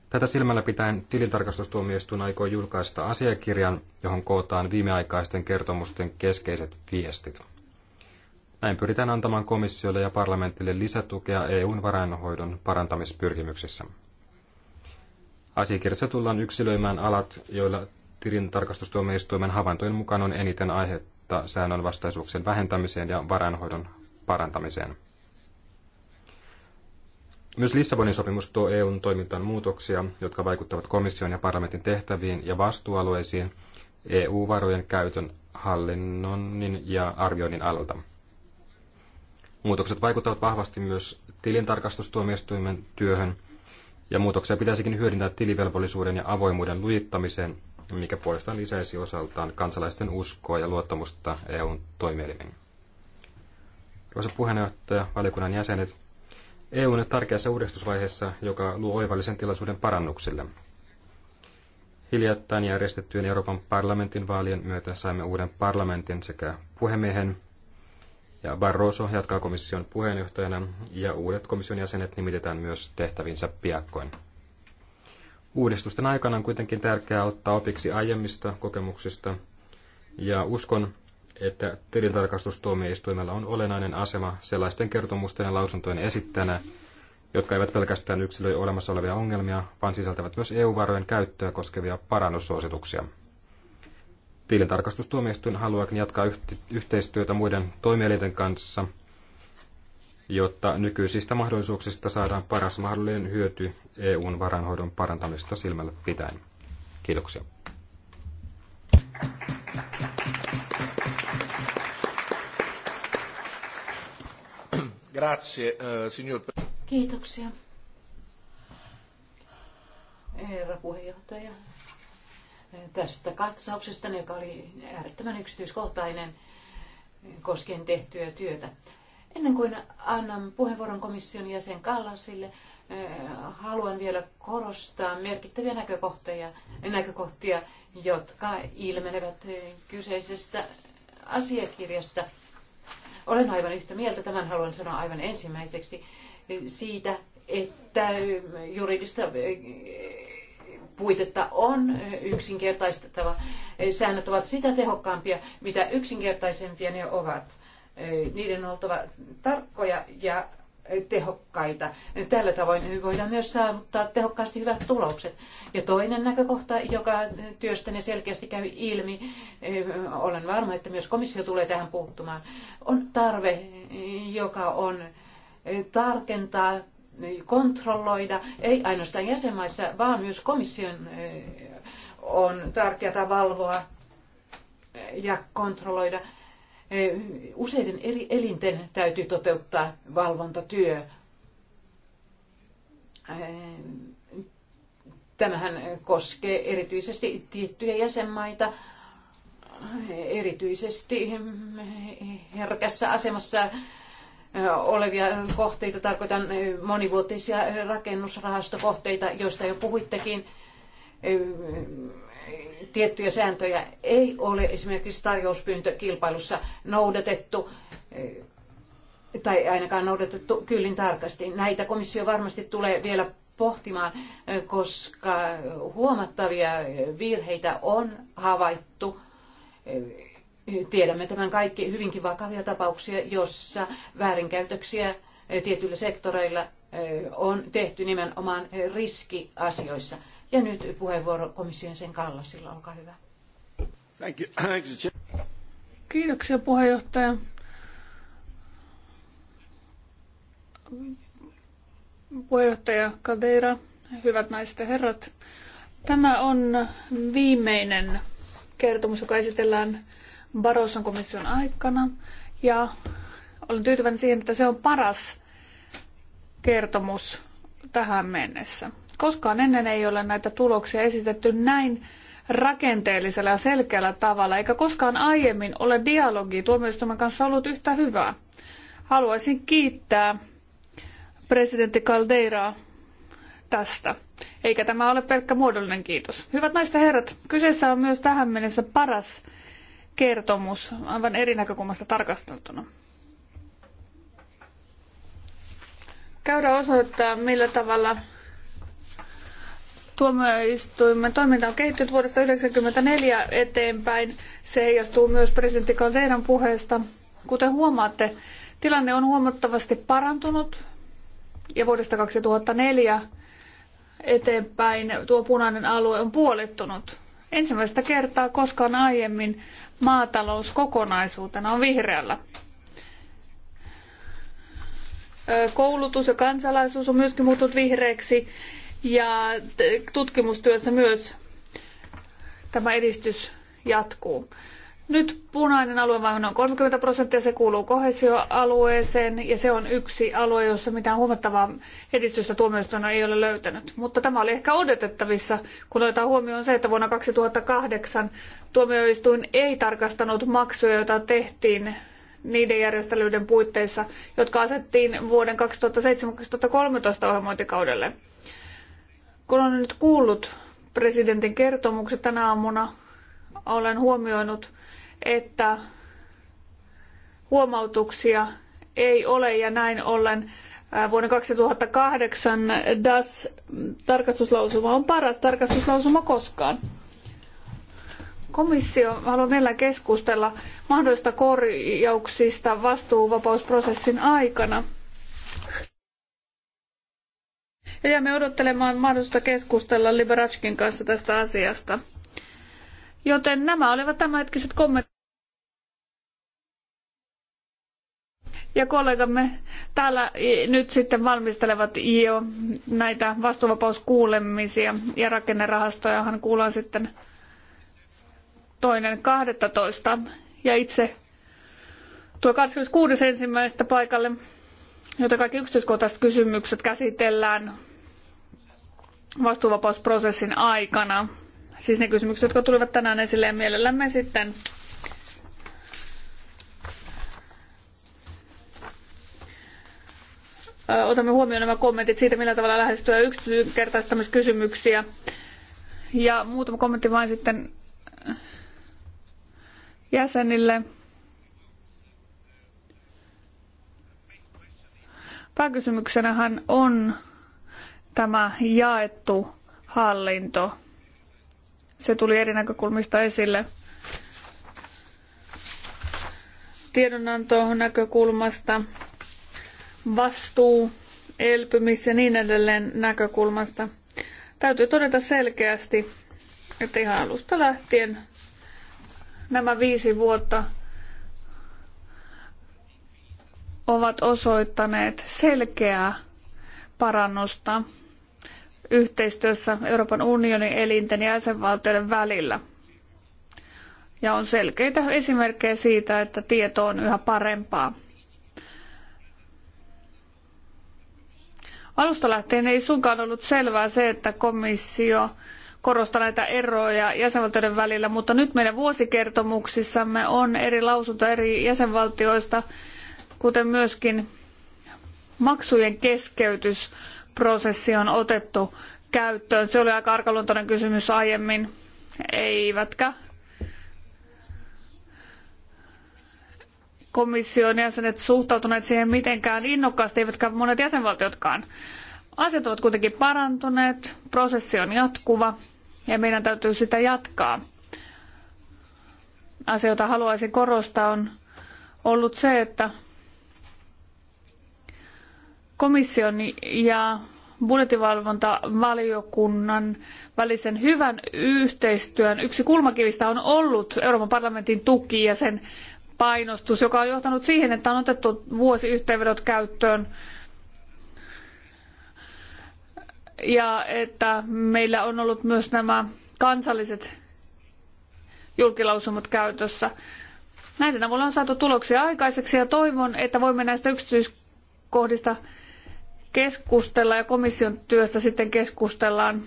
E: Tätä silmällä pitäen tilintarkastustuomioistuin aikoo julkaista asiakirjan, johon kootaan viimeaikaisten kertomusten keskeiset viestit. Näin pyritään antamaan komissiolle ja parlamentille lisätukea EUn varainhoidon parantamispyrkimyksissä. Asiakirjassa tullaan yksilöimään alat, joilla tarkastustuomioistuimen havaintojen mukaan on eniten aihetta säännönvastaisuuksien vähentämiseen ja varainhoidon parantamiseen. Myös Lissabonin sopimus tuo EUn toimintaan muutoksia, jotka vaikuttavat komission ja parlamentin tehtäviin ja vastuualueisiin EU-varojen käytön hallinnon ja arvioinnin alalta. Muutokset vaikuttavat vahvasti myös tilintarkastustuomioistuimen työhön, ja muutoksia pitäisikin hyödyntää tilivelvollisuuden ja avoimuuden lujittamiseen, mikä puolestaan lisäisi osaltaan kansalaisten uskoa ja luottamusta EUn toimielimiin. Arvoisa puheenjohtaja, valiokunnan jäsenet, EU on tärkeässä uudistusvaiheessa, joka luo oivallisen tilaisuuden parannuksille. Hiljattain järjestettyjen Euroopan parlamentin vaalien myötä saimme uuden parlamentin sekä puhemiehen ja Barroso jatkaa komission puheenjohtajana ja uudet komission jäsenet nimitetään myös tehtävinsä piakkoin. Uudistusten aikana on kuitenkin tärkeää ottaa opiksi aiemmista kokemuksista ja uskon, että tilintarkastustuomioistuimella on olennainen asema sellaisten kertomusten ja lausuntojen esittäjänä, jotka eivät pelkästään yksilöi olemassa olevia ongelmia, vaan sisältävät myös EU-varojen käyttöä koskevia parannussuosituksia. Tilintarkastustuomioistuin haluaakin jatkaa yhteistyötä muiden toimielinten kanssa, jotta nykyisistä mahdollisuuksista saadaan paras mahdollinen hyöty EUn varanhoidon parantamista silmällä pitäen. Kiitoksia.
B: Grazie, eh, signor...
D: Kiitoksia. Herra puheenjohtaja, tästä katsauksesta, joka oli äärettömän yksityiskohtainen koskien tehtyä työtä. Ennen kuin annan puheenvuoron komission jäsen Kallasille, eh, haluan vielä korostaa merkittäviä näkökohtia, näkökohtia, jotka ilmenevät eh, kyseisestä asiakirjasta. Olen aivan yhtä mieltä, tämän haluan sanoa aivan ensimmäiseksi, eh, siitä, että juridista puitetta on yksinkertaistettava. Säännöt ovat sitä tehokkaampia, mitä yksinkertaisempia ne ovat. Niiden on oltava tarkkoja ja tehokkaita. Tällä tavoin voidaan myös saavuttaa tehokkaasti hyvät tulokset. Ja toinen näkökohta, joka työstäni selkeästi käy ilmi, olen varma, että myös komissio tulee tähän puuttumaan, on tarve, joka on tarkentaa niin kontrolloida, ei ainoastaan jäsenmaissa, vaan myös komission eh, on tärkeää valvoa ja kontrolloida. Eh, useiden eri elinten täytyy toteuttaa valvontatyö. Eh, tämähän koskee erityisesti tiettyjä jäsenmaita, erityisesti herkässä asemassa olevia kohteita, tarkoitan monivuotisia rakennusrahastokohteita, joista jo puhuittekin. Tiettyjä sääntöjä ei ole esimerkiksi tarjouspyyntökilpailussa noudatettu tai ainakaan noudatettu kyllin tarkasti. Näitä komissio varmasti tulee vielä pohtimaan, koska huomattavia virheitä on havaittu Tiedämme tämän kaikki hyvinkin vakavia tapauksia, jossa väärinkäytöksiä e, tietyillä sektoreilla e, on tehty nimenomaan e, riskiasioissa. Ja nyt puheenvuoro komission sen Kallasilla, olkaa hyvä.
C: Kiitoksia puheenjohtaja. Puheenjohtaja Caldeira, hyvät naiset ja herrat. Tämä on viimeinen kertomus, joka esitellään Barroson komission aikana ja olen tyytyväinen siihen, että se on paras kertomus tähän mennessä. Koskaan ennen ei ole näitä tuloksia esitetty näin rakenteellisella ja selkeällä tavalla, eikä koskaan aiemmin ole dialogi tuomioistuimen kanssa ollut yhtä hyvää. Haluaisin kiittää presidentti Caldeiraa tästä. Eikä tämä ole pelkkä muodollinen kiitos. Hyvät naiset ja herrat, kyseessä on myös tähän mennessä paras kertomus aivan eri näkökulmasta tarkasteltuna. Käydä osoittaa, millä tavalla tuomioistuimen toiminta on kehittynyt vuodesta 1994 eteenpäin. Se heijastuu myös presidentti Calderan puheesta. Kuten huomaatte, tilanne on huomattavasti parantunut ja vuodesta 2004 eteenpäin tuo punainen alue on puolittunut. Ensimmäistä kertaa koskaan aiemmin maatalous kokonaisuutena on vihreällä. Koulutus ja kansalaisuus on myöskin muuttunut vihreäksi ja tutkimustyössä myös tämä edistys jatkuu. Nyt punainen alue vain noin 30 prosenttia, se kuuluu kohesioalueeseen ja se on yksi alue, jossa mitään huomattavaa edistystä tuomioistuin ei ole löytänyt. Mutta tämä oli ehkä odotettavissa, kun otetaan huomioon se, että vuonna 2008 tuomioistuin ei tarkastanut maksuja, joita tehtiin niiden järjestelyiden puitteissa, jotka asettiin vuoden 2007-2013 ohjelmointikaudelle. Kun olen nyt kuullut presidentin kertomukset tänä aamuna, olen huomioinut että huomautuksia ei ole ja näin ollen äh, vuonna 2008 DAS-tarkastuslausuma on paras tarkastuslausuma koskaan. Komissio haluaa meillä keskustella mahdollisista korjauksista vastuuvapausprosessin aikana. Ja jäämme odottelemaan mahdollisuutta keskustella Liberatskin kanssa tästä asiasta. Joten nämä olivat tämänhetkiset kommentit. Ja kollegamme täällä nyt sitten valmistelevat jo näitä vastuuvapauskuulemisia ja rakennerahastojahan kuullaan sitten toinen 12. Ja itse tuo 26. ensimmäistä paikalle, jota kaikki yksityiskohtaiset kysymykset käsitellään vastuuvapausprosessin aikana. Siis ne kysymykset, jotka tulivat tänään esille ja mielellämme sitten otamme huomioon nämä kommentit siitä, millä tavalla lähestyä yksityiskertaistamiskysymyksiä. Ja muutama kommentti vain sitten jäsenille. Pääkysymyksenähän on tämä jaettu hallinto. Se tuli eri näkökulmista esille. Tiedonanto näkökulmasta, vastuu, elpymis ja niin edelleen näkökulmasta. Täytyy todeta selkeästi, että ihan alusta lähtien nämä viisi vuotta ovat osoittaneet selkeää parannusta yhteistyössä Euroopan unionin elinten ja jäsenvaltioiden välillä. Ja on selkeitä esimerkkejä siitä, että tieto on yhä parempaa. Alusta lähtien ei suinkaan ollut selvää se, että komissio korostaa näitä eroja jäsenvaltioiden välillä, mutta nyt meidän vuosikertomuksissamme on eri lausuntoja eri jäsenvaltioista, kuten myöskin maksujen keskeytys prosessi on otettu käyttöön. Se oli aika arkaluontoinen kysymys aiemmin. Eivätkä komission jäsenet suhtautuneet siihen mitenkään innokkaasti, eivätkä monet jäsenvaltiotkaan. Asiat ovat kuitenkin parantuneet, prosessi on jatkuva ja meidän täytyy sitä jatkaa. Asioita haluaisin korostaa on ollut se, että komission ja budjettivalvontavaliokunnan välisen hyvän yhteistyön yksi kulmakivistä on ollut Euroopan parlamentin tuki ja sen painostus, joka on johtanut siihen, että on otettu vuosiyhteenvedot käyttöön ja että meillä on ollut myös nämä kansalliset julkilausumat käytössä. Näiden avulla on saatu tuloksia aikaiseksi ja toivon, että voimme näistä yksityiskohdista keskustella ja komission työstä sitten keskustellaan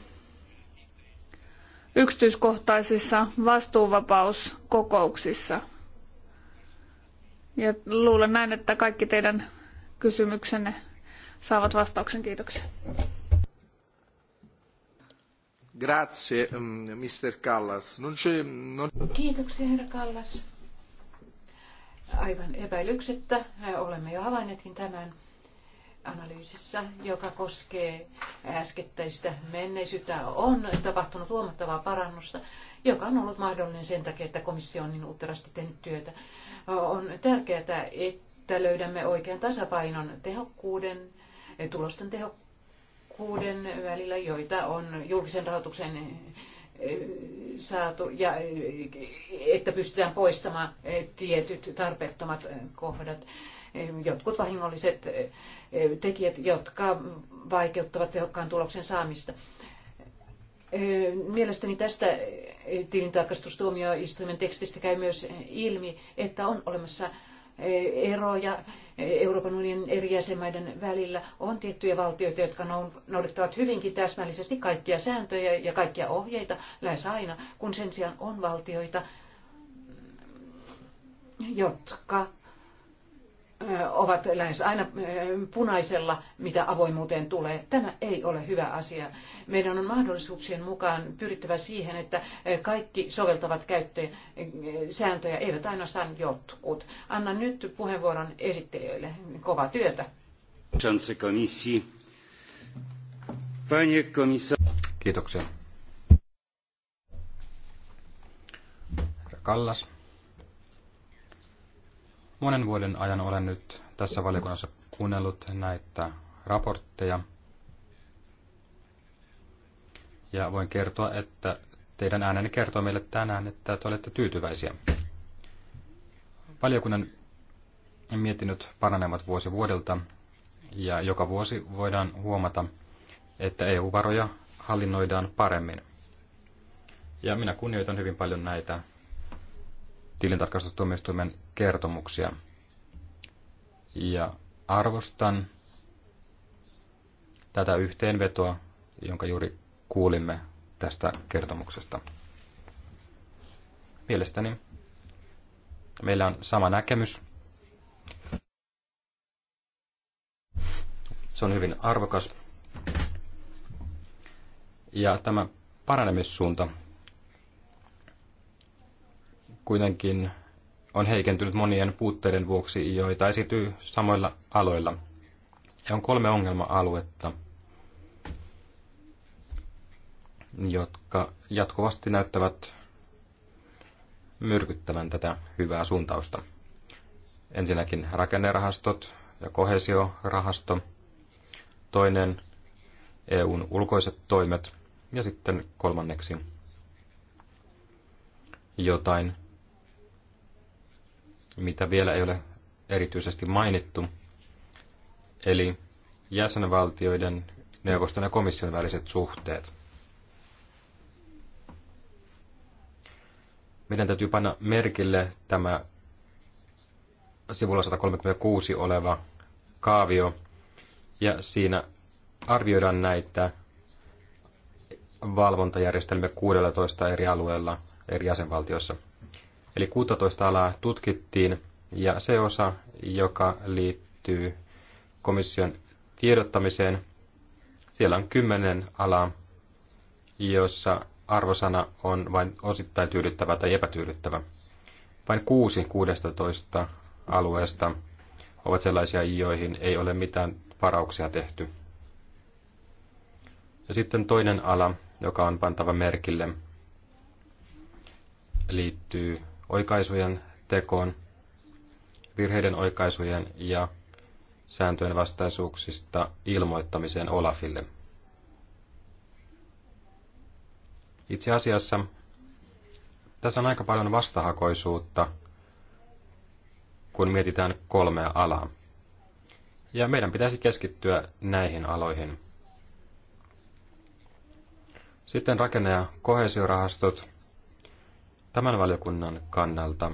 C: yksityiskohtaisissa vastuuvapauskokouksissa. Ja luulen näin, että kaikki teidän kysymyksenne saavat vastauksen. Kiitoksia.
B: Grazie, Mr. Mm, Callas. Non c'è, non...
C: Kiitoksia, herra
D: Kallas. Aivan epäilyksettä olemme jo havainneetkin tämän analyysissä, joka koskee äskettäistä menneisyyttä, on tapahtunut huomattavaa parannusta, joka on ollut mahdollinen sen takia, että komissio on niin uutterasti tehnyt työtä. On tärkeää, että löydämme oikean tasapainon tehokkuuden, tulosten tehokkuuden välillä, joita on julkisen rahoituksen eh, saatu ja eh, että pystytään poistamaan eh, tietyt tarpeettomat kohdat jotkut vahingolliset eh, eh, tekijät, jotka vaikeuttavat tehokkaan tuloksen saamista. Eh, mielestäni tästä tilintarkastustuomioistuimen tekstistä käy myös ilmi, että on olemassa eroja Euroopan unionin eri jäsenmaiden välillä. On tiettyjä valtioita, jotka noudattavat hyvinkin täsmällisesti kaikkia sääntöjä ja kaikkia ohjeita lähes aina, kun sen sijaan on valtioita, jotka ovat lähes aina punaisella, mitä avoimuuteen tulee. Tämä ei ole hyvä asia. Meidän on mahdollisuuksien mukaan pyrittävä siihen, että kaikki soveltavat käyttösääntöjä, eivät ainoastaan jotkut. Annan nyt puheenvuoron esittelijöille. Kova työtä.
E: Kiitoksia. Kallas, Monen vuoden ajan olen nyt tässä valiokunnassa kuunnellut näitä raportteja. Ja voin kertoa, että teidän äänenne kertoo meille tänään, että te olette tyytyväisiä. Valiokunnan mietinnöt paranemat vuosi vuodelta ja joka vuosi voidaan huomata, että EU-varoja hallinnoidaan paremmin. Ja minä kunnioitan hyvin paljon näitä tilintarkastustuomioistuimen kertomuksia. Ja arvostan tätä yhteenvetoa, jonka juuri kuulimme tästä kertomuksesta. Mielestäni meillä on sama näkemys. Se on hyvin arvokas. Ja tämä paranemissuunta, kuitenkin on heikentynyt monien puutteiden vuoksi, joita esityy samoilla aloilla. Ja on kolme ongelma-aluetta, jotka jatkuvasti näyttävät myrkyttävän tätä hyvää suuntausta. Ensinnäkin rakennerahastot ja kohesiorahasto, toinen EUn ulkoiset toimet ja sitten kolmanneksi jotain, mitä vielä ei ole erityisesti mainittu, eli jäsenvaltioiden neuvoston ja komission väliset suhteet. Meidän täytyy panna merkille tämä sivulla 136 oleva kaavio, ja siinä arvioidaan näitä valvontajärjestelmiä 16 eri alueella eri jäsenvaltioissa. Eli 16 alaa tutkittiin ja se osa, joka liittyy komission tiedottamiseen, siellä on kymmenen alaa, jossa arvosana on vain osittain tyydyttävä tai epätyydyttävä. Vain kuusi 16 alueesta ovat sellaisia, joihin ei ole mitään varauksia tehty. Ja sitten toinen ala, joka on pantava merkille, liittyy oikaisujen tekoon, virheiden oikaisujen ja sääntöjen vastaisuuksista ilmoittamiseen Olafille. Itse asiassa tässä on aika paljon vastahakoisuutta, kun mietitään kolmea alaa. Ja meidän pitäisi keskittyä näihin aloihin. Sitten rakenne- ja kohesiorahastot tämän valiokunnan kannalta.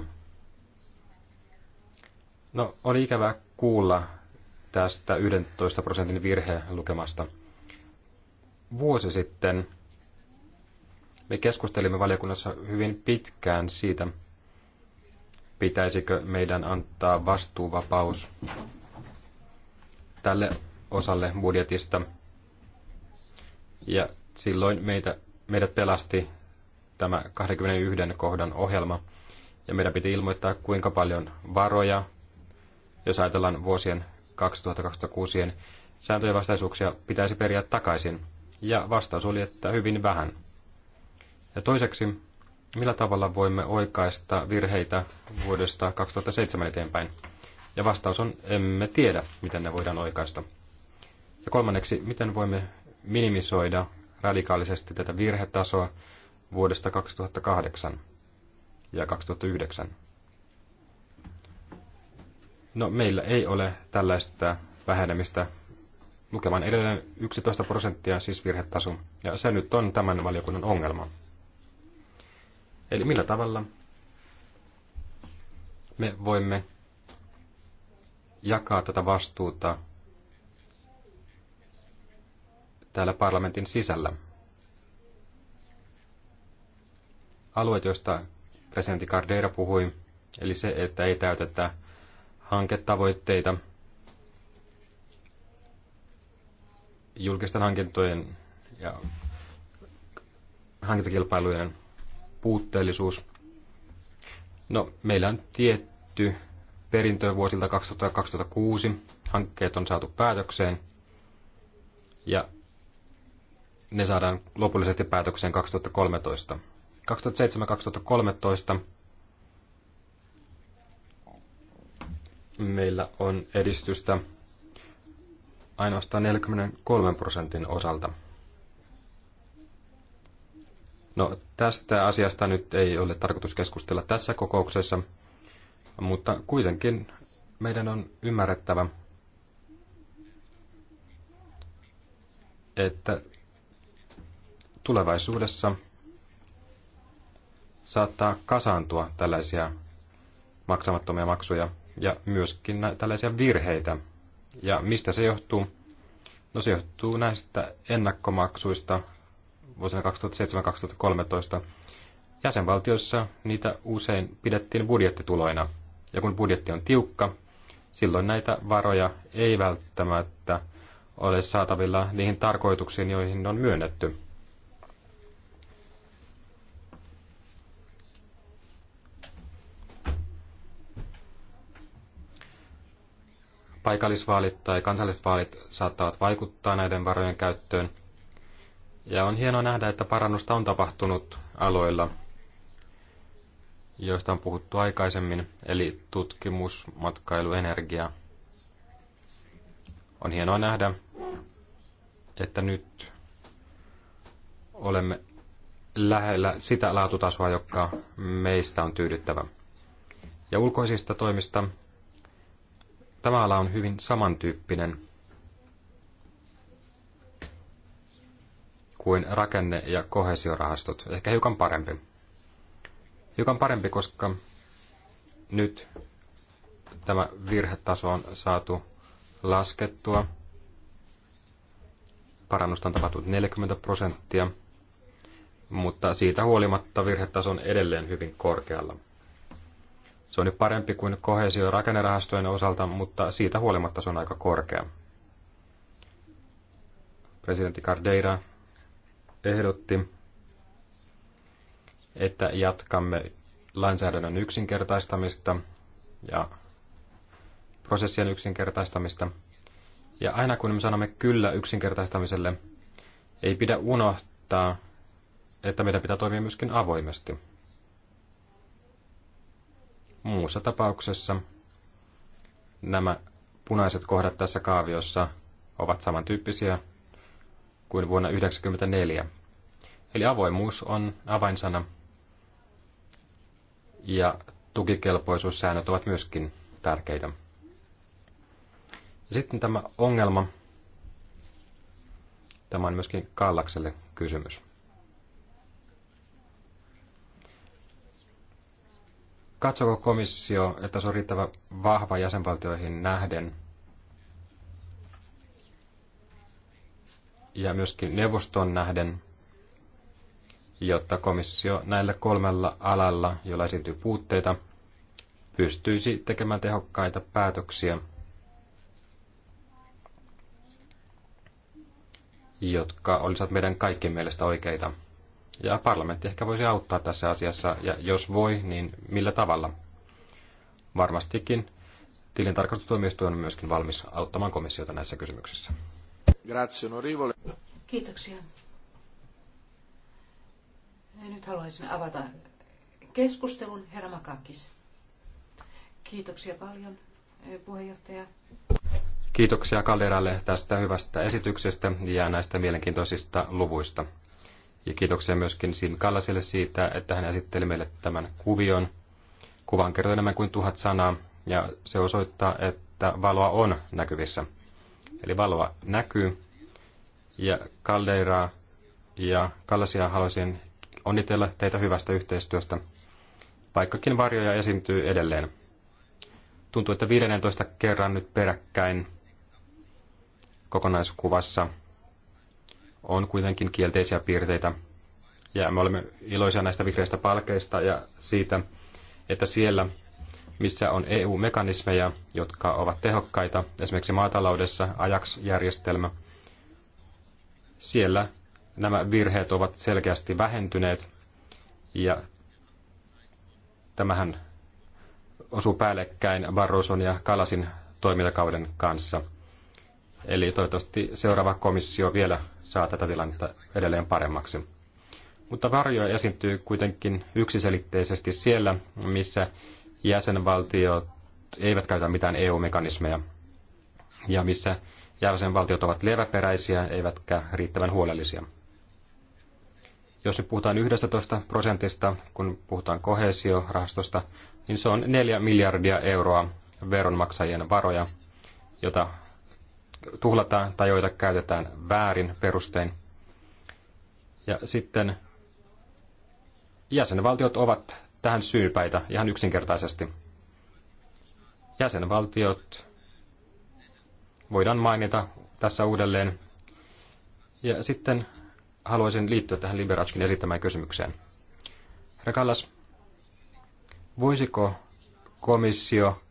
E: No, oli ikävä kuulla tästä 11 prosentin lukemasta Vuosi sitten me keskustelimme valiokunnassa hyvin pitkään siitä, pitäisikö meidän antaa vastuuvapaus tälle osalle budjetista. Ja silloin meitä, meidät pelasti tämä 21 kohdan ohjelma. Ja meidän piti ilmoittaa, kuinka paljon varoja, jos ajatellaan vuosien 2026 sääntöjen vastaisuuksia, pitäisi periä takaisin. Ja vastaus oli, että hyvin vähän. Ja toiseksi, millä tavalla voimme oikaista virheitä vuodesta 2007 eteenpäin? Ja vastaus on, emme tiedä, miten ne voidaan oikaista. Ja kolmanneksi, miten voimme minimisoida radikaalisesti tätä virhetasoa vuodesta 2008 ja 2009. No, meillä ei ole tällaista vähenemistä. Lukeman edelleen 11 prosenttia, siis virhetaso, ja se nyt on tämän valiokunnan ongelma. Eli millä tavalla me voimme jakaa tätä vastuuta täällä parlamentin sisällä? alueet, joista presidentti Cardeira puhui, eli se, että ei täytetä hanketavoitteita julkisten hankintojen ja hankintakilpailujen puutteellisuus. No, meillä on tietty perintö vuosilta 2006 Hankkeet on saatu päätökseen ja ne saadaan lopullisesti päätökseen 2013. 2007-2013 meillä on edistystä ainoastaan 43 prosentin osalta. No, tästä asiasta nyt ei ole tarkoitus keskustella tässä kokouksessa, mutta kuitenkin meidän on ymmärrettävä, että tulevaisuudessa – saattaa kasaantua tällaisia maksamattomia maksuja ja myöskin tällaisia virheitä. Ja mistä se johtuu? No se johtuu näistä ennakkomaksuista vuosina 2007-2013. Jäsenvaltioissa niitä usein pidettiin budjettituloina. Ja kun budjetti on tiukka, silloin näitä varoja ei välttämättä ole saatavilla niihin tarkoituksiin, joihin ne on myönnetty. paikallisvaalit tai kansalliset vaalit saattavat vaikuttaa näiden varojen käyttöön. Ja on hienoa nähdä, että parannusta on tapahtunut aloilla, joista on puhuttu aikaisemmin, eli tutkimus, matkailu, energia. On hienoa nähdä, että nyt olemme lähellä sitä laatutasoa, joka meistä on tyydyttävä. Ja ulkoisista toimista Tämä ala on hyvin samantyyppinen kuin rakenne- ja kohesiorahastot, ehkä hiukan parempi. Hiukan parempi, koska nyt tämä virhetaso on saatu laskettua. Parannusta on tapahtunut 40 prosenttia, mutta siitä huolimatta virhetaso on edelleen hyvin korkealla. Se on nyt parempi kuin kohesio rakennerahastojen osalta, mutta siitä huolimatta se on aika korkea. Presidentti Cardeira ehdotti, että jatkamme lainsäädännön yksinkertaistamista ja prosessien yksinkertaistamista. Ja aina kun me sanomme kyllä yksinkertaistamiselle, ei pidä unohtaa, että meidän pitää toimia myöskin avoimesti. Muussa tapauksessa nämä punaiset kohdat tässä kaaviossa ovat samantyyppisiä kuin vuonna 1994. Eli avoimuus on avainsana ja tukikelpoisuussäännöt ovat myöskin tärkeitä. sitten tämä ongelma. Tämä on myöskin Kallakselle kysymys. Katsoko komissio, että se on riittävä vahva jäsenvaltioihin nähden? Ja myöskin neuvoston nähden, jotta komissio näillä kolmella alalla, jolla esiintyy puutteita, pystyisi tekemään tehokkaita päätöksiä, jotka olisivat meidän kaikkien mielestä oikeita. Ja parlamentti ehkä voisi auttaa tässä asiassa, ja jos voi, niin millä tavalla? Varmastikin tilintarkastustuomioistuin on myöskin valmis auttamaan komissiota näissä kysymyksissä.
B: Grazie, onorevole.
D: Kiitoksia. Ja nyt haluaisin avata keskustelun. Herra Makakis. Kiitoksia paljon, puheenjohtaja.
E: Kiitoksia Kalleralle tästä hyvästä esityksestä ja näistä mielenkiintoisista luvuista. Ja kiitoksia myöskin Sim Kallaselle siitä, että hän esitteli meille tämän kuvion. Kuvan kertoo enemmän kuin tuhat sanaa, ja se osoittaa, että valoa on näkyvissä. Eli valoa näkyy, ja Caldeiraa ja Kallasia haluaisin onnitella teitä hyvästä yhteistyöstä, vaikkakin varjoja esiintyy edelleen. Tuntuu, että 15 kerran nyt peräkkäin kokonaiskuvassa – on kuitenkin kielteisiä piirteitä. Ja me olemme iloisia näistä vihreistä palkeista ja siitä, että siellä, missä on EU-mekanismeja, jotka ovat tehokkaita, esimerkiksi maataloudessa ajaksjärjestelmä, siellä nämä virheet ovat selkeästi vähentyneet ja tämähän osuu päällekkäin Barroson ja Kalasin toimintakauden kanssa. Eli toivottavasti seuraava komissio vielä saa tätä tilannetta edelleen paremmaksi. Mutta varjoja esiintyy kuitenkin yksiselitteisesti siellä, missä jäsenvaltiot eivät käytä mitään EU-mekanismeja ja missä jäsenvaltiot ovat leväperäisiä eivätkä riittävän huolellisia. Jos nyt puhutaan 11 prosentista, kun puhutaan kohesiorahastosta, niin se on 4 miljardia euroa veronmaksajien varoja, jota tuhlataan tai joita käytetään väärin perustein. Ja sitten jäsenvaltiot ovat tähän syypäitä ihan yksinkertaisesti. Jäsenvaltiot voidaan mainita tässä uudelleen. Ja sitten haluaisin liittyä tähän Liberatskin esittämään kysymykseen. Herra Kallas, voisiko komissio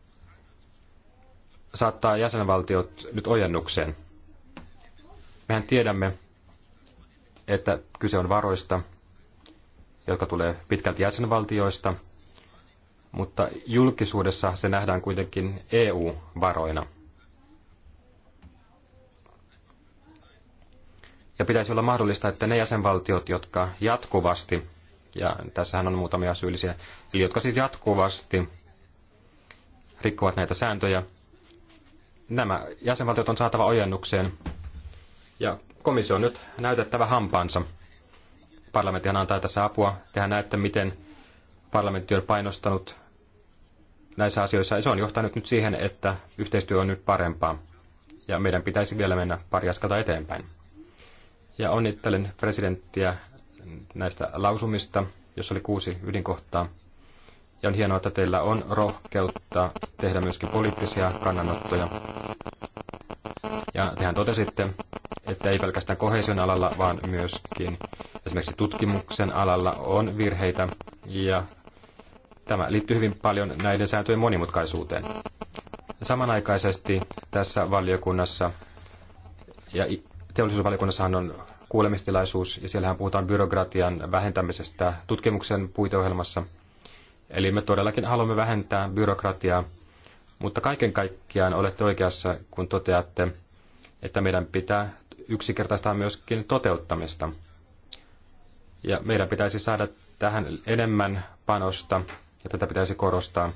E: saattaa jäsenvaltiot nyt ojennukseen. Mehän tiedämme, että kyse on varoista, jotka tulee pitkälti jäsenvaltioista, mutta julkisuudessa se nähdään kuitenkin EU-varoina. Ja pitäisi olla mahdollista, että ne jäsenvaltiot, jotka jatkuvasti, ja tässähän on muutamia syyllisiä, eli jotka siis jatkuvasti rikkovat näitä sääntöjä, Nämä jäsenvaltiot on saatava ojennukseen ja komissio on nyt näytettävä hampaansa. Parlamenttihan antaa tässä apua. Tehän näette, miten parlamentti on painostanut näissä asioissa. Ja se on johtanut nyt siihen, että yhteistyö on nyt parempaa. Ja meidän pitäisi vielä mennä pari askelta eteenpäin. Ja onnittelen presidenttiä näistä lausumista, jossa oli kuusi ydinkohtaa. Ja on hienoa, että teillä on rohkeutta tehdä myöskin poliittisia kannanottoja. Ja tehän totesitte, että ei pelkästään kohesion alalla, vaan myöskin esimerkiksi tutkimuksen alalla on virheitä ja tämä liittyy hyvin paljon näiden sääntöjen monimutkaisuuteen. Samanaikaisesti tässä valiokunnassa ja teollisuusvaliokunnassahan on kuulemistilaisuus ja siellähän puhutaan byrokratian vähentämisestä tutkimuksen puiteohjelmassa – Eli me todellakin haluamme vähentää byrokratiaa, mutta kaiken kaikkiaan olette oikeassa, kun toteatte, että meidän pitää yksinkertaistaa myöskin toteuttamista. Ja meidän pitäisi saada tähän enemmän panosta, ja tätä pitäisi korostaa.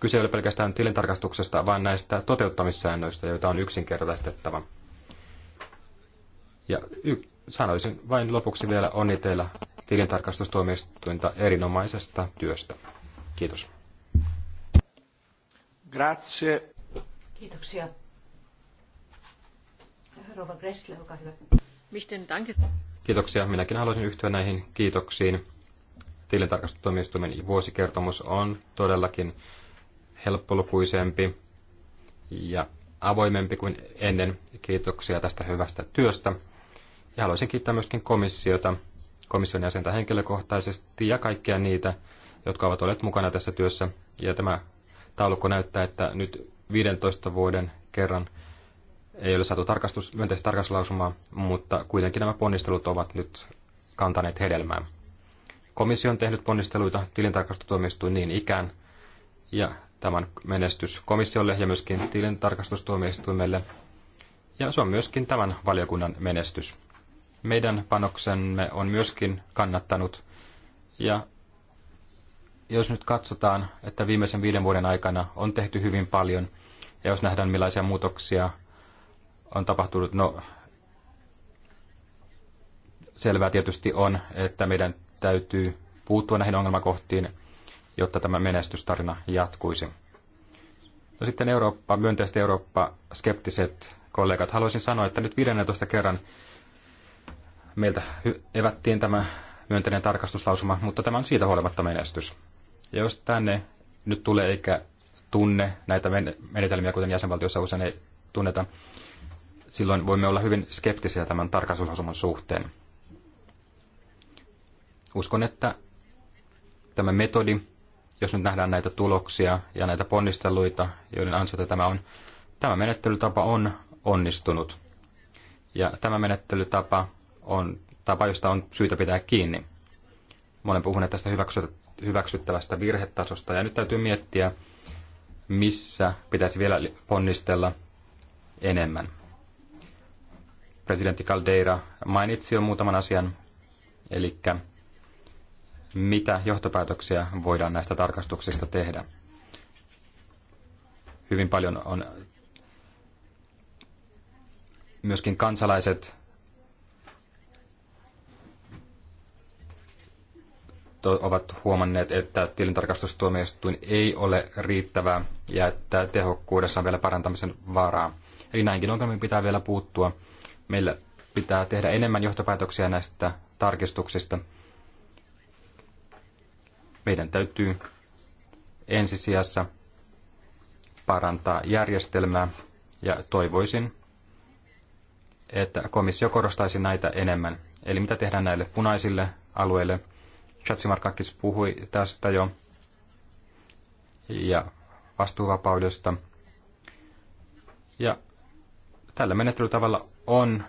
E: Kyse ei ole pelkästään tilintarkastuksesta, vaan näistä toteuttamissäännöistä, joita on yksinkertaistettava. Ja y- sanoisin vain lopuksi vielä onnitella tilintarkastustuomioistuinta erinomaisesta työstä. Kiitos.
B: Grazie.
D: Kiitoksia. Rova Gressle, olkaa hyvä.
E: Kiitoksia. Minäkin haluaisin yhtyä näihin kiitoksiin. Tilintarkastustoimistoimen vuosikertomus on todellakin helppolukuisempi ja avoimempi kuin ennen. Kiitoksia tästä hyvästä työstä. Ja haluaisin kiittää myöskin komissiota, komission jäsentä henkilökohtaisesti ja kaikkia niitä, jotka ovat olleet mukana tässä työssä. Ja tämä taulukko näyttää, että nyt 15 vuoden kerran ei ole saatu tarkastus, myönteistä tarkastuslausumaa, mutta kuitenkin nämä ponnistelut ovat nyt kantaneet hedelmää. Komissio on tehnyt ponnisteluita, tilintarkastustuomioistuin niin ikään, ja tämän menestys komissiolle ja myöskin tilintarkastustuomioistuimelle. Ja se on myöskin tämän valiokunnan menestys. Meidän panoksemme on myöskin kannattanut, ja jos nyt katsotaan, että viimeisen viiden vuoden aikana on tehty hyvin paljon, ja jos nähdään millaisia muutoksia on tapahtunut, no selvää tietysti on, että meidän täytyy puuttua näihin ongelmakohtiin, jotta tämä menestystarina jatkuisi. No sitten Eurooppa, myönteiset Eurooppa-skeptiset kollegat. Haluaisin sanoa, että nyt 15 kerran meiltä evättiin tämä myönteinen tarkastuslausuma, mutta tämä on siitä huolimatta menestys. Ja jos tänne nyt tulee eikä tunne näitä menetelmiä, kuten jäsenvaltiossa usein ei tunneta, silloin voimme olla hyvin skeptisiä tämän tarkastusasuman suhteen. Uskon, että tämä metodi, jos nyt nähdään näitä tuloksia ja näitä ponnisteluita, joiden ansiota tämä on, tämä menettelytapa on onnistunut. Ja tämä menettelytapa on tapa, josta on syytä pitää kiinni mä olen puhuneet tästä hyväksyttävästä virhetasosta ja nyt täytyy miettiä, missä pitäisi vielä ponnistella enemmän. Presidentti Caldeira mainitsi jo muutaman asian, eli mitä johtopäätöksiä voidaan näistä tarkastuksista tehdä. Hyvin paljon on myöskin kansalaiset ovat huomanneet, että tilintarkastustuomioistuin ei ole riittävää ja että tehokkuudessa on vielä parantamisen varaa. Eli näinkin ongelmiin pitää vielä puuttua. Meillä pitää tehdä enemmän johtopäätöksiä näistä tarkistuksista. Meidän täytyy ensisijassa parantaa järjestelmää ja toivoisin, että komissio korostaisi näitä enemmän. Eli mitä tehdään näille punaisille alueille, Chatsimarkakis puhui tästä jo ja vastuuvapaudesta. Ja tällä menettelytavalla on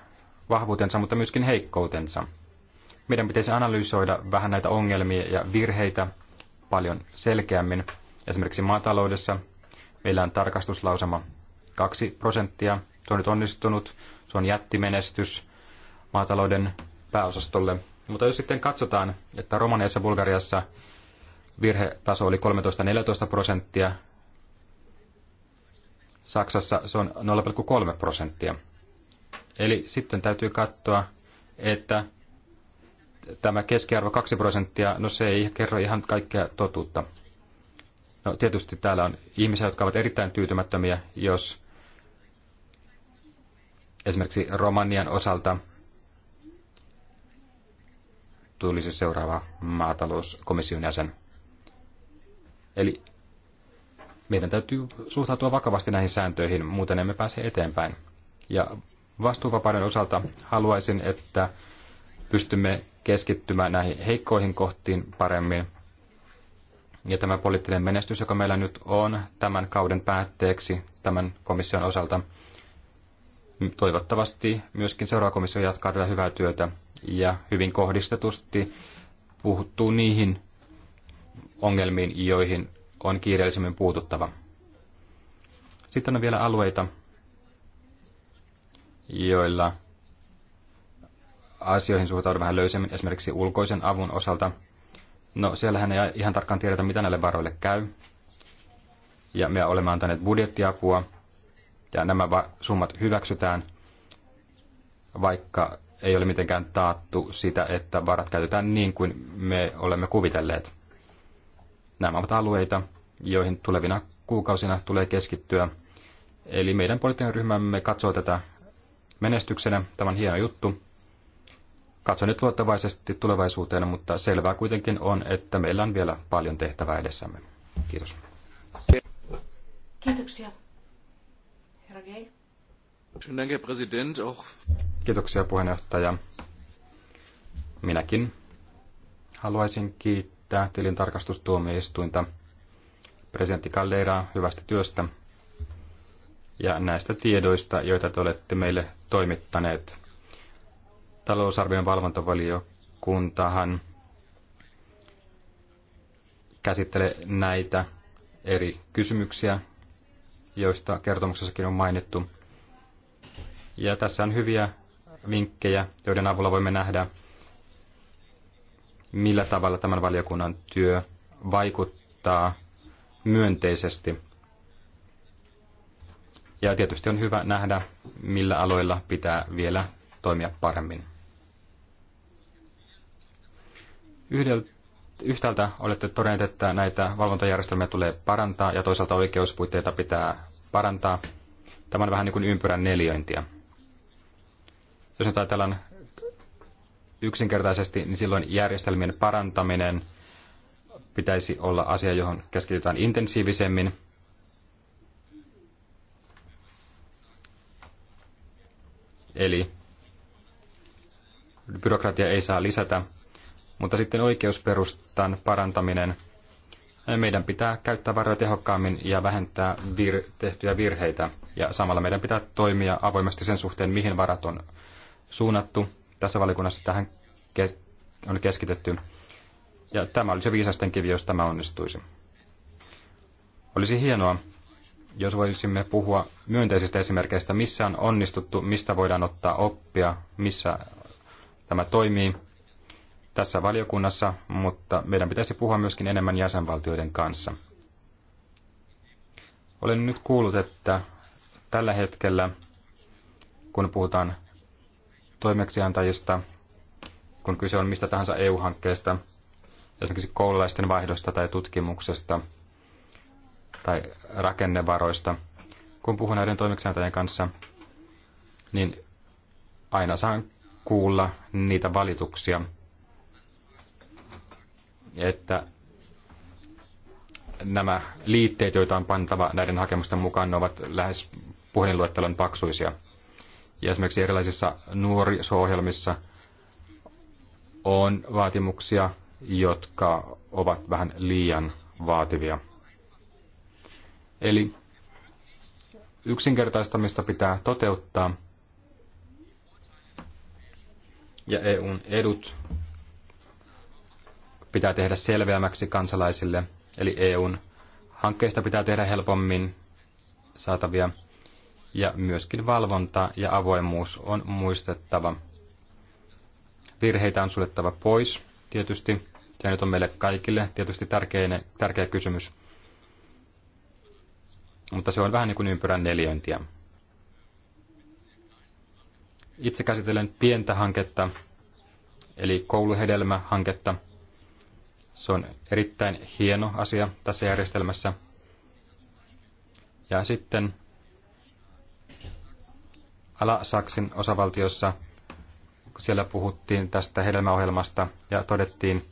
E: vahvuutensa, mutta myöskin heikkoutensa. Meidän pitäisi analysoida vähän näitä ongelmia ja virheitä paljon selkeämmin. Esimerkiksi maataloudessa meillä on tarkastuslausama 2 prosenttia. Se on nyt onnistunut, se on jättimenestys maatalouden pääosastolle – mutta jos sitten katsotaan, että Romaniassa ja Bulgariassa virhetaso oli 13-14 prosenttia, Saksassa se on 0,3 prosenttia. Eli sitten täytyy katsoa, että tämä keskiarvo 2 prosenttia, no se ei kerro ihan kaikkea totuutta. No tietysti täällä on ihmisiä, jotka ovat erittäin tyytymättömiä, jos esimerkiksi Romanian osalta – tulisi seuraava maatalouskomission jäsen. Eli meidän täytyy suhtautua vakavasti näihin sääntöihin, muuten emme pääse eteenpäin. Ja vastuuvapauden osalta haluaisin, että pystymme keskittymään näihin heikkoihin kohtiin paremmin. Ja tämä poliittinen menestys, joka meillä nyt on tämän kauden päätteeksi tämän komission osalta, toivottavasti myöskin seuraava komissio jatkaa tätä hyvää työtä ja hyvin kohdistetusti puhuttuu niihin ongelmiin, joihin on kiireellisemmin puututtava. Sitten on vielä alueita, joilla asioihin suhtaudu vähän löysemmin, esimerkiksi ulkoisen avun osalta. No, siellähän ei ihan tarkkaan tiedetä, mitä näille varoille käy. Ja me olemme antaneet budjettiapua, ja nämä summat hyväksytään, vaikka ei ole mitenkään taattu sitä, että varat käytetään niin kuin me olemme kuvitelleet. Nämä ovat alueita, joihin tulevina kuukausina tulee keskittyä. Eli meidän poliittinen ryhmämme katsoo tätä menestyksenä. Tämä on hieno juttu. Katso, nyt luottavaisesti tulevaisuuteen, mutta selvää kuitenkin on, että meillä on vielä paljon tehtävää edessämme. Kiitos.
D: Kiitoksia. Herra Gay. Schönen
F: Dank, Herr
B: Präsident. Auch
E: Kiitoksia puheenjohtaja. Minäkin haluaisin kiittää tilintarkastustuomioistuinta presidentti Kalleiraa hyvästä työstä ja näistä tiedoista, joita te olette meille toimittaneet. Talousarvion valvontavaliokuntahan käsittelee näitä eri kysymyksiä, joista kertomuksessakin on mainittu. Ja tässä on hyviä vinkkejä, joiden avulla voimme nähdä, millä tavalla tämän valiokunnan työ vaikuttaa myönteisesti. Ja tietysti on hyvä nähdä, millä aloilla pitää vielä toimia paremmin. Yhdeltä, yhtäältä olette todenneet, että näitä valvontajärjestelmiä tulee parantaa ja toisaalta oikeuspuitteita pitää parantaa. Tämä on vähän niin kuin ympyrän neljöintiä. Jos nyt ajatellaan yksinkertaisesti, niin silloin järjestelmien parantaminen pitäisi olla asia, johon keskitytään intensiivisemmin. Eli byrokratia ei saa lisätä, mutta sitten oikeusperustan parantaminen. Meidän pitää käyttää varoja tehokkaammin ja vähentää vir- tehtyjä virheitä. Ja samalla meidän pitää toimia avoimesti sen suhteen, mihin varat on suunnattu tässä valikunnassa tähän kes- on keskitetty. Ja tämä olisi viisasten kivi, jos tämä onnistuisi. Olisi hienoa, jos voisimme puhua myönteisistä esimerkkeistä, missä on onnistuttu, mistä voidaan ottaa oppia, missä tämä toimii tässä valiokunnassa, mutta meidän pitäisi puhua myöskin enemmän jäsenvaltioiden kanssa. Olen nyt kuullut, että tällä hetkellä, kun puhutaan toimeksiantajista, kun kyse on mistä tahansa EU-hankkeesta, esimerkiksi koululaisten vaihdosta tai tutkimuksesta tai rakennevaroista. Kun puhun näiden toimeksiantajien kanssa, niin aina saan kuulla niitä valituksia, että nämä liitteet, joita on pantava näiden hakemusten mukaan, ne ovat lähes puhelinluettelon paksuisia. Ja esimerkiksi erilaisissa nuoriso-ohjelmissa on vaatimuksia, jotka ovat vähän liian vaativia. Eli yksinkertaistamista pitää toteuttaa ja EUn edut pitää tehdä selveämmäksi kansalaisille, eli EUn hankkeista pitää tehdä helpommin saatavia – ja myöskin valvonta ja avoimuus on muistettava. Virheitä on suljettava pois, tietysti. Se nyt on meille kaikille tietysti tärkeä, tärkeä kysymys. Mutta se on vähän niin kuin ympyrän neljöntiä. Itse käsittelen pientä hanketta, eli kouluhedelmähanketta. Se on erittäin hieno asia tässä järjestelmässä. Ja sitten Ala-Saksin osavaltiossa. Siellä puhuttiin tästä hedelmäohjelmasta ja todettiin,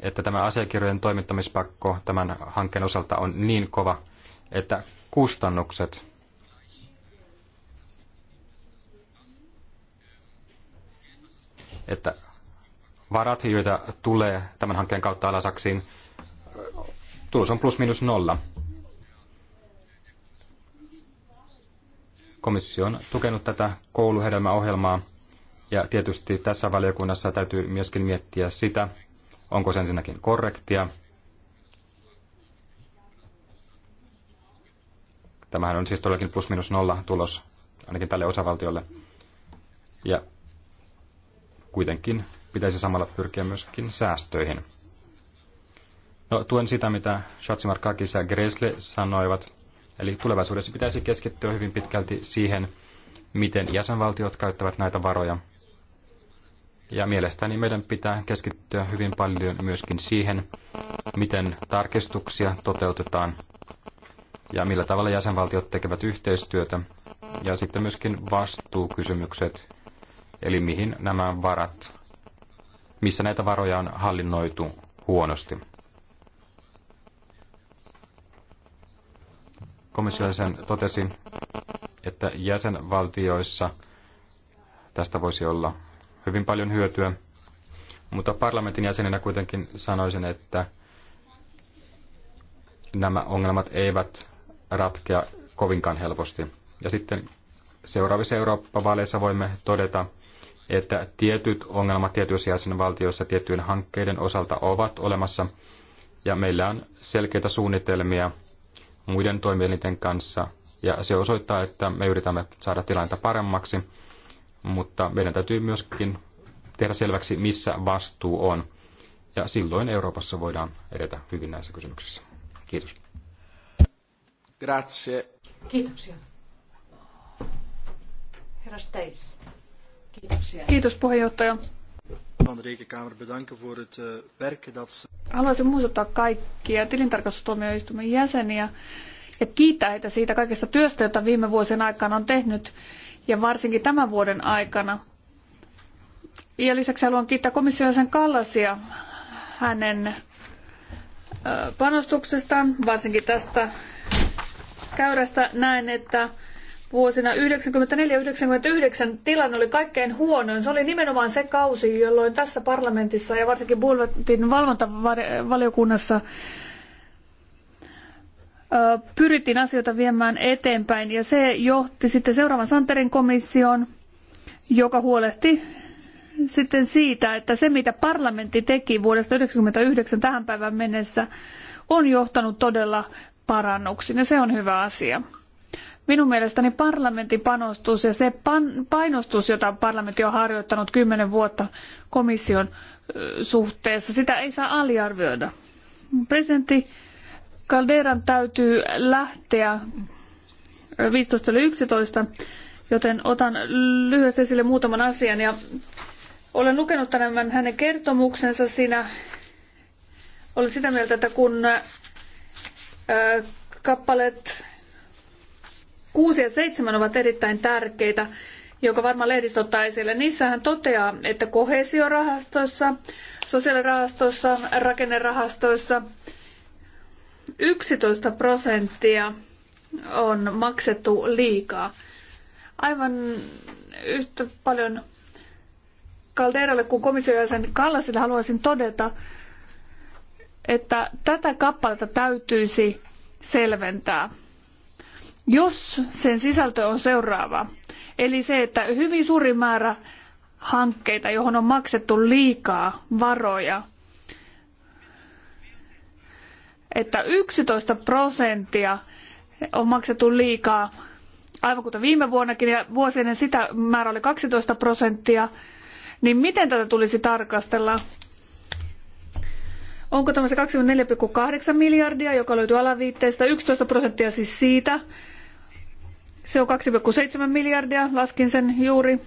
E: että tämä asiakirjojen toimittamispakko tämän hankkeen osalta on niin kova, että kustannukset että varat, joita tulee tämän hankkeen kautta Alasaksiin, tulos on plus minus nolla. Komissio on tukenut tätä kouluhedelmäohjelmaa ja tietysti tässä valiokunnassa täytyy myöskin miettiä sitä, onko se ensinnäkin korrektia. Tämähän on siis todellakin plus minus nolla tulos ainakin tälle osavaltiolle. Ja kuitenkin pitäisi samalla pyrkiä myöskin säästöihin. No, tuen sitä, mitä Schatzimarkakis ja Gresle sanoivat. Eli tulevaisuudessa pitäisi keskittyä hyvin pitkälti siihen, miten jäsenvaltiot käyttävät näitä varoja. Ja mielestäni meidän pitää keskittyä hyvin paljon myöskin siihen, miten tarkistuksia toteutetaan ja millä tavalla jäsenvaltiot tekevät yhteistyötä. Ja sitten myöskin vastuukysymykset, eli mihin nämä varat, missä näitä varoja on hallinnoitu huonosti. jäsen totesi, että jäsenvaltioissa tästä voisi olla hyvin paljon hyötyä, mutta parlamentin jäsenenä kuitenkin sanoisin, että nämä ongelmat eivät ratkea kovinkaan helposti. Ja sitten seuraavissa Eurooppa-vaaleissa voimme todeta, että tietyt ongelmat tietyissä jäsenvaltioissa tiettyjen hankkeiden osalta ovat olemassa, ja meillä on selkeitä suunnitelmia muiden toimielinten kanssa. Ja se osoittaa, että me yritämme saada tilannetta paremmaksi, mutta meidän täytyy myöskin tehdä selväksi, missä vastuu on. Ja silloin Euroopassa voidaan edetä hyvin näissä kysymyksissä. Kiitos. Grazie.
D: Kiitoksia. Herra
C: Steis. Kiitoksia. Kiitos puheenjohtaja.
B: Eh,
C: Haluaisin muistuttaa kaikkia tilintarkastustuomioistuimen jäseniä ja kiittää heitä siitä kaikesta työstä, jota viime vuosien aikana on tehnyt ja varsinkin tämän vuoden aikana. Ja lisäksi haluan kiittää komission sen Kallasia hänen panostuksestaan, varsinkin tästä käyrästä näin, että vuosina 1994-1999 tilanne oli kaikkein huonoin. Se oli nimenomaan se kausi, jolloin tässä parlamentissa ja varsinkin Bulletin valvontavaliokunnassa pyrittiin asioita viemään eteenpäin ja se johti sitten seuraavan Santerin komission, joka huolehti sitten siitä, että se mitä parlamentti teki vuodesta 1999 tähän päivään mennessä on johtanut todella parannuksiin ja se on hyvä asia. Minun mielestäni parlamentin panostus ja se painostus, jota parlamentti on harjoittanut kymmenen vuotta komission suhteessa, sitä ei saa aliarvioida. Presidentti Calderan täytyy lähteä 15.11, joten otan lyhyesti esille muutaman asian. Ja olen lukenut tämän hänen kertomuksensa siinä. Olen sitä mieltä, että kun kappaleet 6 ja 7 ovat erittäin tärkeitä, joka varmaan lehdistö ottaa esille. hän toteaa, että kohesiorahastoissa, sosiaalirahastoissa, rakennerahastoissa 11 prosenttia on maksettu liikaa. Aivan yhtä paljon Calderalle kuin komission jäsen Kallasille haluaisin todeta, että tätä kappaletta täytyisi selventää jos sen sisältö on seuraava, eli se, että hyvin suuri määrä hankkeita, johon on maksettu liikaa varoja, että 11 prosenttia on maksettu liikaa, aivan kuten viime vuonnakin, ja ennen sitä määrä oli 12 prosenttia, niin miten tätä tulisi tarkastella? Onko tämä se 24,8 miljardia, joka löytyy alaviitteestä, 11 prosenttia siis siitä, se on 2,7 miljardia, laskin sen juuri.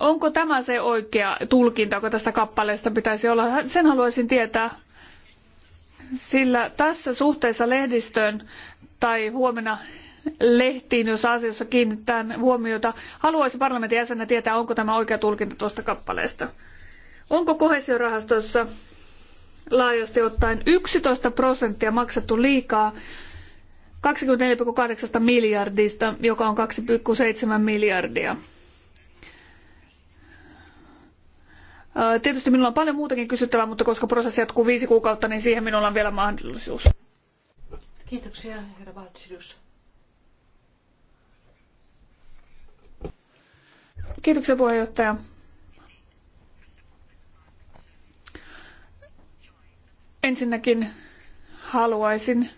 C: Onko tämä se oikea tulkinta, joka tästä kappaleesta pitäisi olla? Sen haluaisin tietää, sillä tässä suhteessa lehdistöön tai huomenna lehtiin, jos asiassa kiinnittää huomiota. Haluaisin parlamentin jäsenä tietää, onko tämä oikea tulkinta tuosta kappaleesta. Onko kohesiorahastossa laajasti ottaen 11 prosenttia maksettu liikaa 24,8 miljardista, joka on 2,7 miljardia. Tietysti minulla on paljon muutakin kysyttävää, mutta koska prosessi jatkuu viisi kuukautta, niin siihen minulla on vielä mahdollisuus. Kiitoksia, herra Valtsidus. Kiitoksia puheenjohtaja. Ensinnäkin haluaisin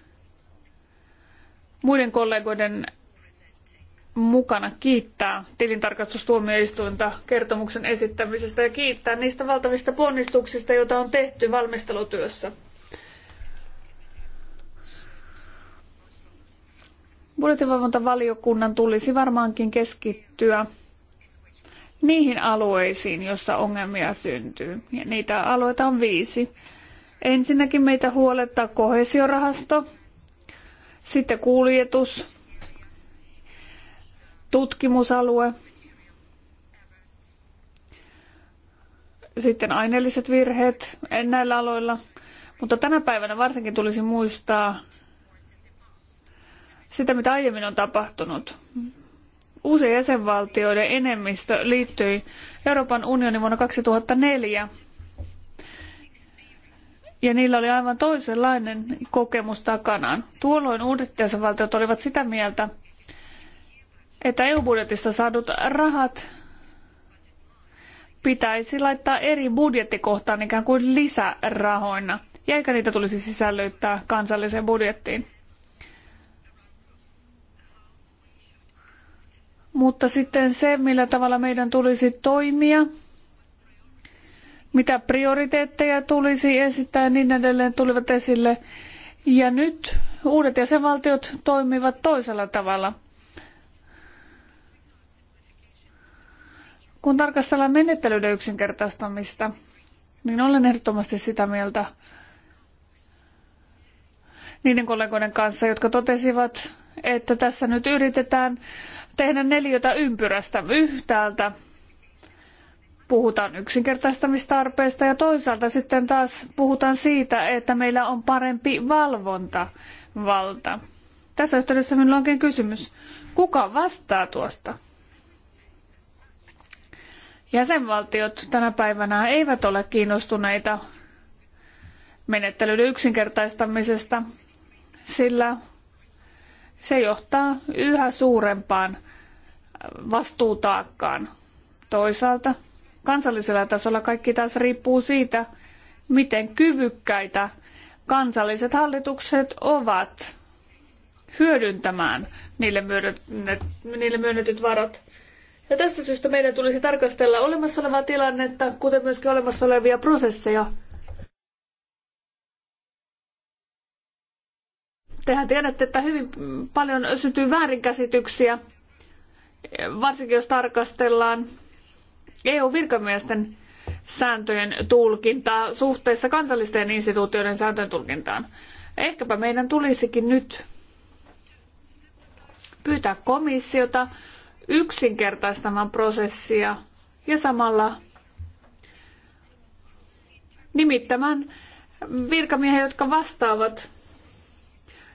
C: muiden kollegoiden mukana kiittää tilintarkastustuomioistuinta kertomuksen esittämisestä ja kiittää niistä valtavista ponnistuksista, joita on tehty valmistelutyössä. Budjetinvalvontavaliokunnan tulisi varmaankin keskittyä niihin alueisiin, joissa ongelmia syntyy. Ja niitä alueita on viisi. Ensinnäkin meitä huolettaa kohesiorahasto, sitten kuljetus, tutkimusalue, sitten aineelliset virheet en näillä aloilla. Mutta tänä päivänä varsinkin tulisi muistaa sitä, mitä aiemmin on tapahtunut. Uusien jäsenvaltioiden enemmistö liittyi Euroopan unionin vuonna 2004 ja niillä oli aivan toisenlainen kokemus takanaan. Tuolloin uudet jäsenvaltiot olivat sitä mieltä, että EU-budjetista saadut rahat pitäisi laittaa eri budjettikohtaan ikään kuin lisärahoina, ja eikä niitä tulisi sisällyttää kansalliseen budjettiin. Mutta sitten se, millä tavalla meidän tulisi toimia, mitä prioriteetteja tulisi esittää ja niin edelleen tulivat esille. Ja nyt uudet jäsenvaltiot toimivat toisella tavalla. Kun tarkastellaan menettelyiden yksinkertaistamista, niin olen ehdottomasti sitä mieltä niiden kollegoiden kanssa, jotka totesivat, että tässä nyt yritetään tehdä neliötä ympyrästä yhtäältä puhutaan yksinkertaistamistarpeesta ja toisaalta sitten taas puhutaan siitä, että meillä on parempi valvontavalta. Tässä yhteydessä minulla onkin kysymys, kuka vastaa tuosta? Jäsenvaltiot tänä päivänä eivät ole kiinnostuneita menettelyiden yksinkertaistamisesta, sillä se johtaa yhä suurempaan vastuutaakkaan. Toisaalta Kansallisella tasolla kaikki taas riippuu siitä, miten kyvykkäitä kansalliset hallitukset ovat hyödyntämään niille, myönnet, niille myönnetyt varat. Ja tästä syystä meidän tulisi tarkastella olemassa olevaa tilannetta, kuten myöskin olemassa olevia prosesseja. Tehän tiedätte, että hyvin paljon syntyy väärinkäsityksiä, varsinkin jos tarkastellaan EU-virkamiesten sääntöjen tulkintaa suhteessa kansallisten instituutioiden sääntöjen tulkintaan. Ehkäpä meidän tulisikin nyt pyytää komissiota yksinkertaistamaan prosessia ja samalla nimittämään virkamiehiä, jotka vastaavat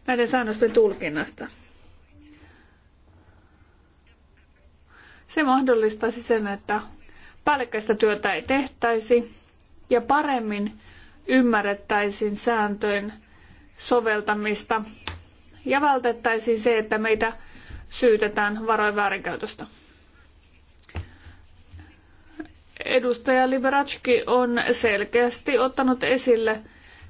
C: näiden säännösten tulkinnasta. Se mahdollistaisi sen, että päällekkäistä työtä ei tehtäisi ja paremmin ymmärrettäisiin sääntöjen soveltamista ja vältettäisiin se, että meitä syytetään varojen väärinkäytöstä. Edustaja Liberatski on selkeästi ottanut esille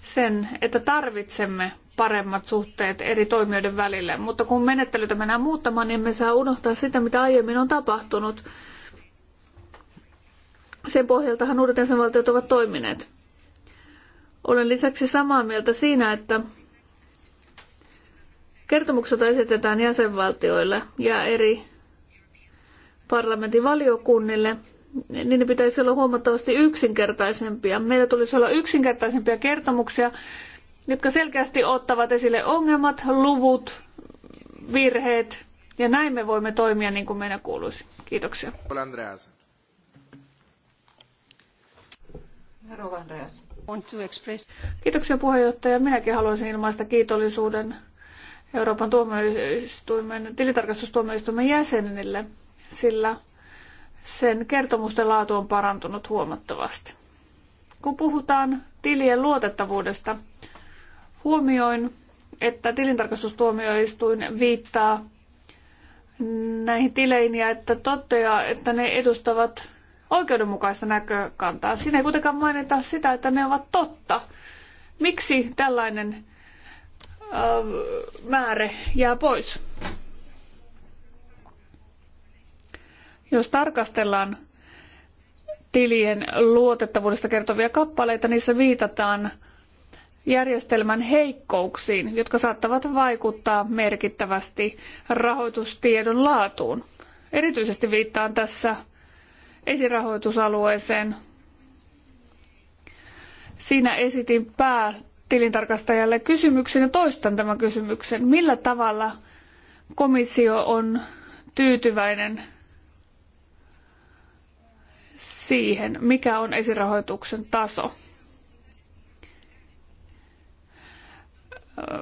C: sen, että tarvitsemme paremmat suhteet eri toimijoiden välille, mutta kun menettelytä mennään muuttamaan, niin emme saa unohtaa sitä, mitä aiemmin on tapahtunut. Sen pohjaltahan uudet jäsenvaltiot ovat toimineet. Olen lisäksi samaa mieltä siinä, että kertomukset esitetään jäsenvaltioille ja eri parlamentin valiokunnille, niin ne pitäisi olla huomattavasti yksinkertaisempia. Meillä tulisi olla yksinkertaisempia kertomuksia, jotka selkeästi ottavat esille ongelmat, luvut, virheet, ja näin me voimme toimia niin kuin meidän kuuluisi. Kiitoksia. Andreasen. Rova Andreas. Kiitoksia puheenjohtaja. Minäkin haluaisin ilmaista kiitollisuuden Euroopan tuomioistuimen, tilintarkastustuomioistuimen jäsenille, sillä sen kertomusten laatu on parantunut huomattavasti. Kun puhutaan tilien luotettavuudesta, huomioin, että tilintarkastustuomioistuin viittaa näihin tileihin ja että toteaa, että ne edustavat oikeudenmukaista näkökantaa. Siinä ei kuitenkaan mainita sitä, että ne ovat totta. Miksi tällainen äh, määrä jää pois? Jos tarkastellaan tilien luotettavuudesta kertovia kappaleita, niissä viitataan järjestelmän heikkouksiin, jotka saattavat vaikuttaa merkittävästi rahoitustiedon laatuun. Erityisesti viittaan tässä esirahoitusalueeseen. Siinä esitin päätilintarkastajalle kysymyksen ja toistan tämän kysymyksen. Millä tavalla komissio on tyytyväinen siihen, mikä on esirahoituksen taso?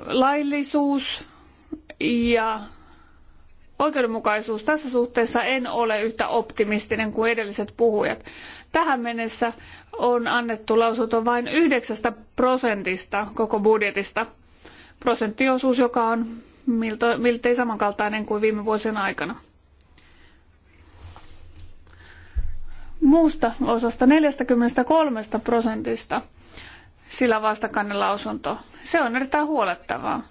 C: Laillisuus ja oikeudenmukaisuus. Tässä suhteessa en ole yhtä optimistinen kuin edelliset puhujat. Tähän mennessä on annettu lausunto vain 9 prosentista koko budjetista. Prosenttiosuus, joka on miltei samankaltainen kuin viime vuosien aikana. Muusta osasta 43 prosentista sillä vastakkainen lausunto. Se on erittäin huolettavaa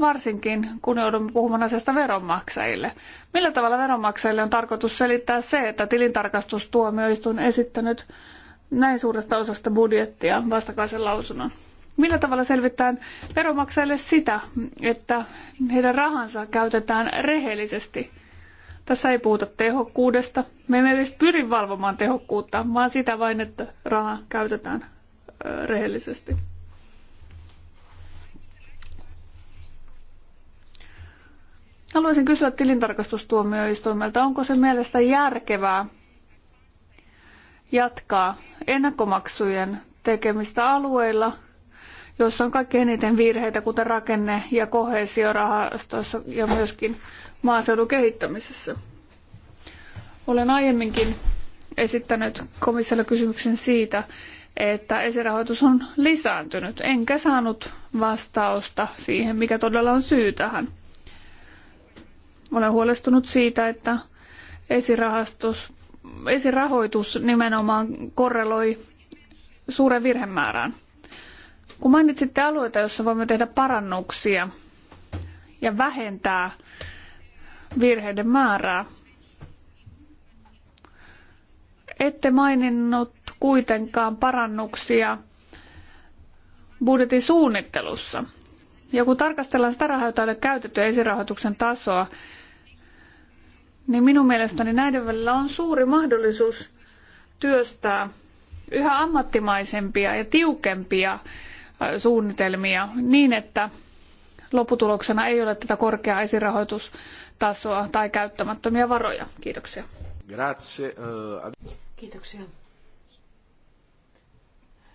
C: varsinkin kun joudumme puhumaan asiasta veronmaksajille. Millä tavalla veronmaksajille on tarkoitus selittää se, että tilintarkastustuomioistuin esittänyt näin suuresta osasta budjettia vastakaisen lausunnon? Millä tavalla selvittää veronmaksajille sitä, että heidän rahansa käytetään rehellisesti? Tässä ei puhuta tehokkuudesta. Me emme edes pyri valvomaan tehokkuutta, vaan sitä vain, että rahaa käytetään rehellisesti. Haluaisin kysyä tilintarkastustuomioistuimelta, onko se mielestä järkevää jatkaa ennakkomaksujen tekemistä alueilla, joissa on kaikkein eniten virheitä, kuten rakenne- ja kohesiorahastoissa ja myöskin maaseudun kehittämisessä. Olen aiemminkin esittänyt komissiolle kysymyksen siitä, että esirahoitus on lisääntynyt, enkä saanut vastausta siihen, mikä todella on syy tähän. Olen huolestunut siitä, että esirahastus, esirahoitus nimenomaan korreloi suuren virhemäärään. Kun mainitsitte alueita, joissa voimme tehdä parannuksia ja vähentää virheiden määrää, ette maininnut kuitenkaan parannuksia budjetin suunnittelussa. Ja kun tarkastellaan sitä rahaa, jota ei ole käytetty esirahoituksen tasoa, niin minun mielestäni näiden välillä on suuri mahdollisuus työstää yhä ammattimaisempia ja tiukempia suunnitelmia niin, että lopputuloksena ei ole tätä korkeaa esirahoitustasoa tai käyttämättömiä varoja. Kiitoksia.
B: Grazie.
D: Kiitoksia.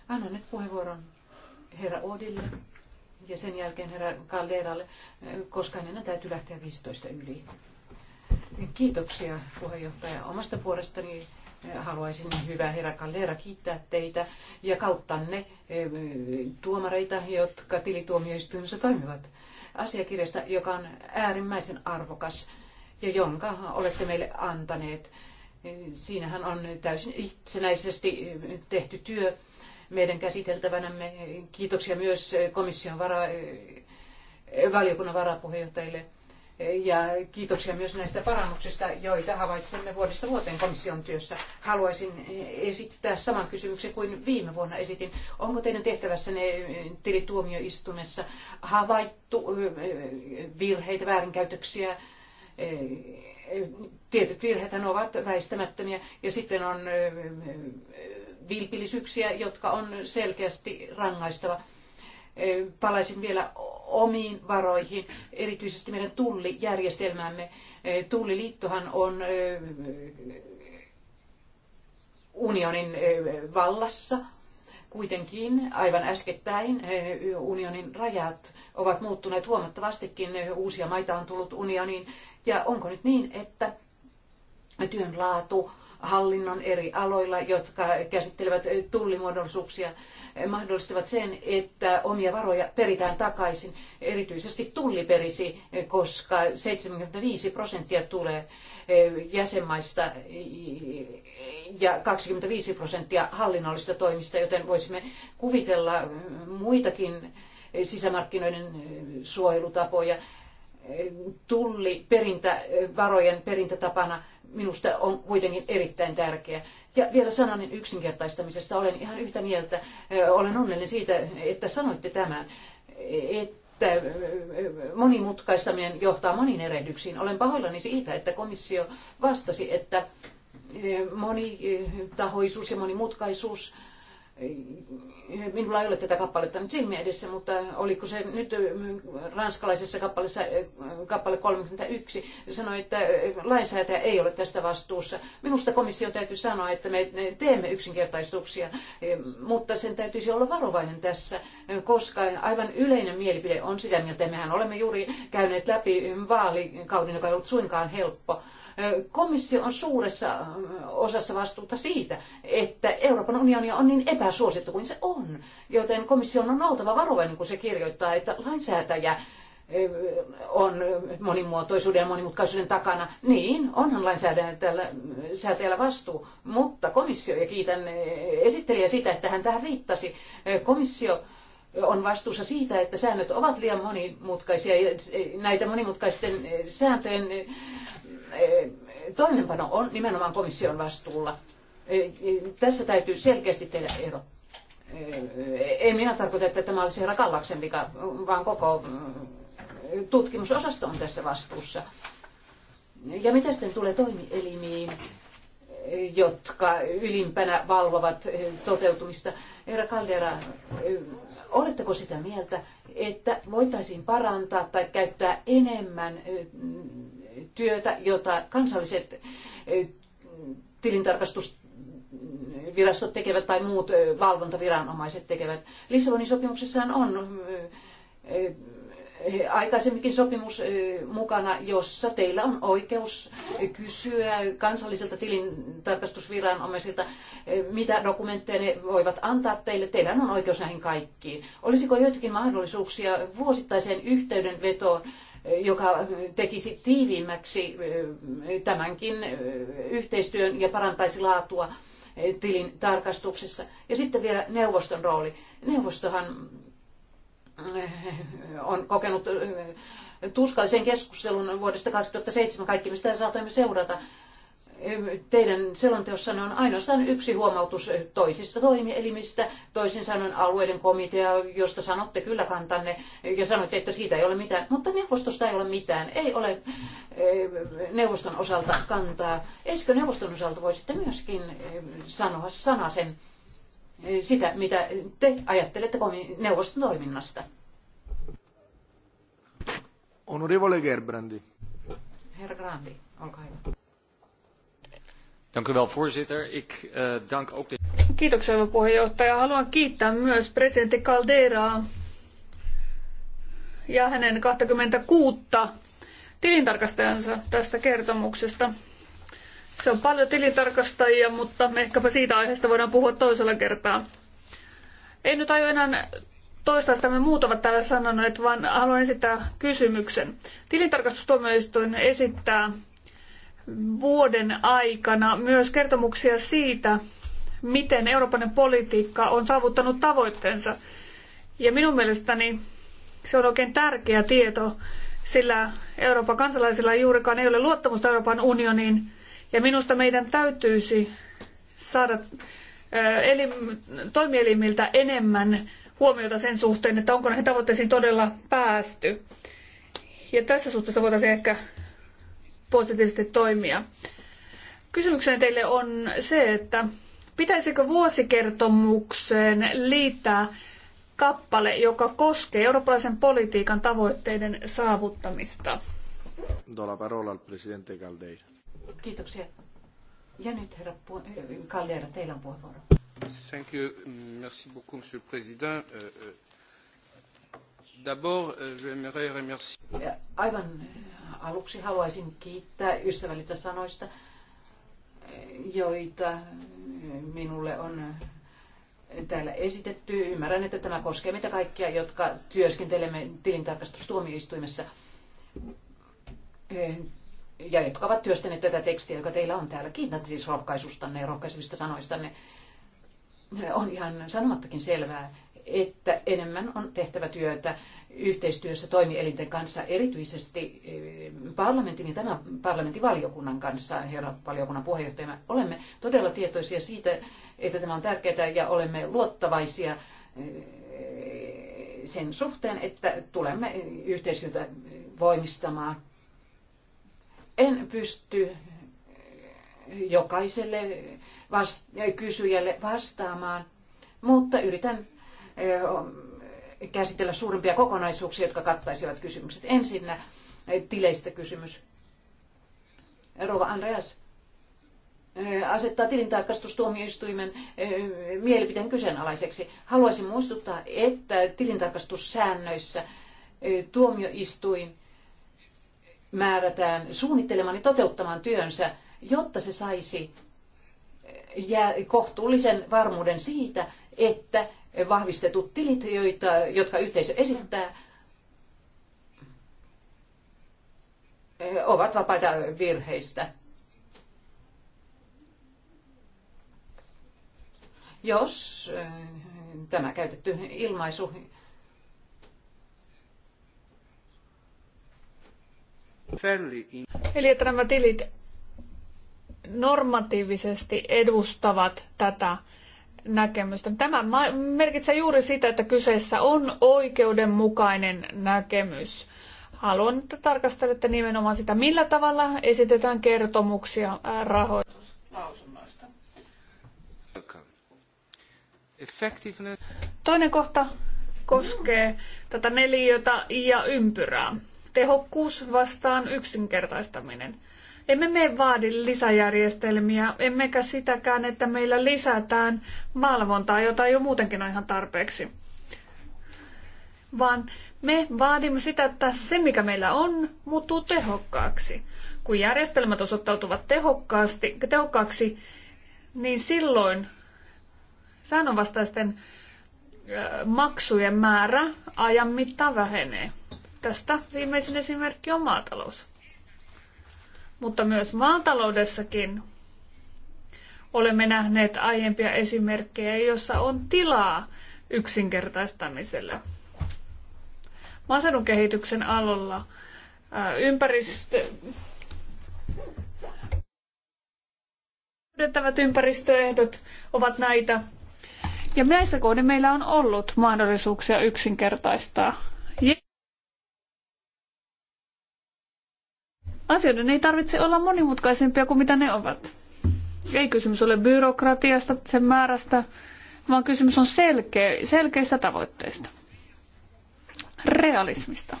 D: Anna nyt puheenvuoron herra Odille ja sen jälkeen herra Kalleralle, koska hänen täytyy lähteä 15 yli. Kiitoksia puheenjohtaja omasta puolestani. Eh, haluaisin, hyvä herra Kallera, kiittää teitä ja kauttanne eh, tuomareita, jotka tilituomioistuimessa toimivat asiakirjasta, joka on äärimmäisen arvokas ja jonka olette meille antaneet. Eh, siinähän on täysin itsenäisesti tehty työ meidän käsiteltävänämme. Kiitoksia myös komission vara, valiokunnan varapuheenjohtajille ja kiitoksia myös näistä parannuksista, joita havaitsemme vuodesta vuoteen komission työssä. Haluaisin esittää saman kysymyksen kuin viime vuonna esitin. Onko teidän tehtävässänne tilituomioistuimessa havaittu virheitä, väärinkäytöksiä, tietyt virheethän ovat väistämättömiä ja sitten on vilpillisyyksiä, jotka on selkeästi rangaistava. Palaisin vielä omiin varoihin, erityisesti meidän tullijärjestelmämme. E, tulliliittohan on e, unionin e, vallassa kuitenkin aivan äskettäin unionin rajat ovat muuttuneet huomattavastikin. Uusia maita on tullut unioniin. Ja onko nyt niin, että työn laatu hallinnon eri aloilla, jotka käsittelevät tullimuodollisuuksia, mahdollistivat sen, että omia varoja peritään takaisin. Erityisesti tulli perisi, koska 75 prosenttia tulee eh, jäsenmaista eh, ja 25 prosenttia hallinnollista toimista, joten voisimme kuvitella eh, muitakin sisämarkkinoiden suojelutapoja. Tulli perintä, varojen perintätapana minusta on kuitenkin erittäin tärkeä. Ja vielä sananen yksinkertaistamisesta. Olen ihan yhtä mieltä. Olen onnellinen siitä, että sanoitte tämän. Että monimutkaistaminen johtaa moniin erehdyksiin. Olen pahoillani siitä, että komissio vastasi, että monitahoisuus ja monimutkaisuus Minulla ei ole tätä kappaletta nyt silmiä edessä, mutta oliko se nyt mm, ranskalaisessa kappaleessa, eh, kappale 31, sanoi, että eh, lainsäätäjä ei ole tästä vastuussa. Minusta komissio täytyy sanoa, että me teemme yksinkertaistuksia, eh, mutta sen täytyisi olla varovainen tässä, koska aivan yleinen mielipide on sitä mieltä, että mehän olemme juuri käyneet läpi vaalikauden, joka ei ollut suinkaan helppo Komissio on suuressa osassa vastuuta siitä, että Euroopan unioni on niin epäsuosittu kuin se on. Joten komission on oltava varovainen, kun se kirjoittaa, että lainsäätäjä on monimuotoisuuden ja monimutkaisuuden takana. Niin, onhan lainsäätäjällä vastuu, mutta komissio, ja kiitän esittelijä sitä, että hän tähän viittasi, komissio on vastuussa siitä, että säännöt ovat liian monimutkaisia ja näitä monimutkaisten sääntöjen Eh, toimenpano on nimenomaan komission vastuulla. Eh, tässä täytyy selkeästi tehdä ero. Eh, en minä tarkoita, että tämä olisi herra Kallaksen vika, vaan koko tutkimusosasto on tässä vastuussa. Ja mitä sitten tulee toimielimiin, jotka ylimpänä valvovat toteutumista? Herra Kallera, oletteko sitä mieltä, että voitaisiin parantaa tai käyttää enemmän työtä, jota kansalliset tilintarkastusvirastot tekevät tai muut valvontaviranomaiset tekevät. Lissabonin sopimuksessahan on aikaisemminkin sopimus mukana, jossa teillä on oikeus kysyä kansalliselta tilintarkastusviranomaisilta, mitä dokumentteja ne voivat antaa teille. Teillä on oikeus näihin kaikkiin. Olisiko joitakin mahdollisuuksia vuosittaiseen yhteydenvetoon joka tekisi tiiviimmäksi tämänkin yhteistyön ja parantaisi laatua tilin tarkastuksessa. Ja sitten vielä neuvoston rooli. Neuvostohan on kokenut tuskallisen keskustelun vuodesta 2007. Kaikki me sitä saatoimme seurata teidän selonteossanne on ainoastaan yksi huomautus toisista toimielimistä, toisin sanoen alueiden komitea, josta sanotte kyllä kantanne ja sanoitte, että siitä ei ole mitään, mutta neuvostosta ei ole mitään, ei ole eh, neuvoston osalta kantaa. Eikö neuvoston osalta voisitte myöskin eh, sanoa sanasen eh, sitä, mitä te ajattelette neuvoston toiminnasta?
B: Onorevole Gerbrandi.
C: Herra Grandi, olkaa hyvä.
E: Dank u wel, voorzitter. Ik uh, dank ook de...
C: Kiitoksia, puheenjohtaja. Haluan kiittää myös presidentti Calderaa ja hänen 26 tilintarkastajansa tästä kertomuksesta. Se on paljon tilintarkastajia, mutta ehkäpä siitä aiheesta voidaan puhua toisella kertaa. En nyt aio enää toistaa sitä, me muut ovat täällä sanoneet, vaan haluan esittää kysymyksen. Tilintarkastustuomioistuin esittää vuoden aikana myös kertomuksia siitä, miten Euroopan politiikka on saavuttanut tavoitteensa. Ja minun mielestäni se on oikein tärkeä tieto, sillä Euroopan kansalaisilla juurikaan ei ole luottamusta Euroopan unioniin. Ja minusta meidän täytyisi saada elim, toimielimiltä enemmän huomiota sen suhteen, että onko näihin tavoitteisiin todella päästy. Ja tässä suhteessa voitaisiin ehkä positiivisesti toimia. Kysymykseni teille on se, että pitäisikö vuosikertomukseen liittää kappale, joka koskee eurooppalaisen politiikan tavoitteiden saavuttamista?
B: Do parola al presidente Caldeira.
D: Kiitoksia. Ja nyt herra Caldeira, teillä on puheenvuoro.
B: Thank you. Merci beaucoup, monsieur le président. Euh, euh,
F: Euh,
D: aivan äh, aluksi haluaisin kiittää ystävällistä sanoista, äh, joita äh, minulle on täällä esitetty. Ymmärrän, että tämä koskee meitä kaikkia, jotka työskentelemme tilintarkastustuomioistuimessa ja jotka ovat työstäneet tätä tekstiä, joka teillä on täällä. Kiitän siis rohkaisustanne ja rohkaisevista sanoistanne. On ihan sanomattakin selvää, että enemmän on tehtävä työtä yhteistyössä toimielinten kanssa, erityisesti eh, parlamentin ja tämän parlamentin valiokunnan kanssa, herra valiokunnan puheenjohtaja, Olemme todella tietoisia siitä, että tämä on tärkeää ja olemme luottavaisia eh, sen suhteen, että tulemme yhteistyötä voimistamaan. En pysty eh, jokaiselle vast- kysyjälle vastaamaan, mutta yritän käsitellä suurempia kokonaisuuksia, jotka kattaisivat kysymykset. Ensinnä eh, tileistä kysymys. Rova Andreas eh, asettaa tilintarkastustuomioistuimen eh, mielipiteen kyseenalaiseksi. Haluaisin muistuttaa, että tilintarkastussäännöissä tuomioistuin määrätään suunnittelemaan ja toteuttamaan työnsä, jotta se saisi kohtuullisen varmuuden siitä, että vahvistetut tilit, joita, jotka yhteisö esittää, ovat vapaita virheistä. Jos eh, tämä käytetty ilmaisu
C: Eli että nämä tilit normatiivisesti edustavat tätä näkemystä. Tämä merkitsee juuri sitä, että kyseessä on oikeudenmukainen näkemys. Haluan, että tarkastelette nimenomaan sitä, millä tavalla esitetään kertomuksia rahoituslausunnoista. Toinen kohta koskee tätä neliötä ja ympyrää. Tehokkuus vastaan yksinkertaistaminen. Emme me vaadi lisäjärjestelmiä, emmekä sitäkään, että meillä lisätään valvontaa, jota jo muutenkin on ihan tarpeeksi. Vaan me vaadimme sitä, että se mikä meillä on, muuttuu tehokkaaksi. Kun järjestelmät osoittautuvat tehokkaasti, tehokkaaksi, niin silloin säännönvastaisten maksujen määrä ajan mittaan vähenee. Tästä viimeisin esimerkki on maatalous mutta myös maataloudessakin olemme nähneet aiempia esimerkkejä, joissa on tilaa yksinkertaistamiselle. Maaseudun kehityksen alolla äh, ympäristö, täydentävät ympäristöehdot ovat näitä. Ja näissä kohdin meillä on ollut mahdollisuuksia yksinkertaistaa Asioiden ei tarvitse olla monimutkaisempia kuin mitä ne ovat. Ei kysymys ole byrokratiasta, sen määrästä, vaan kysymys on selkeä, selkeistä tavoitteista. Realismista.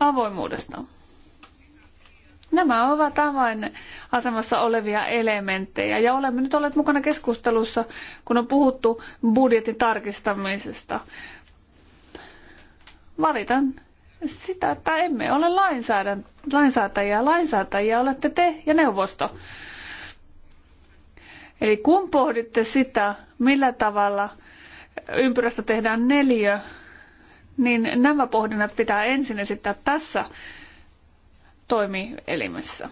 C: Avoimuudesta. Nämä ovat avainasemassa olevia elementtejä ja olemme nyt olleet mukana keskustelussa, kun on puhuttu budjetin tarkistamisesta. Valitan sitä, että emme ole lainsäätäjiä. Lainsäätäjiä olette te ja neuvosto. Eli kun pohditte sitä, millä tavalla ympyrästä tehdään neljä, niin nämä pohdinnat pitää ensin esittää tässä toimielimessä.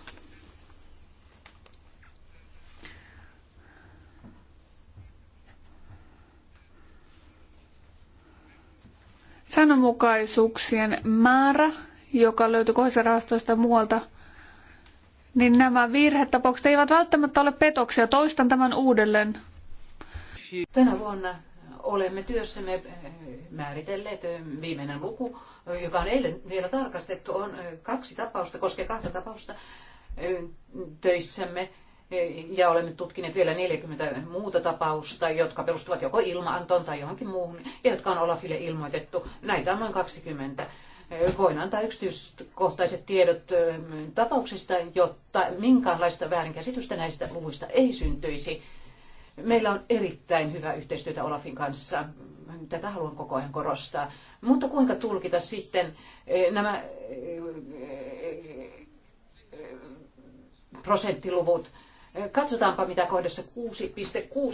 C: sanomukaisuuksien määrä, joka löytyy kohdisrahastoista muualta, niin nämä virhetapaukset eivät välttämättä ole petoksia. Toistan tämän uudelleen. Tänä
D: vuonna olemme työssämme eh, määritelleet eh, viimeinen luku, eh, joka on eilen vielä tarkastettu, on kaksi tapausta, koskee kahta tapausta töissämme ja olemme tutkineet vielä 40 muuta tapausta, jotka perustuvat joko ilmaantoon tai johonkin muuhun, ja jotka on Olafille ilmoitettu. Näitä on noin 20. Voin antaa yksityiskohtaiset tiedot ähm, tapauksista, jotta minkäänlaista väärinkäsitystä näistä luvuista ei syntyisi. Meillä on erittäin hyvä yhteistyötä Olafin kanssa. Tätä haluan koko ajan korostaa. Mutta kuinka tulkita sitten äh, nämä äh, äh, prosenttiluvut? Katsotaanpa, mitä kohdassa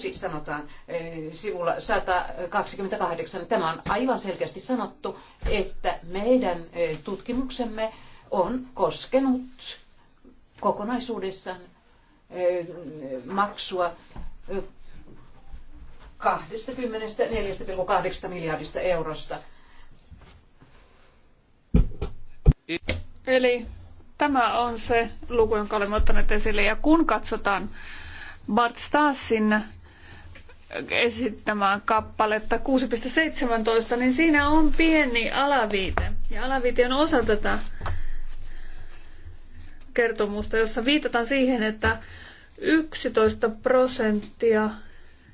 D: 6.6 sanotaan eh, sivulla 128. Tämä on aivan selkeästi sanottu, että meidän eh, tutkimuksemme on koskenut kokonaisuudessaan eh, maksua 24,8 miljardista eurosta.
C: Eli Tämä on se luku, jonka olemme ottaneet esille. Ja kun katsotaan Bart Stassin esittämää kappaletta 6.17, niin siinä on pieni alaviite. Ja alaviite on osa tätä kertomusta, jossa viitataan siihen, että 11 prosenttia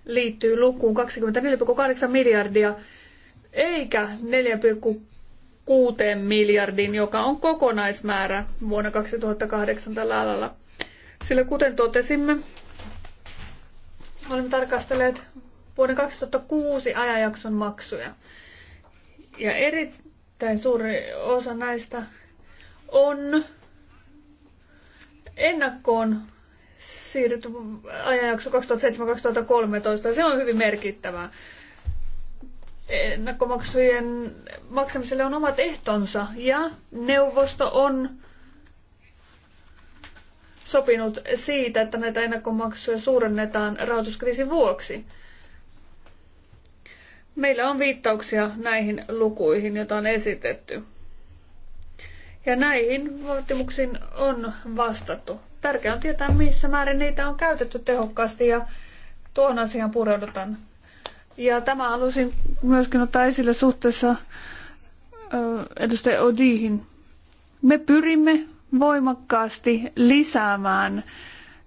C: liittyy lukuun 24,8 miljardia, eikä 4,6 kuuteen miljardiin, joka on kokonaismäärä vuonna 2008 tällä alalla. Sillä kuten totesimme, olemme tarkastelleet vuoden 2006 ajanjakson maksuja. Ja erittäin suuri osa näistä on ennakkoon siirretty ajanjakso 2007-2013. Se on hyvin merkittävää ennakkomaksujen maksamiselle on omat ehtonsa ja neuvosto on sopinut siitä, että näitä ennakkomaksuja suurennetaan rahoituskriisin vuoksi. Meillä on viittauksia näihin lukuihin, joita on esitetty. Ja näihin vaatimuksiin on vastattu. Tärkeää on tietää, missä määrin niitä on käytetty tehokkaasti ja tuohon asiaan pureudutaan ja tämä halusin myöskin ottaa esille suhteessa edustaja Odihin. Me pyrimme voimakkaasti lisäämään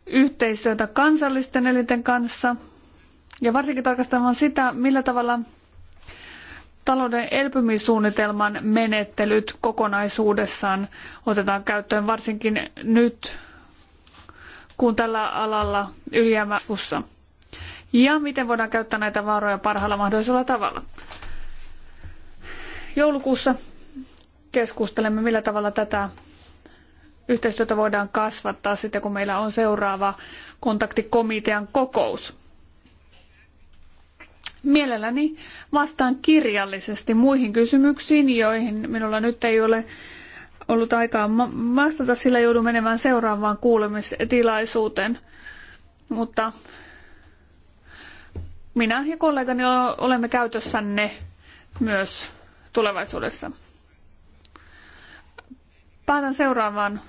C: yhteistyötä kansallisten elinten kanssa ja varsinkin tarkastamaan sitä, millä tavalla talouden elpymissuunnitelman menettelyt kokonaisuudessaan otetaan käyttöön varsinkin nyt, kun tällä alalla ylijäämä ja miten voidaan käyttää näitä varoja parhaalla mahdollisella tavalla. Joulukuussa keskustelemme, millä tavalla tätä yhteistyötä voidaan kasvattaa sitten, kun meillä on seuraava kontaktikomitean kokous. Mielelläni vastaan kirjallisesti muihin kysymyksiin, joihin minulla nyt ei ole ollut aikaa vastata, sillä joudun menemään seuraavaan kuulemistilaisuuteen. Mutta minä ja kollegani olemme käytössänne myös tulevaisuudessa. Päätän seuraavaan.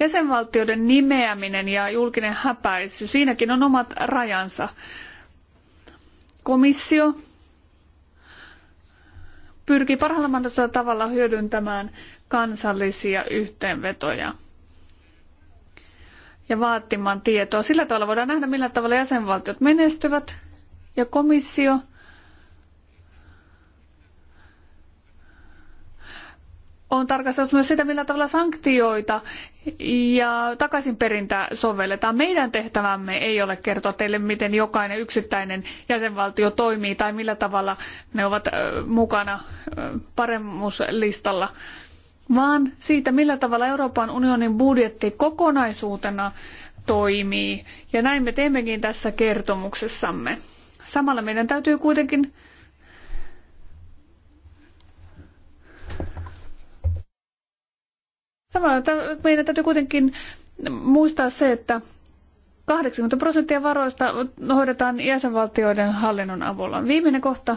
C: Jäsenvaltioiden nimeäminen ja julkinen häpäisy, siinäkin on omat rajansa. Komissio pyrkii parhaalla mahdollisella tavalla hyödyntämään kansallisia yhteenvetoja ja vaatimaan tietoa. Sillä tavalla voidaan nähdä, millä tavalla jäsenvaltiot menestyvät ja komissio on tarkastellut myös sitä, millä tavalla sanktioita ja takaisinperintää sovelletaan. Meidän tehtävämme ei ole kertoa teille, miten jokainen yksittäinen jäsenvaltio toimii tai millä tavalla ne ovat mukana paremmuuslistalla, vaan siitä, millä tavalla Euroopan unionin budjetti kokonaisuutena toimii. Ja näin me teemmekin tässä kertomuksessamme. Samalla meidän täytyy kuitenkin Samalla meidän täytyy kuitenkin muistaa se, että 80 prosenttia varoista hoidetaan jäsenvaltioiden hallinnon avulla. Viimeinen kohta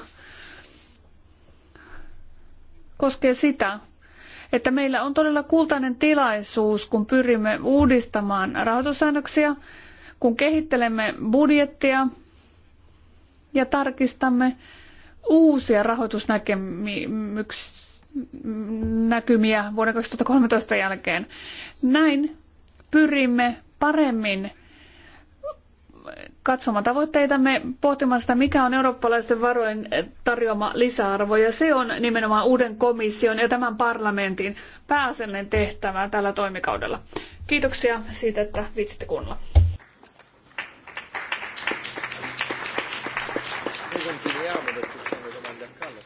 C: koskee sitä, että meillä on todella kultainen tilaisuus, kun pyrimme uudistamaan rahoitussäännöksiä, kun kehittelemme budjettia, ja tarkistamme uusia rahoitusnäkymiä vuoden 2013 jälkeen. Näin pyrimme paremmin katsomaan tavoitteitamme, pohtimaan sitä, mikä on eurooppalaisten varojen tarjoama lisäarvo. Ja se on nimenomaan uuden komission ja tämän parlamentin pääasiallinen tehtävä tällä toimikaudella. Kiitoksia siitä, että viitsitte kuunnella.
B: għamlet biex jagħmlu domanda għall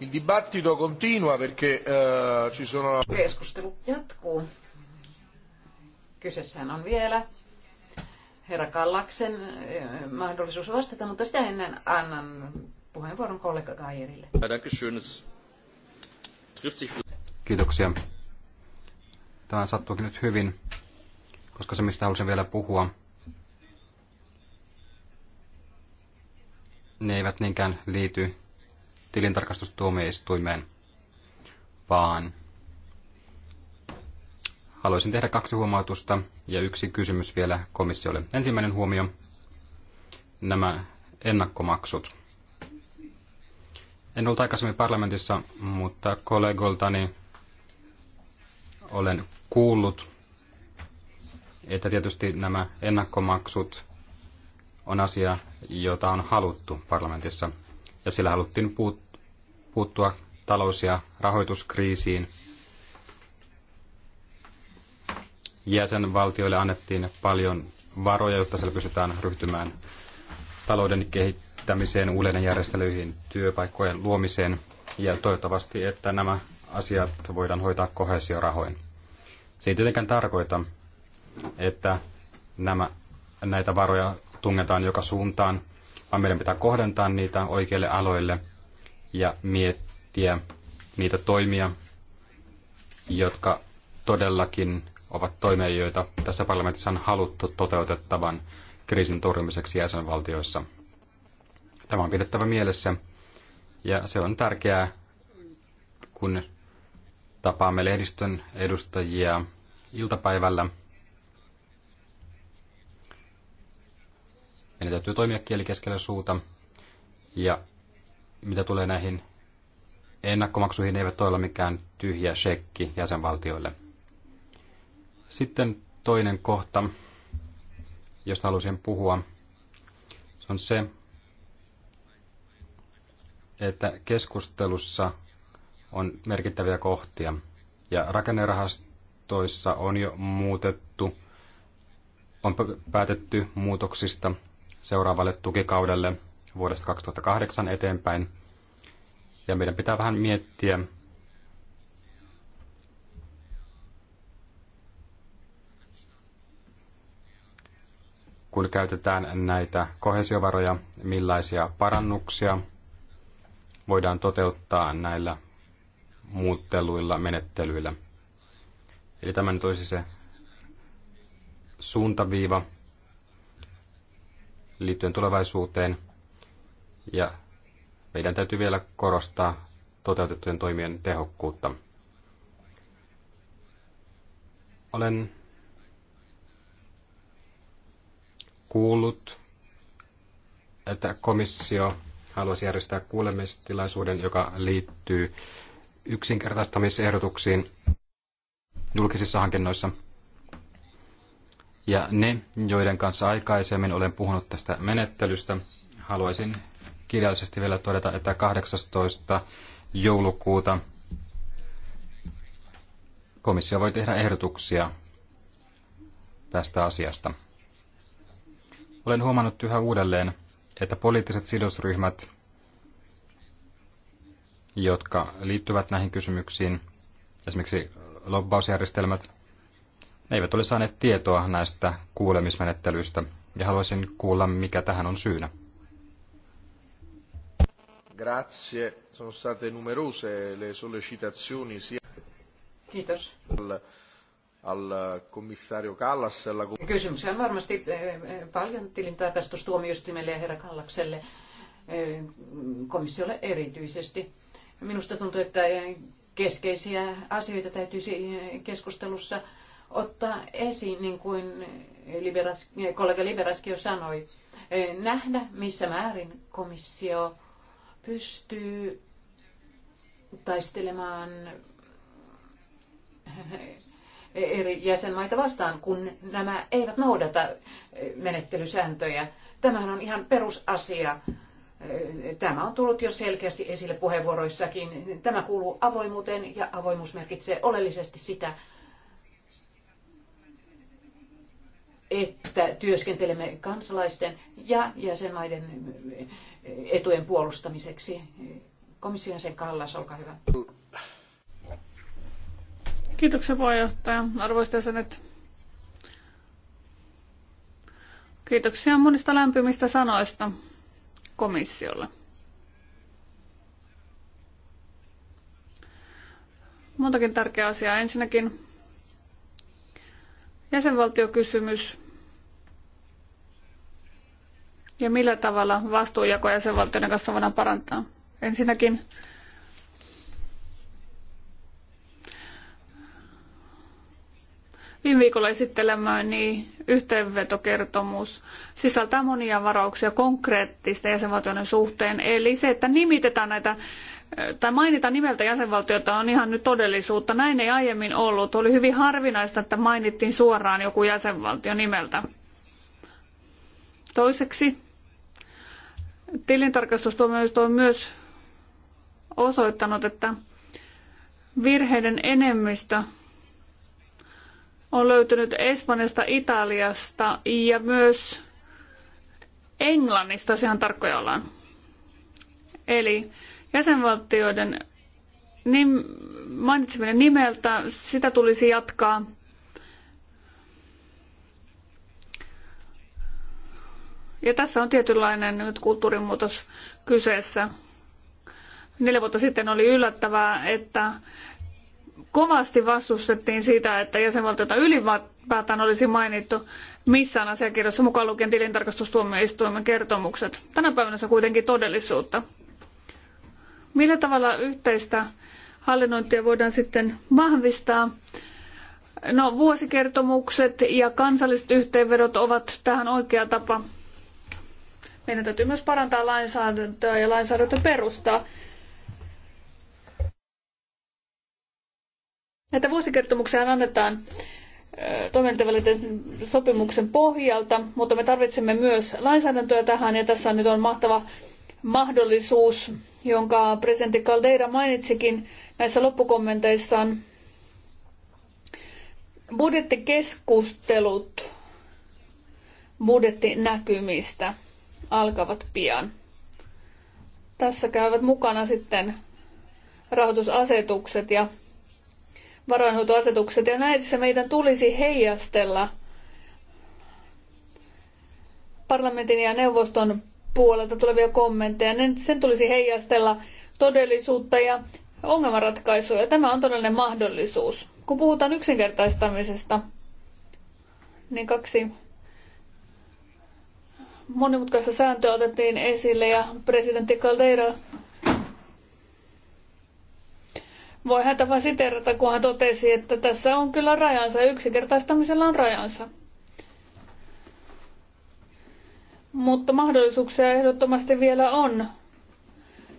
B: Il dibattito continua perché eh, ci sono...
D: Keskustelu jatkuu. Kyseessähän on vielä herra Kallaksen eh, mahdollisuus vastata, mutta sitä ennen annan puheenvuoron kollega Kajerille.
E: Kiitoksia. Tämä sattuukin nyt hyvin, koska se mistä halusin vielä puhua, ne eivät niinkään liity tilintarkastustuomioistuimeen, vaan Haluaisin tehdä kaksi huomautusta ja yksi kysymys vielä komissiolle. Ensimmäinen huomio, nämä ennakkomaksut. En ollut aikaisemmin parlamentissa, mutta kollegoltani olen kuullut, että tietysti nämä ennakkomaksut on asia, jota on haluttu parlamentissa. Ja sillä haluttiin puuttua talous- ja rahoituskriisiin – jäsenvaltioille annettiin paljon varoja, jotta siellä pystytään ryhtymään talouden kehittämiseen, uuden järjestelyihin, työpaikkojen luomiseen ja toivottavasti, että nämä asiat voidaan hoitaa kohesiorahoin. Se ei tietenkään tarkoita, että nämä, näitä varoja tungetaan joka suuntaan, vaan meidän pitää kohdentaa niitä oikeille aloille ja miettiä niitä toimia, jotka todellakin ovat toimia, joita tässä parlamentissa on haluttu toteutettavan kriisin torjumiseksi jäsenvaltioissa. Tämä on pidettävä mielessä ja se on tärkeää, kun tapaamme lehdistön edustajia iltapäivällä. Meidän täytyy toimia kielikeskellä suuta. Ja mitä tulee näihin ennakkomaksuihin, ne eivät ole mikään tyhjä shekki jäsenvaltioille. Sitten toinen kohta, josta halusin puhua, on se, että keskustelussa on merkittäviä kohtia. Ja rakennerahastoissa on jo muutettu, on päätetty muutoksista seuraavalle tukikaudelle vuodesta 2008 eteenpäin. Ja meidän pitää vähän miettiä, kun käytetään näitä kohesiovaroja, millaisia parannuksia voidaan toteuttaa näillä muutteluilla, menettelyillä. Eli tämä nyt olisi se suuntaviiva liittyen tulevaisuuteen. Ja meidän täytyy vielä korostaa toteutettujen toimien tehokkuutta. Olen kuullut, että komissio haluaisi järjestää kuulemistilaisuuden, joka liittyy yksinkertaistamisehdotuksiin julkisissa hankinnoissa. Ja ne, joiden kanssa aikaisemmin olen puhunut tästä menettelystä, haluaisin kirjallisesti vielä todeta, että 18. joulukuuta komissio voi tehdä ehdotuksia tästä asiasta. Olen huomannut yhä uudelleen, että poliittiset sidosryhmät, jotka liittyvät näihin kysymyksiin, esimerkiksi lobbausjärjestelmät, ne eivät ole saaneet tietoa näistä kuulemismenettelyistä, ja haluaisin kuulla, mikä tähän on syynä.
B: Grazie. Sono state numerose le sollecitazioni sia Kiitos. Kysymys on
D: varmasti eh, eh, paljon tilintarkastustuomioistuimelle ja herra Kallakselle, eh, komissiolle erityisesti. Minusta tuntuu, että keskeisiä asioita täytyisi keskustelussa ottaa esiin, niin kuin Liberas, kollega Liberaski jo sanoi, nähdä, missä määrin komissio pystyy taistelemaan eri jäsenmaita vastaan, kun nämä eivät noudata eh, menettelysääntöjä. Tämähän on ihan perusasia. Eh, tämä on tullut jo selkeästi esille puheenvuoroissakin. Tämä kuuluu avoimuuteen ja avoimuus merkitsee oleellisesti sitä, että työskentelemme kansalaisten ja jäsenmaiden eh, etujen puolustamiseksi. Komission sen Kallas,
C: olkaa hyvä. Kiitoksia puheenjohtaja. Arvoisat jäsenet. Kiitoksia monista lämpimistä sanoista komissiolle. Montakin tärkeää asiaa. Ensinnäkin jäsenvaltiokysymys ja millä tavalla vastuunjako jäsenvaltioiden kanssa voidaan parantaa. Ensinnäkin viime viikolla esittelemääni yhteenvetokertomus sisältää monia varauksia konkreettisten jäsenvaltioiden suhteen. Eli se, että nimitetään näitä eh, tai mainitaan nimeltä jäsenvaltiota on ihan nyt todellisuutta. Näin ei aiemmin ollut. Oli hyvin harvinaista, että mainittiin suoraan joku jäsenvaltio nimeltä. Toiseksi tilintarkastustuomioistuin on myös osoittanut, että virheiden enemmistö on löytynyt Espanjasta, Italiasta ja myös Englannista, jos ihan tarkkoja ollaan. Eli jäsenvaltioiden nim, mainitseminen nimeltä, sitä tulisi jatkaa. Ja tässä on tietynlainen nyt kulttuurimuutos kyseessä. Neljä vuotta sitten oli yllättävää, että kovasti vastustettiin sitä, että jäsenvaltiota ylipäätään olisi mainittu missään asiakirjassa mukaan lukien tilintarkastustuomioistuimen kertomukset. Tänä päivänä se on kuitenkin todellisuutta. Millä tavalla yhteistä hallinnointia voidaan sitten vahvistaa? No, vuosikertomukset ja kansalliset yhteenvedot ovat tähän oikea tapa. Meidän täytyy myös parantaa lainsäädäntöä ja lainsäädäntöperustaa. vuosikertomukseen annetaan toimintavälisen sopimuksen pohjalta, mutta me tarvitsemme myös lainsäädäntöä tähän ja tässä on nyt on mahtava mahdollisuus, jonka presidentti Caldeira mainitsikin näissä loppukommenteissaan. Budjettikeskustelut budjettinäkymistä alkavat pian. Tässä käyvät mukana sitten rahoitusasetukset ja varainhoitoasetukset ja näissä meidän tulisi heijastella parlamentin ja neuvoston puolelta tulevia kommentteja. Niin sen tulisi heijastella todellisuutta ja ongelmanratkaisuja. Tämä on todellinen mahdollisuus. Kun puhutaan yksinkertaistamisesta, niin kaksi monimutkaista sääntöä otettiin esille ja presidentti Caldera voi häntä vain siteerata, kun hän totesi, että tässä on kyllä rajansa ja yksinkertaistamisella on rajansa. Mutta mahdollisuuksia ehdottomasti vielä on.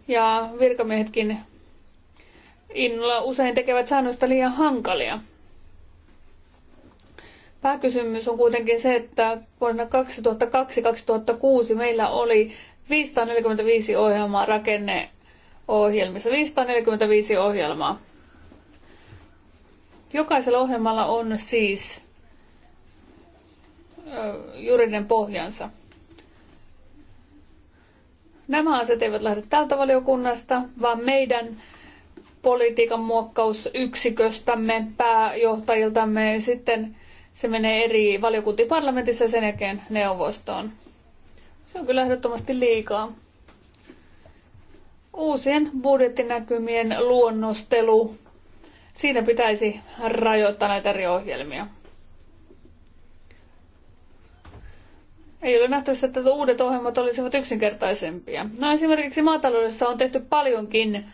C: Ja virkamiehetkin innolla usein tekevät säännöistä liian hankalia. Pääkysymys on kuitenkin se, että vuonna 2002-2006 meillä oli 545 ohjelmaa rakenne ohjelmissa. 545 ohjelmaa. Jokaisella ohjelmalla on siis juridinen pohjansa. Nämä asiat eivät lähde tältä valiokunnasta, vaan meidän politiikan muokkausyksiköstämme, pääjohtajiltamme. Sitten se menee eri valiokuntiparlamentissa ja sen jälkeen neuvostoon. Se on kyllä ehdottomasti liikaa uusien budjettinäkymien luonnostelu. Siinä pitäisi rajoittaa näitä eri ohjelmia. Ei ole nähty, että uudet ohjelmat olisivat yksinkertaisempia. No esimerkiksi maataloudessa on tehty paljonkin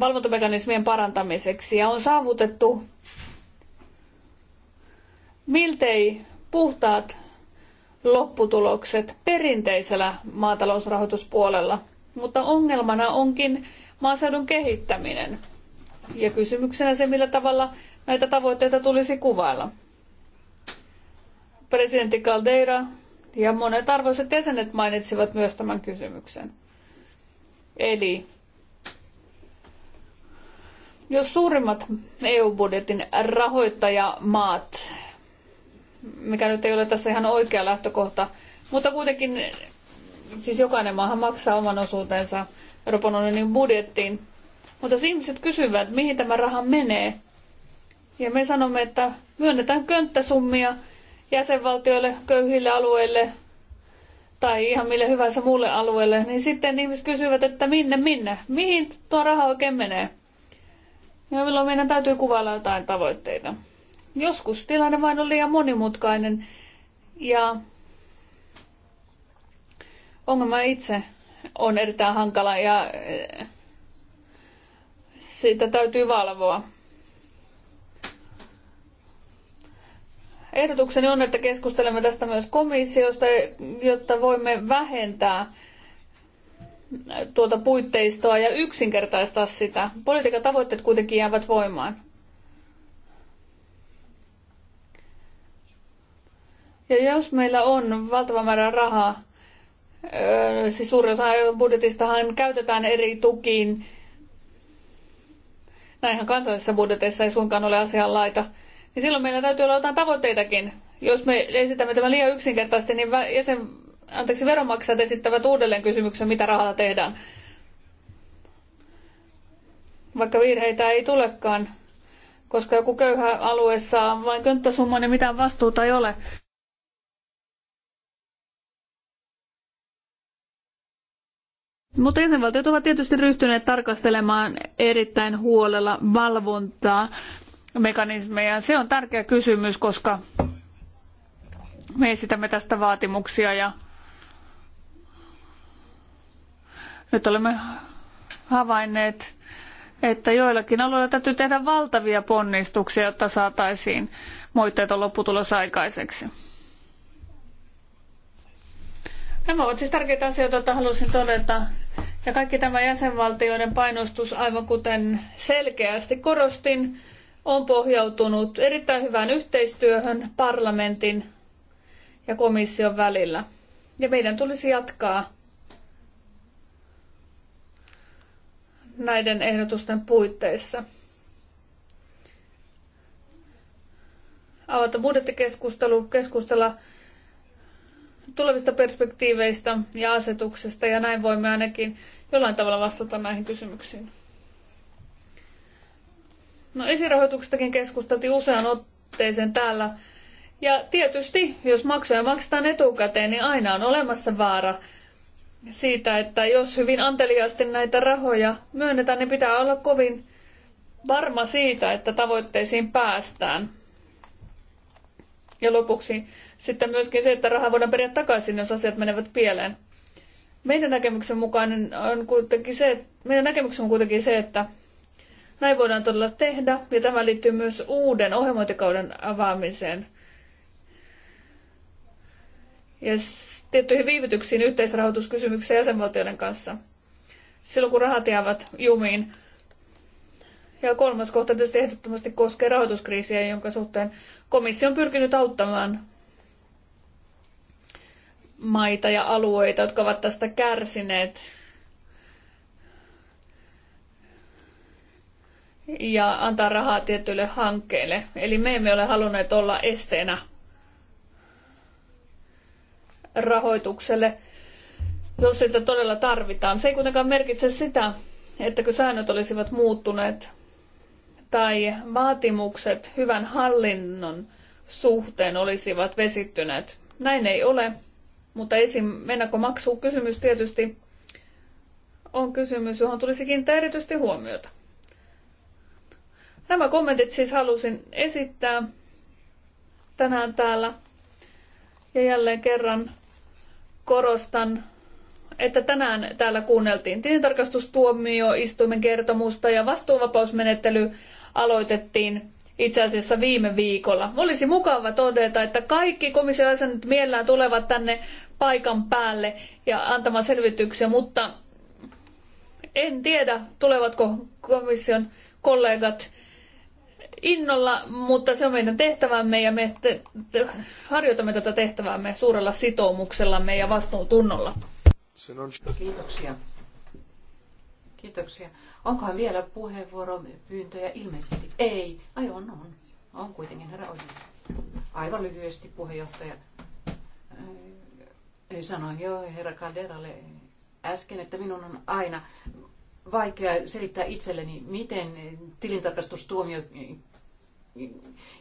C: valvontamekanismien parantamiseksi ja on saavutettu miltei puhtaat lopputulokset perinteisellä maatalousrahoituspuolella mutta ongelmana onkin maaseudun kehittäminen. Ja kysymyksenä se, millä tavalla näitä tavoitteita tulisi kuvailla. Presidentti Caldeira ja monet arvoiset jäsenet mainitsivat myös tämän kysymyksen. Eli jos suurimmat EU-budjetin rahoittajamaat, mikä nyt ei ole tässä ihan oikea lähtökohta, mutta kuitenkin Siis jokainen maahan maksaa oman osuutensa Euroopan unionin budjettiin. Mutta jos ihmiset kysyvät, mihin tämä raha menee, ja me sanomme, että myönnetään könttäsummia jäsenvaltioille, köyhille alueille tai ihan mille hyvänsä muulle alueelle, niin sitten ihmiset kysyvät, että minne, minne, mihin tuo raha oikein menee. Ja milloin meidän täytyy kuvailla jotain tavoitteita. Joskus tilanne vain on liian monimutkainen ja ongelma itse on erittäin hankala ja eh, sitä täytyy valvoa. Ehdotukseni on, että keskustelemme tästä myös komissiosta, jotta voimme vähentää tuota puitteistoa ja yksinkertaistaa sitä. Politiikan tavoitteet kuitenkin jäävät voimaan. Ja jos meillä on valtava määrä rahaa, siis suurin osa budjetistahan käytetään eri tukiin. Näinhän kansallisissa budjeteissa ei suinkaan ole asianlaita. laita. Niin silloin meillä täytyy olla jotain tavoitteitakin. Jos me esitämme tämän liian yksinkertaisesti, niin jäsen, anteeksi, veronmaksajat esittävät uudelleen kysymyksen, mitä rahalla tehdään. Vaikka virheitä ei tulekaan, koska joku köyhä alue saa vain könttäsumman, niin mitään vastuuta ei ole. Mutta jäsenvaltiot ovat tietysti ryhtyneet tarkastelemaan erittäin huolella valvontaa, mekanismeja. Se on tärkeä kysymys, koska me esitämme tästä vaatimuksia ja nyt olemme havainneet, että joillakin alueilla täytyy tehdä valtavia ponnistuksia, jotta saataisiin moitteeton lopputulos aikaiseksi. Nämä ovat siis tärkeitä asioita, joita halusin todeta. Ja kaikki tämä jäsenvaltioiden painostus, aivan kuten selkeästi korostin, on pohjautunut erittäin hyvään yhteistyöhön parlamentin ja komission välillä. Ja meidän tulisi jatkaa näiden ehdotusten puitteissa. Avata budjettikeskustelu, keskustella tulevista perspektiiveistä ja asetuksesta, ja näin voimme ainakin jollain tavalla vastata näihin kysymyksiin. No esirahoituksestakin keskusteltiin usean otteeseen täällä. Ja tietysti, jos maksuja maksetaan etukäteen, niin aina on olemassa vaara siitä, että jos hyvin anteliaasti näitä rahoja myönnetään, niin pitää olla kovin varma siitä, että tavoitteisiin päästään. Ja lopuksi sitten myöskin se, että rahaa voidaan periä takaisin, jos asiat menevät pieleen. Meidän näkemyksen mukaan on kuitenkin se, meidän näkemyksen on kuitenkin se, että näin voidaan todella tehdä, ja tämä liittyy myös uuden ohjelmointikauden avaamiseen. Ja tiettyihin viivytyksiin yhteisrahoituskysymyksiä jäsenvaltioiden kanssa. Silloin kun rahat jäävät jumiin. Ja kolmas kohta tietysti ehdottomasti koskee rahoituskriisiä, jonka suhteen komissio on pyrkinyt auttamaan maita ja alueita, jotka ovat tästä kärsineet. Ja antaa rahaa tietyille hankkeille. Eli me emme ole halunneet olla esteenä rahoitukselle, jos sitä todella tarvitaan. Se ei kuitenkaan merkitse sitä, että kun säännöt olisivat muuttuneet tai vaatimukset hyvän hallinnon suhteen olisivat vesittyneet. Näin ei ole. Mutta esim. maksuun kysymys tietysti on kysymys, johon tulisi kiinnittää erityisesti huomiota. Nämä kommentit siis halusin esittää tänään täällä. Ja jälleen kerran korostan, että tänään täällä kuunneltiin tilintarkastustuomioistuimen kertomusta ja vastuuvapausmenettely aloitettiin itse asiassa viime viikolla. Olisi mukava todeta, että kaikki komission jäsenet mielellään tulevat tänne paikan päälle ja antamaan selvityksiä, mutta en tiedä, tulevatko komission kollegat innolla, mutta se on meidän tehtävämme ja me te- te- harjoitamme tätä tehtävämme suurella sitoumuksellamme ja vastuuntunnolla. Kiitoksia. Kiitoksia. Onkohan vielä
D: puheenvuoropyyntöjä? Ilmeisesti ei. Ai on, on. On kuitenkin herra Oilen. Aivan lyhyesti puheenjohtaja. Sanoin jo herra Calderalle äsken, että minun on aina vaikea selittää itselleni, miten tilintarkastustuomio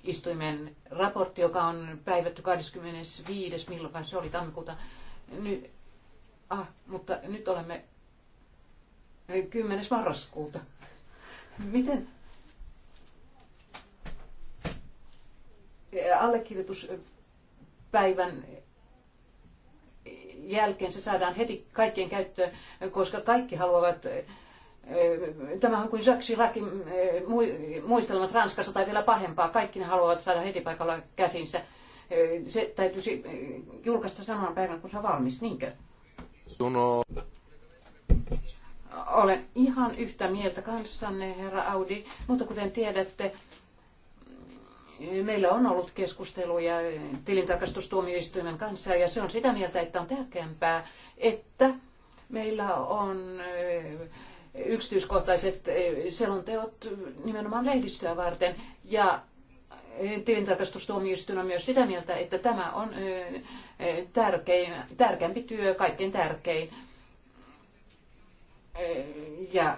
D: istuimen raportti, joka on päivätty 25. milloin se oli tammikuuta. Nyt, ah, mutta nyt olemme 10. marraskuuta. Miten allekirjoituspäivän jälkeen se saadaan heti kaikkien käyttöön, koska kaikki haluavat eh, Tämä on kuin Jacques Chiracin eh, muistelmat Ranskassa tai vielä pahempaa. Kaikki ne haluavat saada heti paikalla käsinsä. Eh, se täytyisi julkaista saman päivän, kun se on valmis, niinkö? Olen ihan yhtä mieltä kanssanne, herra Audi, mutta kuten tiedätte, meillä on ollut keskusteluja tilintarkastustuomioistuimen kanssa ja se on sitä mieltä, että on tärkeämpää, että meillä on eh, yksityiskohtaiset eh, selonteot nimenomaan lehdistöä varten ja eh, tilintarkastustuomioistuin on myös sitä mieltä, että tämä on tärkein, tärkeämpi työ, kaikkein tärkein ja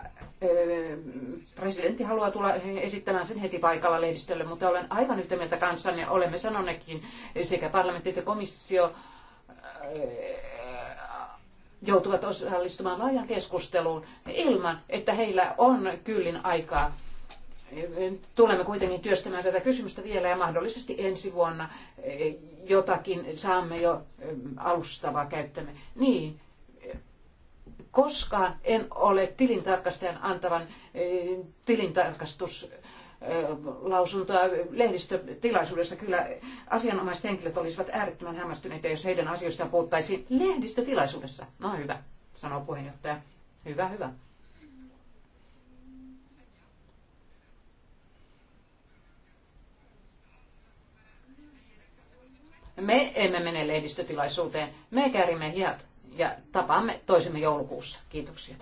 D: presidentti haluaa tulla esittämään sen heti paikalla lehdistölle, mutta olen aivan yhtä mieltä kanssanne. Olemme sanonekin sekä parlamentti että komissio joutuvat osallistumaan laajan keskusteluun ilman, että heillä on kyllin aikaa. Tulemme kuitenkin työstämään tätä kysymystä vielä ja mahdollisesti ensi vuonna jotakin saamme jo alustavaa käyttämme. Niin, Koskaan en ole tilintarkastajan antavan eh, tilintarkastuslausuntoa lehdistötilaisuudessa kyllä asianomaiset henkilöt olisivat äärettömän hämmästyneitä, jos heidän asioistaan puhuttaisiin lehdistötilaisuudessa. No hyvä, sanoo puheenjohtaja. Hyvä, hyvä. Me emme mene lehdistötilaisuuteen, me käärimme hiat ja tapaamme toisemme joulukuussa. Kiitoksia.